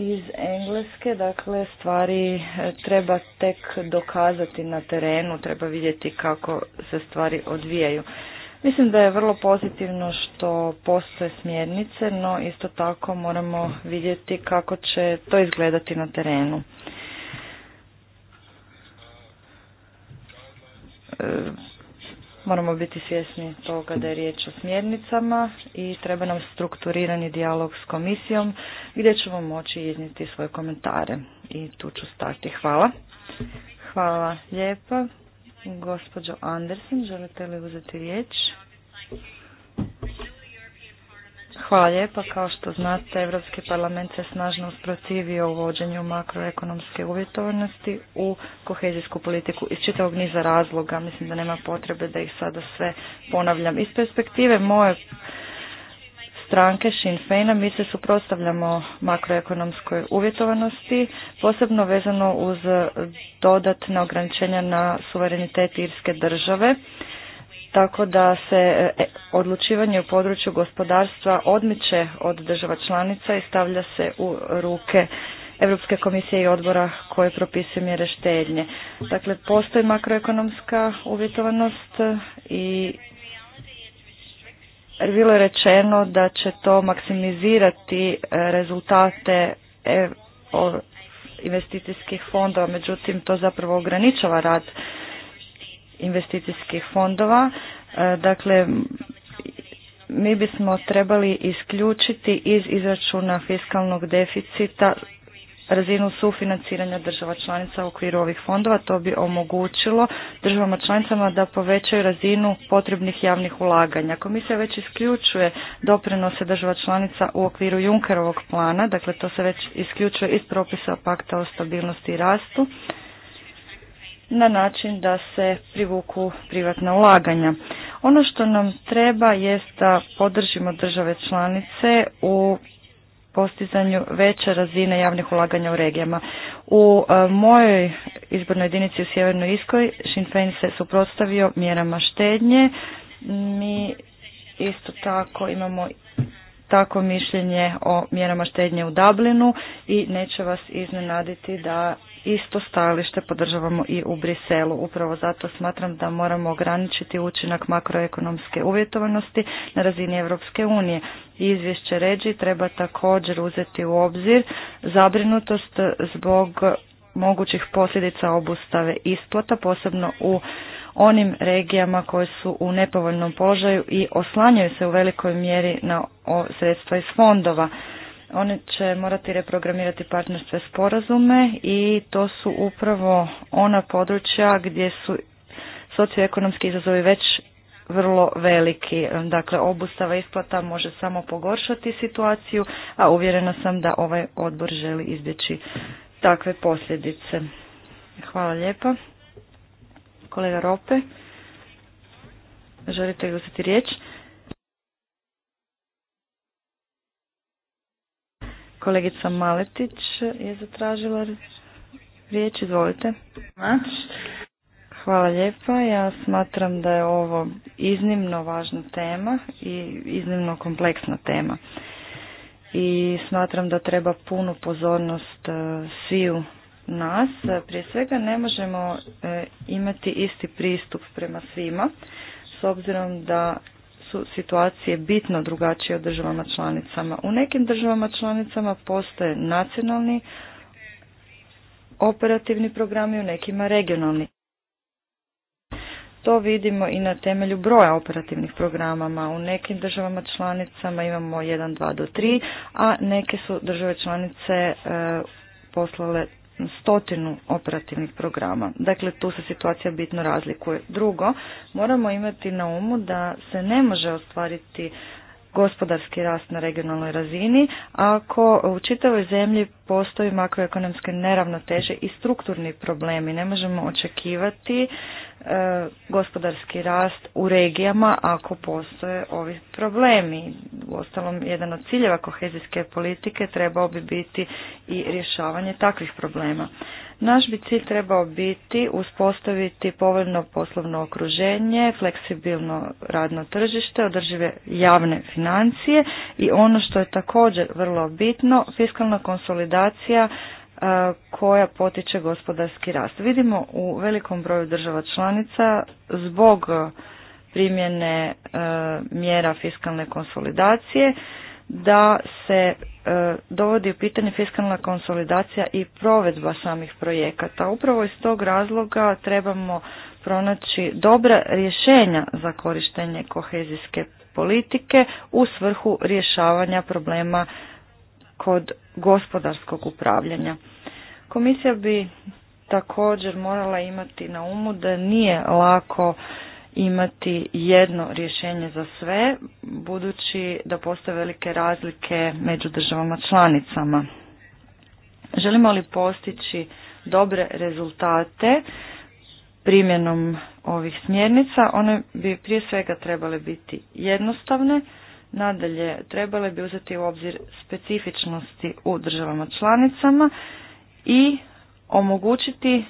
iz Engleske, dakle stvari e, treba tek dokazati na terenu, treba vidjeti kako se stvari odvijaju. Mislim da je vrlo pozitivno što postoje smjernice, no isto tako moramo vidjeti kako će to izgledati na terenu. E, Moramo biti svjesni toga da je riječ o smjernicama i treba nam strukturirani dijalog s komisijom gdje ćemo moći iznijeti svoje komentare. I tu ću stati. Hvala. Hvala lijepa. Gospođo Andersen, želite li uzeti riječ? Hvala lijepa. Kao što znate, Europski parlament se snažno usprotivio uvođenju makroekonomske uvjetovanosti u kohezijsku politiku iz čitavog niza razloga. Mislim da nema potrebe da ih sada sve ponavljam. Iz perspektive moje stranke Sinn Feina mi se suprotstavljamo makroekonomskoj uvjetovanosti, posebno vezano uz dodatna ograničenja na suverenitet irske države tako da se e, odlučivanje u području gospodarstva odmiče od država članica i stavlja se u ruke Europske komisije i odbora koje propisuje mjere štednje. Dakle, postoji makroekonomska uvjetovanost i bilo je rečeno da će to maksimizirati e, rezultate e, investicijskih fondova, međutim to zapravo ograničava rad investicijskih fondova. E, dakle, mi bismo trebali isključiti iz izračuna fiskalnog deficita razinu sufinanciranja država članica u okviru ovih fondova. To bi omogućilo državama članicama da povećaju razinu potrebnih javnih ulaganja. Komisija već isključuje doprinose država članica u okviru Junkerovog plana, dakle to se već isključuje iz propisa pakta o stabilnosti i rastu na način da se privuku privatna ulaganja. Ono što nam treba jest da podržimo države članice u postizanju veće razine javnih ulaganja u regijama. U e, mojoj izbornoj jedinici u Sjevernoj Iskoj Sinn se suprotstavio mjerama štednje. Mi isto tako imamo tako mišljenje o mjerama štednje u Dublinu i neće vas iznenaditi da isto stajalište podržavamo i u Briselu. Upravo zato smatram da moramo ograničiti učinak makroekonomske uvjetovanosti na razini Europske unije. Izvješće ređi treba također uzeti u obzir zabrinutost zbog mogućih posljedica obustave isplata, posebno u onim regijama koje su u nepovoljnom položaju i oslanjaju se u velikoj mjeri na sredstva iz fondova. One će morati reprogramirati partnerstve sporazume i to su upravo ona područja gdje su socioekonomski izazovi već vrlo veliki. Dakle, obustava isplata može samo pogoršati situaciju, a uvjerena sam da ovaj odbor želi izbjeći takve posljedice. Hvala lijepa. Kolega Rope, želite li uzeti riječ? Kolegica Maletić je zatražila riječ, izvolite. Hvala lijepa, ja smatram da je ovo iznimno važna tema i iznimno kompleksna tema. I smatram da treba punu pozornost e, sviju nas. Prije svega ne možemo e, imati isti pristup prema svima, s obzirom da su situacije bitno drugačije od državama članicama. U nekim državama članicama postoje nacionalni operativni programi, u nekima regionalni. To vidimo i na temelju broja operativnih programama. U nekim državama članicama imamo 1, 2 do 3, a neke su države članice e, poslale stotinu operativnih programa. Dakle, tu se situacija bitno razlikuje. Drugo, moramo imati na umu da se ne može ostvariti gospodarski rast na regionalnoj razini ako u čitavoj zemlji postoji makroekonomske neravnoteže i strukturni problemi. Ne možemo očekivati e, gospodarski rast u regijama ako postoje ovi problemi. Uostalom, jedan od ciljeva kohezijske politike trebao bi biti i rješavanje takvih problema. Naš bi cilj trebao biti uspostaviti povoljno poslovno okruženje, fleksibilno radno tržište, održive javne financije i ono što je također vrlo bitno, fiskalna konsolidacija e, koja potiče gospodarski rast. Vidimo u velikom broju država članica zbog primjene e, mjera fiskalne konsolidacije da se e, dovodi u pitanje fiskalna konsolidacija i provedba samih projekata. Upravo iz tog razloga trebamo pronaći dobra rješenja za korištenje kohezijske politike u svrhu rješavanja problema kod gospodarskog upravljanja. Komisija bi također morala imati na umu da nije lako imati jedno rješenje za sve, budući da postoje velike razlike među državama članicama. Želimo li postići dobre rezultate primjenom ovih smjernica, one bi prije svega trebale biti jednostavne, nadalje trebale bi uzeti u obzir specifičnosti u državama članicama i omogućiti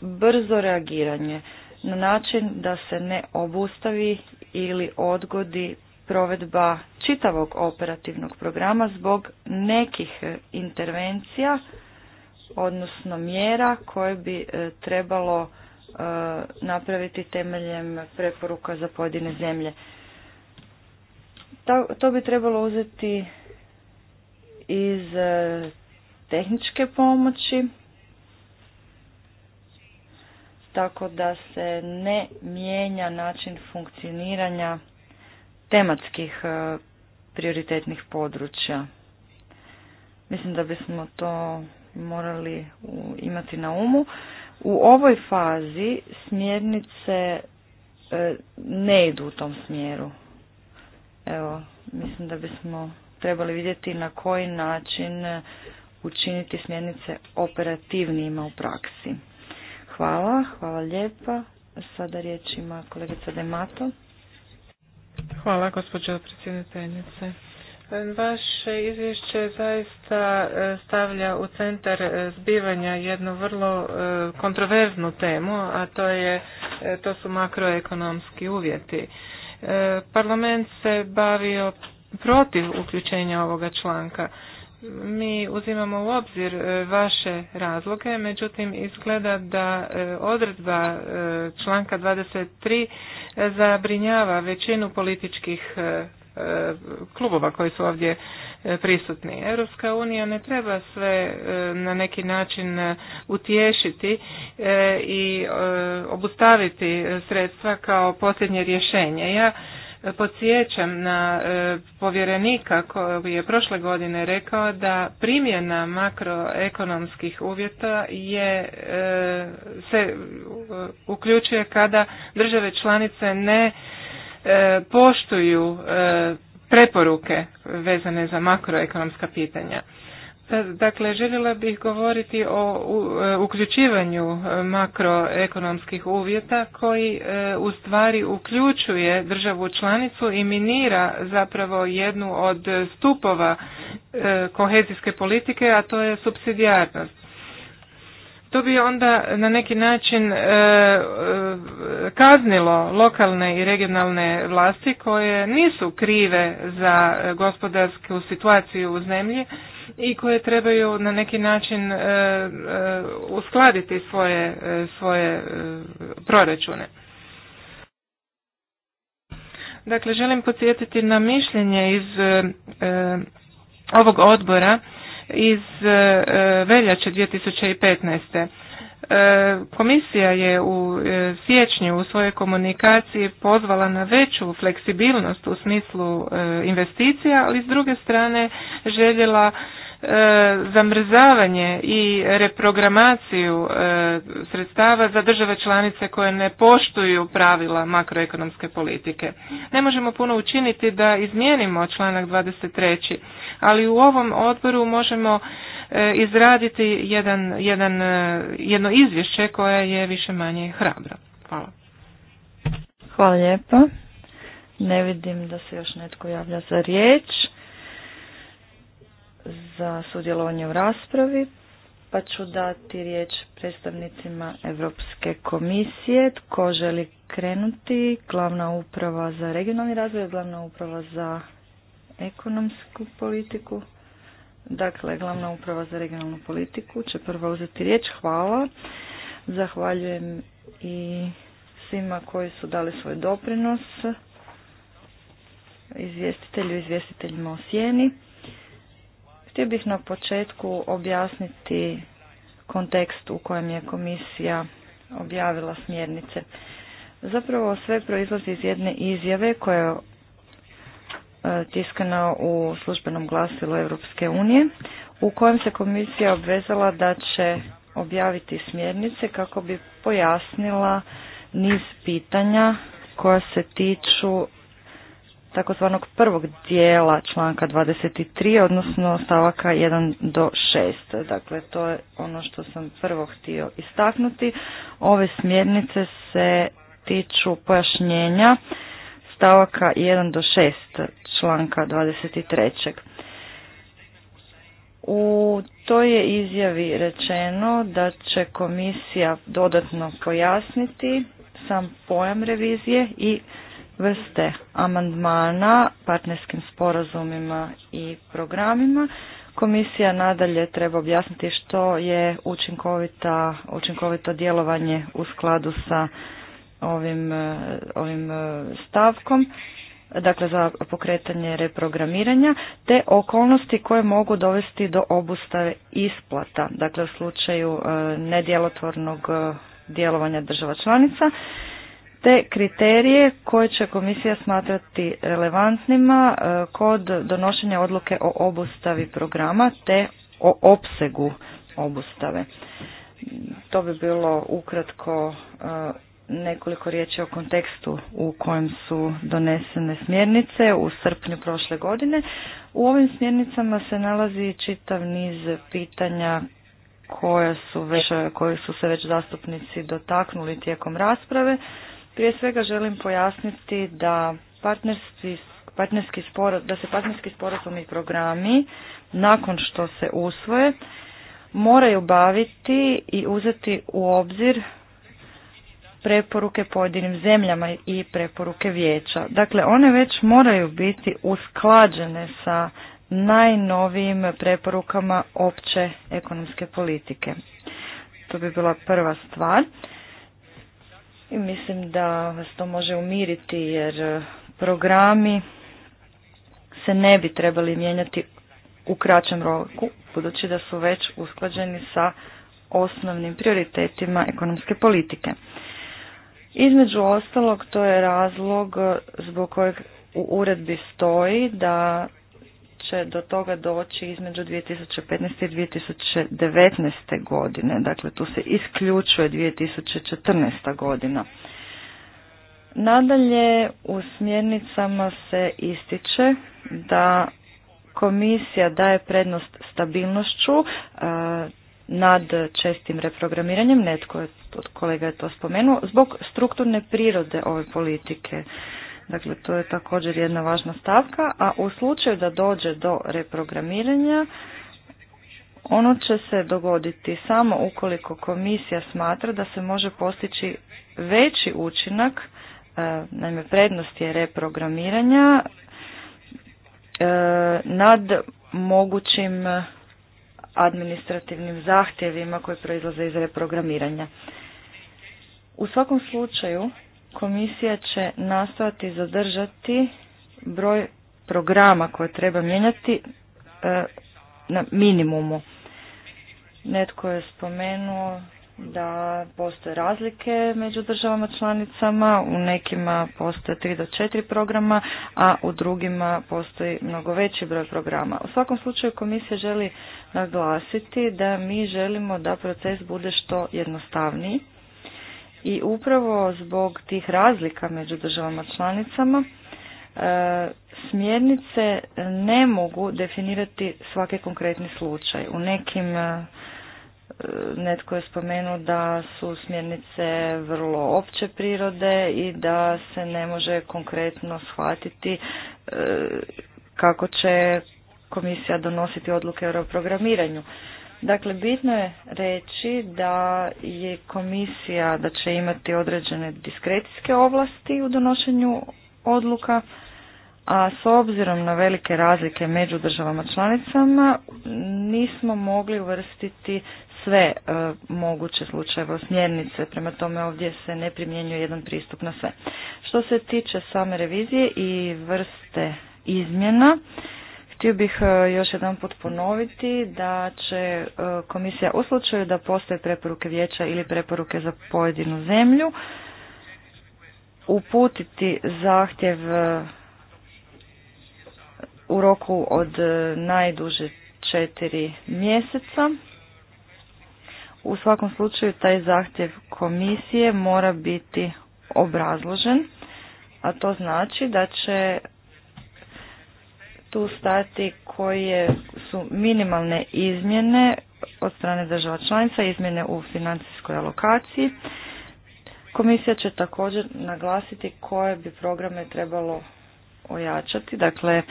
brzo reagiranje na način da se ne obustavi ili odgodi provedba čitavog operativnog programa zbog nekih e, intervencija, odnosno mjera koje bi e, trebalo e, napraviti temeljem preporuka za pojedine zemlje. To bi trebalo uzeti iz tehničke pomoći, tako da se ne mijenja način funkcioniranja tematskih e, prioritetnih područja. Mislim da bismo to morali imati na umu. U ovoj fazi smjernice e, ne idu u tom smjeru. Evo, mislim da bismo trebali vidjeti na koji način učiniti smjernice operativnijima u praksi. Hvala, hvala lijepa. Sada riječ ima kolegica Demato. Hvala gospođo predsjedniteljice. Vaše izvješće zaista e, stavlja u centar e, zbivanja jednu vrlo e, kontroverznu temu, a to, je, to su makroekonomski uvjeti. Parlament se bavio protiv uključenja ovoga članka mi uzimamo u obzir e, vaše razloge, međutim izgleda da e, odredba e, članka 23 zabrinjava većinu političkih klubova koji su ovdje prisutni. Europska unija ne treba sve na neki način utješiti i obustaviti sredstva kao posljednje rješenje. Ja podsjećam na e, povjerenika koji je prošle godine rekao da primjena makroekonomskih uvjeta je e, se uključuje kada države članice ne e, poštuju preporuke vezane za makroekonomska pitanja. Dakle, željela bih govoriti o e, uključivanju makroekonomskih uvjeta koji e, u stvari uključuje državu članicu i minira zapravo jednu od stupova e, kohezijske politike, a to je subsidijarnost. To bi onda na neki način kaznilo lokalne i regionalne vlasti koje nisu krive za gospodarsku situaciju u zemlji, i koje trebaju na neki način e, e, uskladiti svoje, e, svoje proračune. Dakle, želim podsjetiti na mišljenje iz ovog odbora iz veljače 2015. E, komisija je u e, siječnju u svojoj komunikaciji pozvala na veću fleksibilnost u smislu e, investicija, ali s druge strane željela zamrzavanje i reprogramaciju sredstava za države članice koje ne poštuju pravila makroekonomske politike. Ne možemo puno učiniti da izmijenimo članak 23. ali u ovom odboru možemo E, izraditi jedan, jedan, e, jedno izvješće koje je više manje hrabro. Hvala. Hvala lijepa. Ne vidim da se još netko javlja za riječ za sudjelovanje u raspravi, pa ću dati riječ predstavnicima Europske komisije. Tko želi krenuti? Glavna uprava za regionalni razvoj, glavna uprava za ekonomsku politiku. Dakle, glavna uprava za regionalnu politiku će prvo uzeti riječ. Hvala. Zahvaljujem i svima koji su dali svoj doprinos izvjestitelju i izvjestiteljima o sjeni. Htio bih na početku objasniti kontekst u kojem je komisija objavila smjernice. Zapravo sve proizlazi iz jedne izjave koja je tiskana u službenom glasilu Europske unije u kojem se komisija obvezala da će objaviti smjernice kako bi pojasnila niz pitanja koja se tiču takozvanog prvog dijela članka 23, odnosno stavaka 1 do 6. Dakle, to je ono što sam prvo htio istaknuti. Ove smjernice se tiču pojašnjenja stavaka 1 do 6 članka 23. U toj je izjavi rečeno da će komisija dodatno pojasniti sam pojam revizije i vrste amandmana partnerskim sporazumima i programima. Komisija nadalje treba objasniti što je učinkovito djelovanje u skladu sa ovim, e, ovim e, stavkom dakle za pokretanje reprogramiranja, te okolnosti koje mogu dovesti do obustave isplata, dakle u slučaju e, nedjelotvornog djelovanja država članica, te kriterije koje će komisija smatrati relevantnima kod donošenja odluke o obustavi programa te o opsegu obustave. To bi bilo ukratko nekoliko riječi o kontekstu u kojem su donesene smjernice u srpnju prošle godine. U ovim smjernicama se nalazi čitav niz pitanja koja su, već, koje su se već zastupnici dotaknuli tijekom rasprave. Prije svega želim pojasniti da partnerski partnerski da se partnerski sporazumi i programi nakon što se usvoje moraju baviti i uzeti u obzir preporuke pojedinim zemljama i preporuke vijeća. Dakle, one već moraju biti usklađene sa najnovijim preporukama opće ekonomske politike. To bi bila prva stvar. I mislim da vas to može umiriti jer programi se ne bi trebali mijenjati u kraćem roku, budući da su već usklađeni sa osnovnim prioritetima ekonomske politike. Između ostalog, to je razlog e, zbog kojeg u uredbi stoji da će do toga doći između 2015. i 2019. godine. Dakle, tu se isključuje 2014. godina. Nadalje, u smjernicama se ističe da komisija daje prednost stabilnošću, e, nad čestim reprogramiranjem, netko je, od kolega je to spomenuo, zbog strukturne prirode ove politike. Dakle, to je također jedna važna stavka, a u slučaju da dođe do reprogramiranja, ono će se dogoditi samo ukoliko komisija smatra da se može postići veći učinak, e, naime prednost je reprogramiranja, e, nad mogućim administrativnim zahtjevima koji proizlaze iz reprogramiranja. U svakom slučaju komisija će nastojati zadržati broj programa koje treba mijenjati e, na minimumu. Netko je spomenuo da postoje razlike među državama članicama, u nekima postoje 3 do 4 programa, a u drugima postoji mnogo veći broj programa. U svakom slučaju komisija želi naglasiti da mi želimo da proces bude što jednostavniji i upravo zbog tih razlika među državama članicama e, smjernice ne mogu definirati svaki konkretni slučaj. U nekim e, netko je spomenuo da su smjernice vrlo opće prirode i da se ne može konkretno shvatiti e, kako će komisija donositi odluke o programiranju. Dakle, bitno je reći da je komisija da će imati određene diskrecijske ovlasti u donošenju odluka, a s obzirom na velike razlike među državama članicama nismo mogli uvrstiti sve e, moguće slučajeve u smjernice, prema tome ovdje se ne primjenjuje jedan pristup na sve. Što se tiče same revizije i vrste izmjena, Htio bih e, još jedan put ponoviti da će e, komisija u slučaju da postoje preporuke vijeća ili preporuke za pojedinu zemlju uputiti zahtjev e, u roku od najduže četiri mjeseca. U svakom slučaju taj zahtjev komisije mora biti obrazložen, a to znači da će tu stati koje su minimalne izmjene od strane država članica, izmjene u financijskoj alokaciji. Komisija će također naglasiti koje bi programe trebalo ojačati, dakle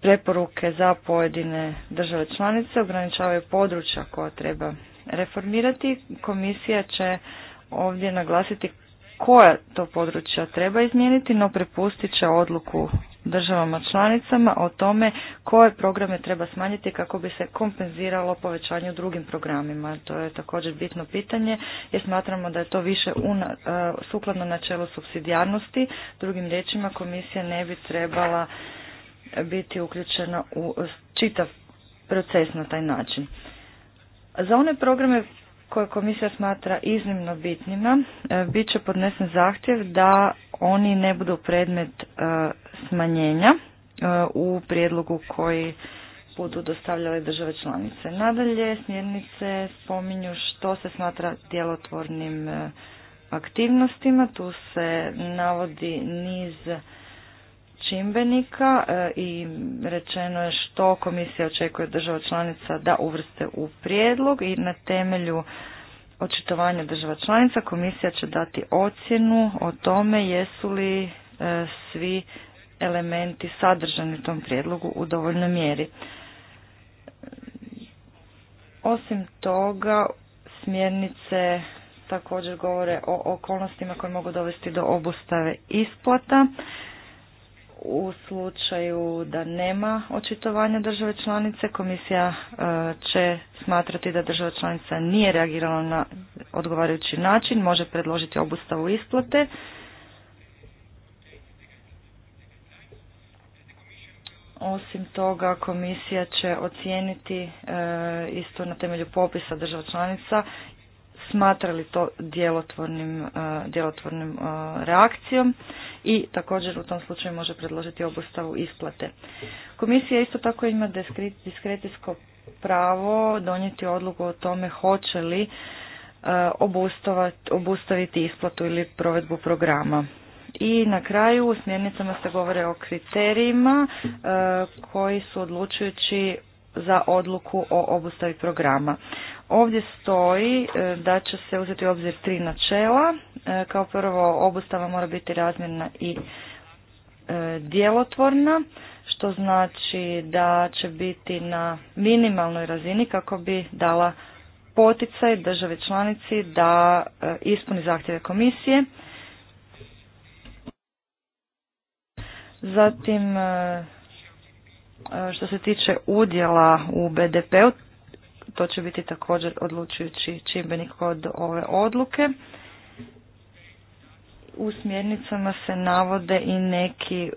preporuke za pojedine države članice ograničavaju područja koja treba reformirati. Komisija će ovdje naglasiti koja to područja treba izmijeniti, no prepustit će odluku državama članicama o tome koje programe treba smanjiti kako bi se kompenziralo povećanje u drugim programima. To je također bitno pitanje jer smatramo da je to više una, e, sukladno načelu subsidijarnosti. Drugim riječima komisija ne bi trebala biti uključena u čitav proces na taj način. Za one programe koje komisija smatra iznimno bitnima, e, bit će podnesen zahtjev da oni ne budu predmet e, smanjenja e, u prijedlogu koji budu dostavljale države članice. Nadalje, smjernice spominju što se smatra djelotvornim aktivnostima. Tu se navodi niz čimbenika e, i rečeno je što komisija očekuje država članica da uvrste u prijedlog i na temelju očitovanja država članica komisija će dati ocjenu o tome jesu li e, svi elementi sadržani u tom prijedlogu u dovoljnoj mjeri. Osim toga, smjernice također govore o okolnostima koje mogu dovesti do obustave isplata u slučaju da nema očitovanja države članice, komisija e, će smatrati da država članica nije reagirala na odgovarajući način, može predložiti obustavu isplate. Osim toga, komisija će ocijeniti e, isto na temelju popisa država članica smatrali to djelotvornim, e, djelotvornim e, reakcijom i također u tom slučaju može predložiti obustavu isplate. Komisija isto tako ima diskrecijsko pravo donijeti odluku o tome hoće li e, obustaviti isplatu ili provedbu programa. I na kraju u smjernicama se govore o kriterijima koji su odlučujući za odluku o obustavi programa. Ovdje stoji e, da će se uzeti u obzir tri načela. E, kao prvo, obustava mora biti razmjerna i e, djelotvorna, što znači da će biti na minimalnoj razini kako bi dala poticaj države članici da ispuni zahtjeve komisije. Zatim E, što se tiče udjela u BDP-u, to će biti također odlučujući čimbenik kod ove odluke. U smjernicama se navode i neki e,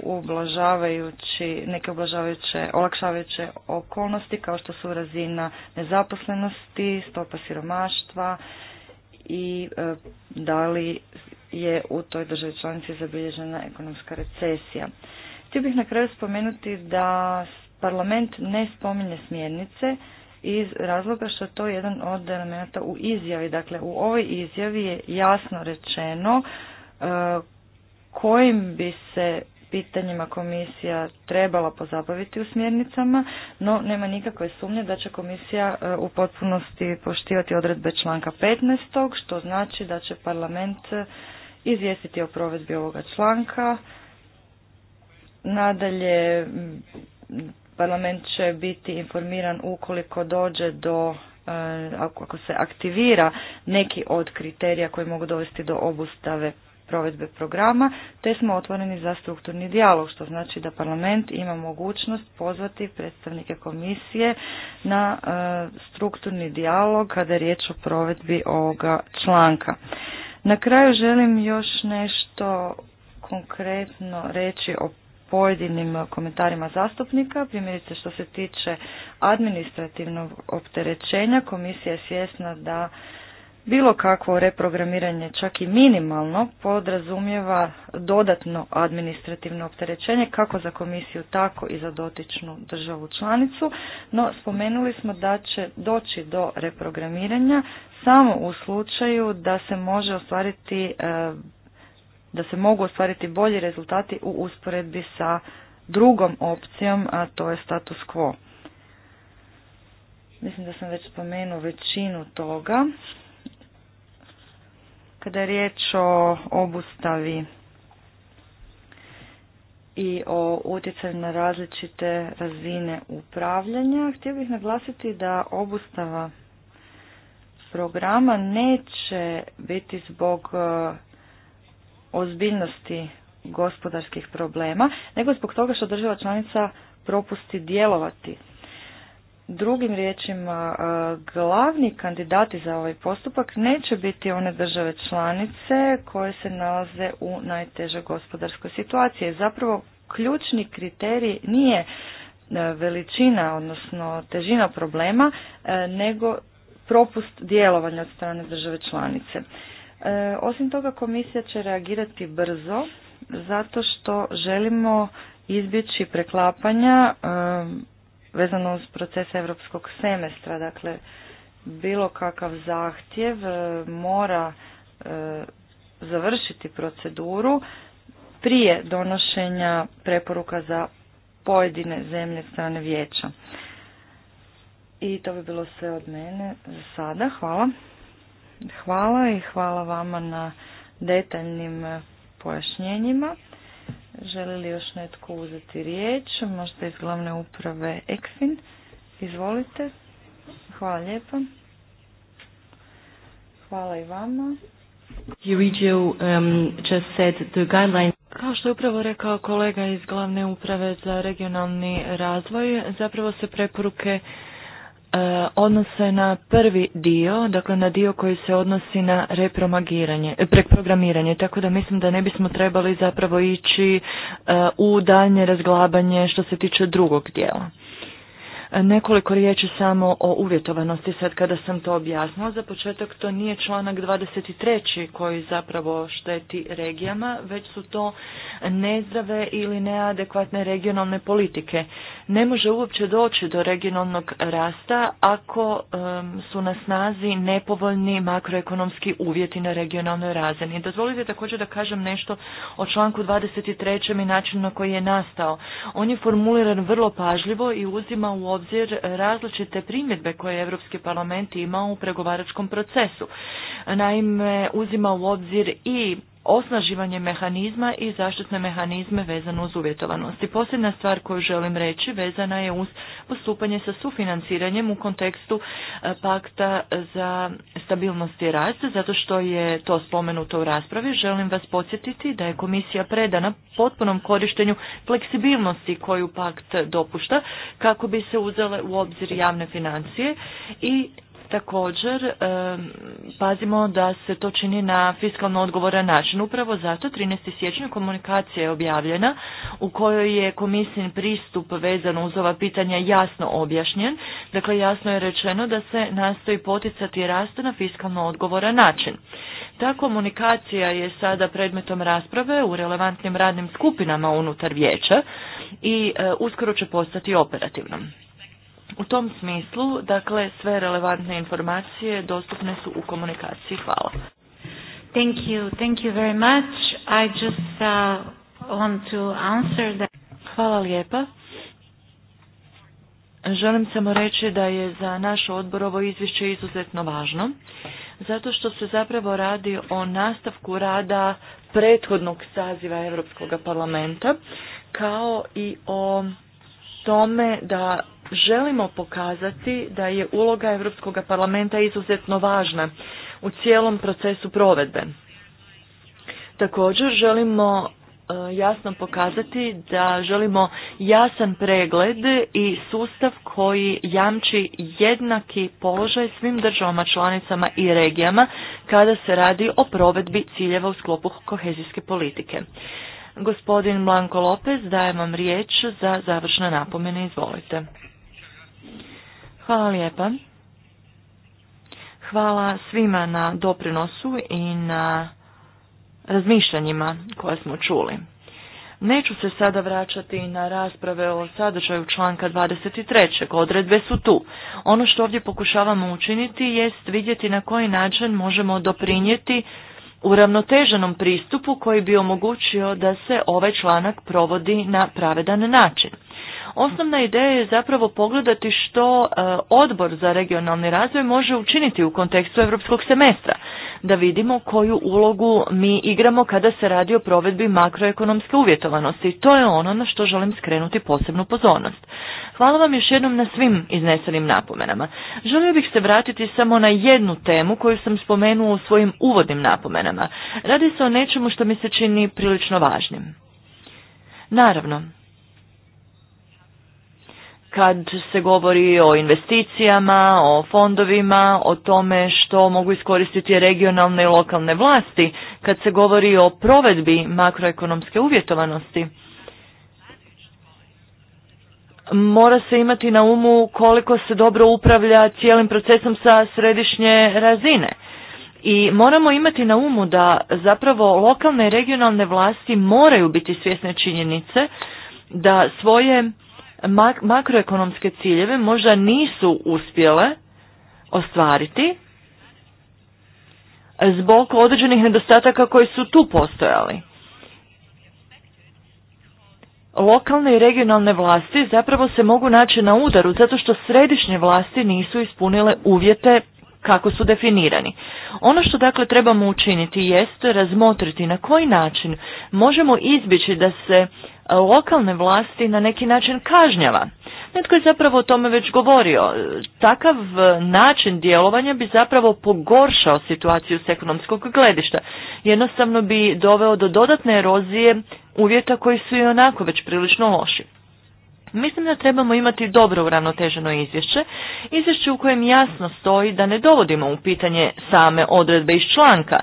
ublažavajući, neke ublažavajuće, olakšavajuće okolnosti kao što su razina nezaposlenosti, stopa siromaštva i e, da li je u toj državi članici zabilježena ekonomska recesija. Htio bih na kraju spomenuti da parlament ne spominje smjernice iz razloga što to jedan od elemenata u izjavi. Dakle, u ovoj izjavi je jasno rečeno e, kojim bi se pitanjima komisija trebala pozabaviti u smjernicama, no nema nikakve sumnje da će komisija e, u potpunosti poštivati odredbe članka 15. što znači da će parlament e, izvijestiti o provedbi ovoga članka Nadalje, mm, parlament će biti informiran ukoliko dođe do eh, ako se aktivira neki od kriterija koji mogu dovesti do obustave provedbe programa, te smo otvoreni za strukturni dijalog, što znači da parlament ima mogućnost pozvati predstavnike komisije na eh, strukturni dijalog kada je riječ o provedbi ovoga članka. Na kraju želim još nešto konkretno reći o pojedinim komentarima zastupnika. Primjerice što se tiče administrativnog opterećenja, komisija je svjesna da bilo kakvo reprogramiranje, čak i minimalno, podrazumijeva dodatno administrativno opterećenje kako za komisiju, tako i za dotičnu državu članicu, no spomenuli smo da će doći do reprogramiranja samo u slučaju da se može ostvariti e, da se mogu ostvariti bolji rezultati u usporedbi sa drugom opcijom, a to je status quo. Mislim da sam već spomenuo većinu toga. Kada je riječ o obustavi i o utjecaju na različite razine upravljanja, htio bih naglasiti da obustava programa neće biti zbog ozbiljnosti gospodarskih problema, nego zbog toga što država članica propusti djelovati. Drugim riječima, e, glavni kandidati za ovaj postupak neće biti one države članice koje se nalaze u najtežoj gospodarskoj situaciji. Zapravo, ključni kriterij nije e, veličina, odnosno težina problema, e, nego propust djelovanja od strane države članice. E, osim toga komisija će reagirati brzo zato što želimo izbjeći preklapanja e, vezano uz proces europskog semestra. Dakle, bilo kakav zahtjev e, mora završiti proceduru prije donošenja preporuka za pojedine zemlje strane vijeća. I to bi bilo sve od mene za sada. Hvala. Hvala i hvala vama na detaljnim eh, pojašnjenjima. Želi li još netko uzeti riječ? Možda iz glavne uprave Exin? Izvolite. Hvala lijepa. Hvala i vama. Um, Kao što je upravo rekao kolega iz glavne uprave za regionalni razvoj, zapravo se preporuke E, odnose na prvi dio, dakle na dio koji se odnosi na repromagiranje, e, preprogramiranje, tako da mislim da ne bismo trebali zapravo ići e, u daljnje razglabanje što se tiče drugog dijela. Nekoliko riječi samo o uvjetovanosti sad kada sam to objasnila. Za početak to nije članak 23. koji zapravo šteti regijama, već su to nezdrave ili neadekvatne regionalne politike. Ne može uopće doći do regionalnog rasta ako su na snazi nepovoljni makroekonomski uvjeti na regionalnoj razini. Dozvolite također da kažem nešto o članku 23. i načinu na koji je nastao. On je formuliran vrlo pažljivo i uzima u obzir obzir različite primjedbe koje je Europski parlament imao u pregovaračkom procesu. Naime, uzima u obzir i osnaživanje mehanizma i zaštitne mehanizme vezano uz uvjetovanost. I stvar koju želim reći vezana je uz postupanje sa sufinanciranjem u kontekstu e, pakta za stabilnost i rast, zato što je to spomenuto u raspravi. Želim vas podsjetiti da je komisija predana potpunom korištenju fleksibilnosti koju pakt dopušta kako bi se uzele u obzir javne financije i Također, pazimo da se to čini na fiskalno odgovoran način. Upravo zato 13. siječnja komunikacija je objavljena u kojoj je komisijin pristup vezan uz ova pitanja jasno objašnjen. Dakle, jasno je rečeno da se nastoji poticati rast na fiskalno odgovoran način. Ta komunikacija je sada predmetom rasprave u relevantnim radnim skupinama unutar vijeća i e, uskoro će postati operativnom. U tom smislu, dakle, sve relevantne informacije dostupne su u komunikaciji. Hvala. Thank you, thank you very much. I just uh, want to answer that. Hvala lijepa. Želim samo reći da je za naš odbor ovo izvješće izuzetno važno, zato što se zapravo radi o nastavku rada prethodnog saziva Europskog parlamenta, kao i o tome da želimo pokazati da je uloga Europskog parlamenta izuzetno važna u cijelom procesu provedbe. Također želimo e, jasno pokazati da želimo jasan pregled i sustav koji jamči jednaki položaj svim državama članicama i regijama kada se radi o provedbi ciljeva u sklopu kohezijske politike. Gospodin Blanko Lopez, daje vam riječ za završne napomene, izvolite. Hvala lijepa. Hvala svima na doprinosu i na razmišljanjima koje smo čuli. Neću se sada vraćati na rasprave o sadržaju članka 23. Odredbe su tu. Ono što ovdje pokušavamo učiniti jest vidjeti na koji način možemo doprinijeti uravnoteženom pristupu koji bi omogućio da se ovaj članak provodi na pravedan način. Osnovna ideja je zapravo pogledati što e, odbor za regionalni razvoj može učiniti u kontekstu europskog semestra, da vidimo koju ulogu mi igramo kada se radi o provedbi makroekonomske uvjetovanosti. To je ono na što želim skrenuti posebnu pozornost. Hvala vam još jednom na svim iznesenim napomenama. Želio bih se vratiti samo na jednu temu koju sam spomenuo u svojim uvodnim napomenama. Radi se o nečemu što mi se čini prilično važnim. Naravno, kad se govori o investicijama, o fondovima, o tome što mogu iskoristiti regionalne i lokalne vlasti, kad se govori o provedbi makroekonomske uvjetovanosti. Mora se imati na umu koliko se dobro upravlja cijelim procesom sa središnje razine. I moramo imati na umu da zapravo lokalne i regionalne vlasti moraju biti svjesne činjenice da svoje makroekonomske ciljeve možda nisu uspjele ostvariti zbog određenih nedostataka koji su tu postojali. Lokalne i regionalne vlasti zapravo se mogu naći na udaru zato što središnje vlasti nisu ispunile uvjete kako su definirani. Ono što dakle trebamo učiniti jeste razmotriti na koji način možemo izbjeći da se E, lokalne vlasti na neki način kažnjava. Netko je zapravo o tome već govorio. E, takav e, način djelovanja bi zapravo pogoršao situaciju s ekonomskog gledišta. Jednostavno bi doveo do dodatne erozije uvjeta koji su i onako već prilično loši. Mislim da trebamo imati dobro uravnoteženo izvješće, izvješće u kojem jasno stoji da ne dovodimo u pitanje same odredbe iz članka,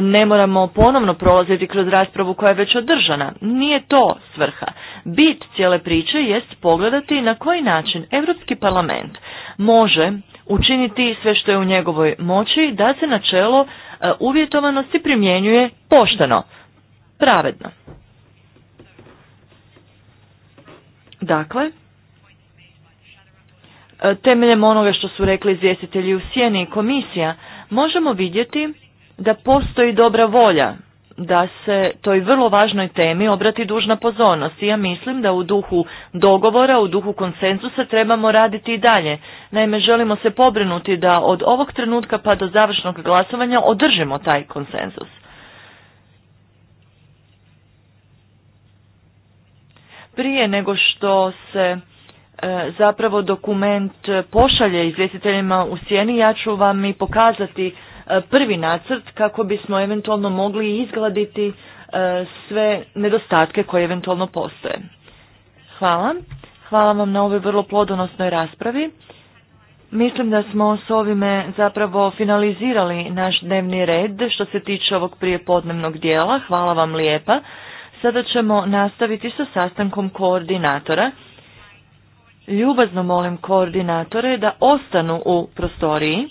ne moramo ponovno prolaziti kroz raspravu koja je već održana. Nije to svrha. Bit cijele priče jest pogledati na koji način Europski parlament može učiniti sve što je u njegovoj moći da se načelo e, uvjetovanosti primjenjuje pošteno, pravedno. Dakle, e, temeljem onoga što su rekli izvjestitelji u Sjeni i komisija, možemo vidjeti da postoji dobra volja da se toj vrlo važnoj temi obrati dužna pozornost. I ja mislim da u duhu dogovora, u duhu konsenzusa trebamo raditi i dalje. Naime, želimo se pobrinuti da od ovog trenutka pa do završnog glasovanja održimo taj konsenzus. Prije nego što se e, zapravo dokument pošalje izvjestiteljima u sjeni, ja ću vam i pokazati E, prvi nacrt kako bismo eventualno mogli izgladiti e, sve nedostatke koje eventualno postoje. Hvala. Hvala vam na ovoj vrlo plodonosnoj raspravi. Mislim da smo s ovime zapravo finalizirali naš dnevni red što se tiče ovog prijepodnevnog dijela. Hvala vam lijepa. Sada ćemo nastaviti sa sastankom koordinatora. Ljubazno molim koordinatore da ostanu u prostoriji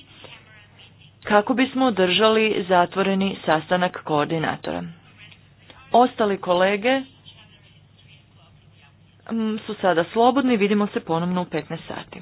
kako bismo održali zatvoreni sastanak koordinatora. Ostali kolege mm, su sada slobodni, vidimo se ponovno u 15 sati.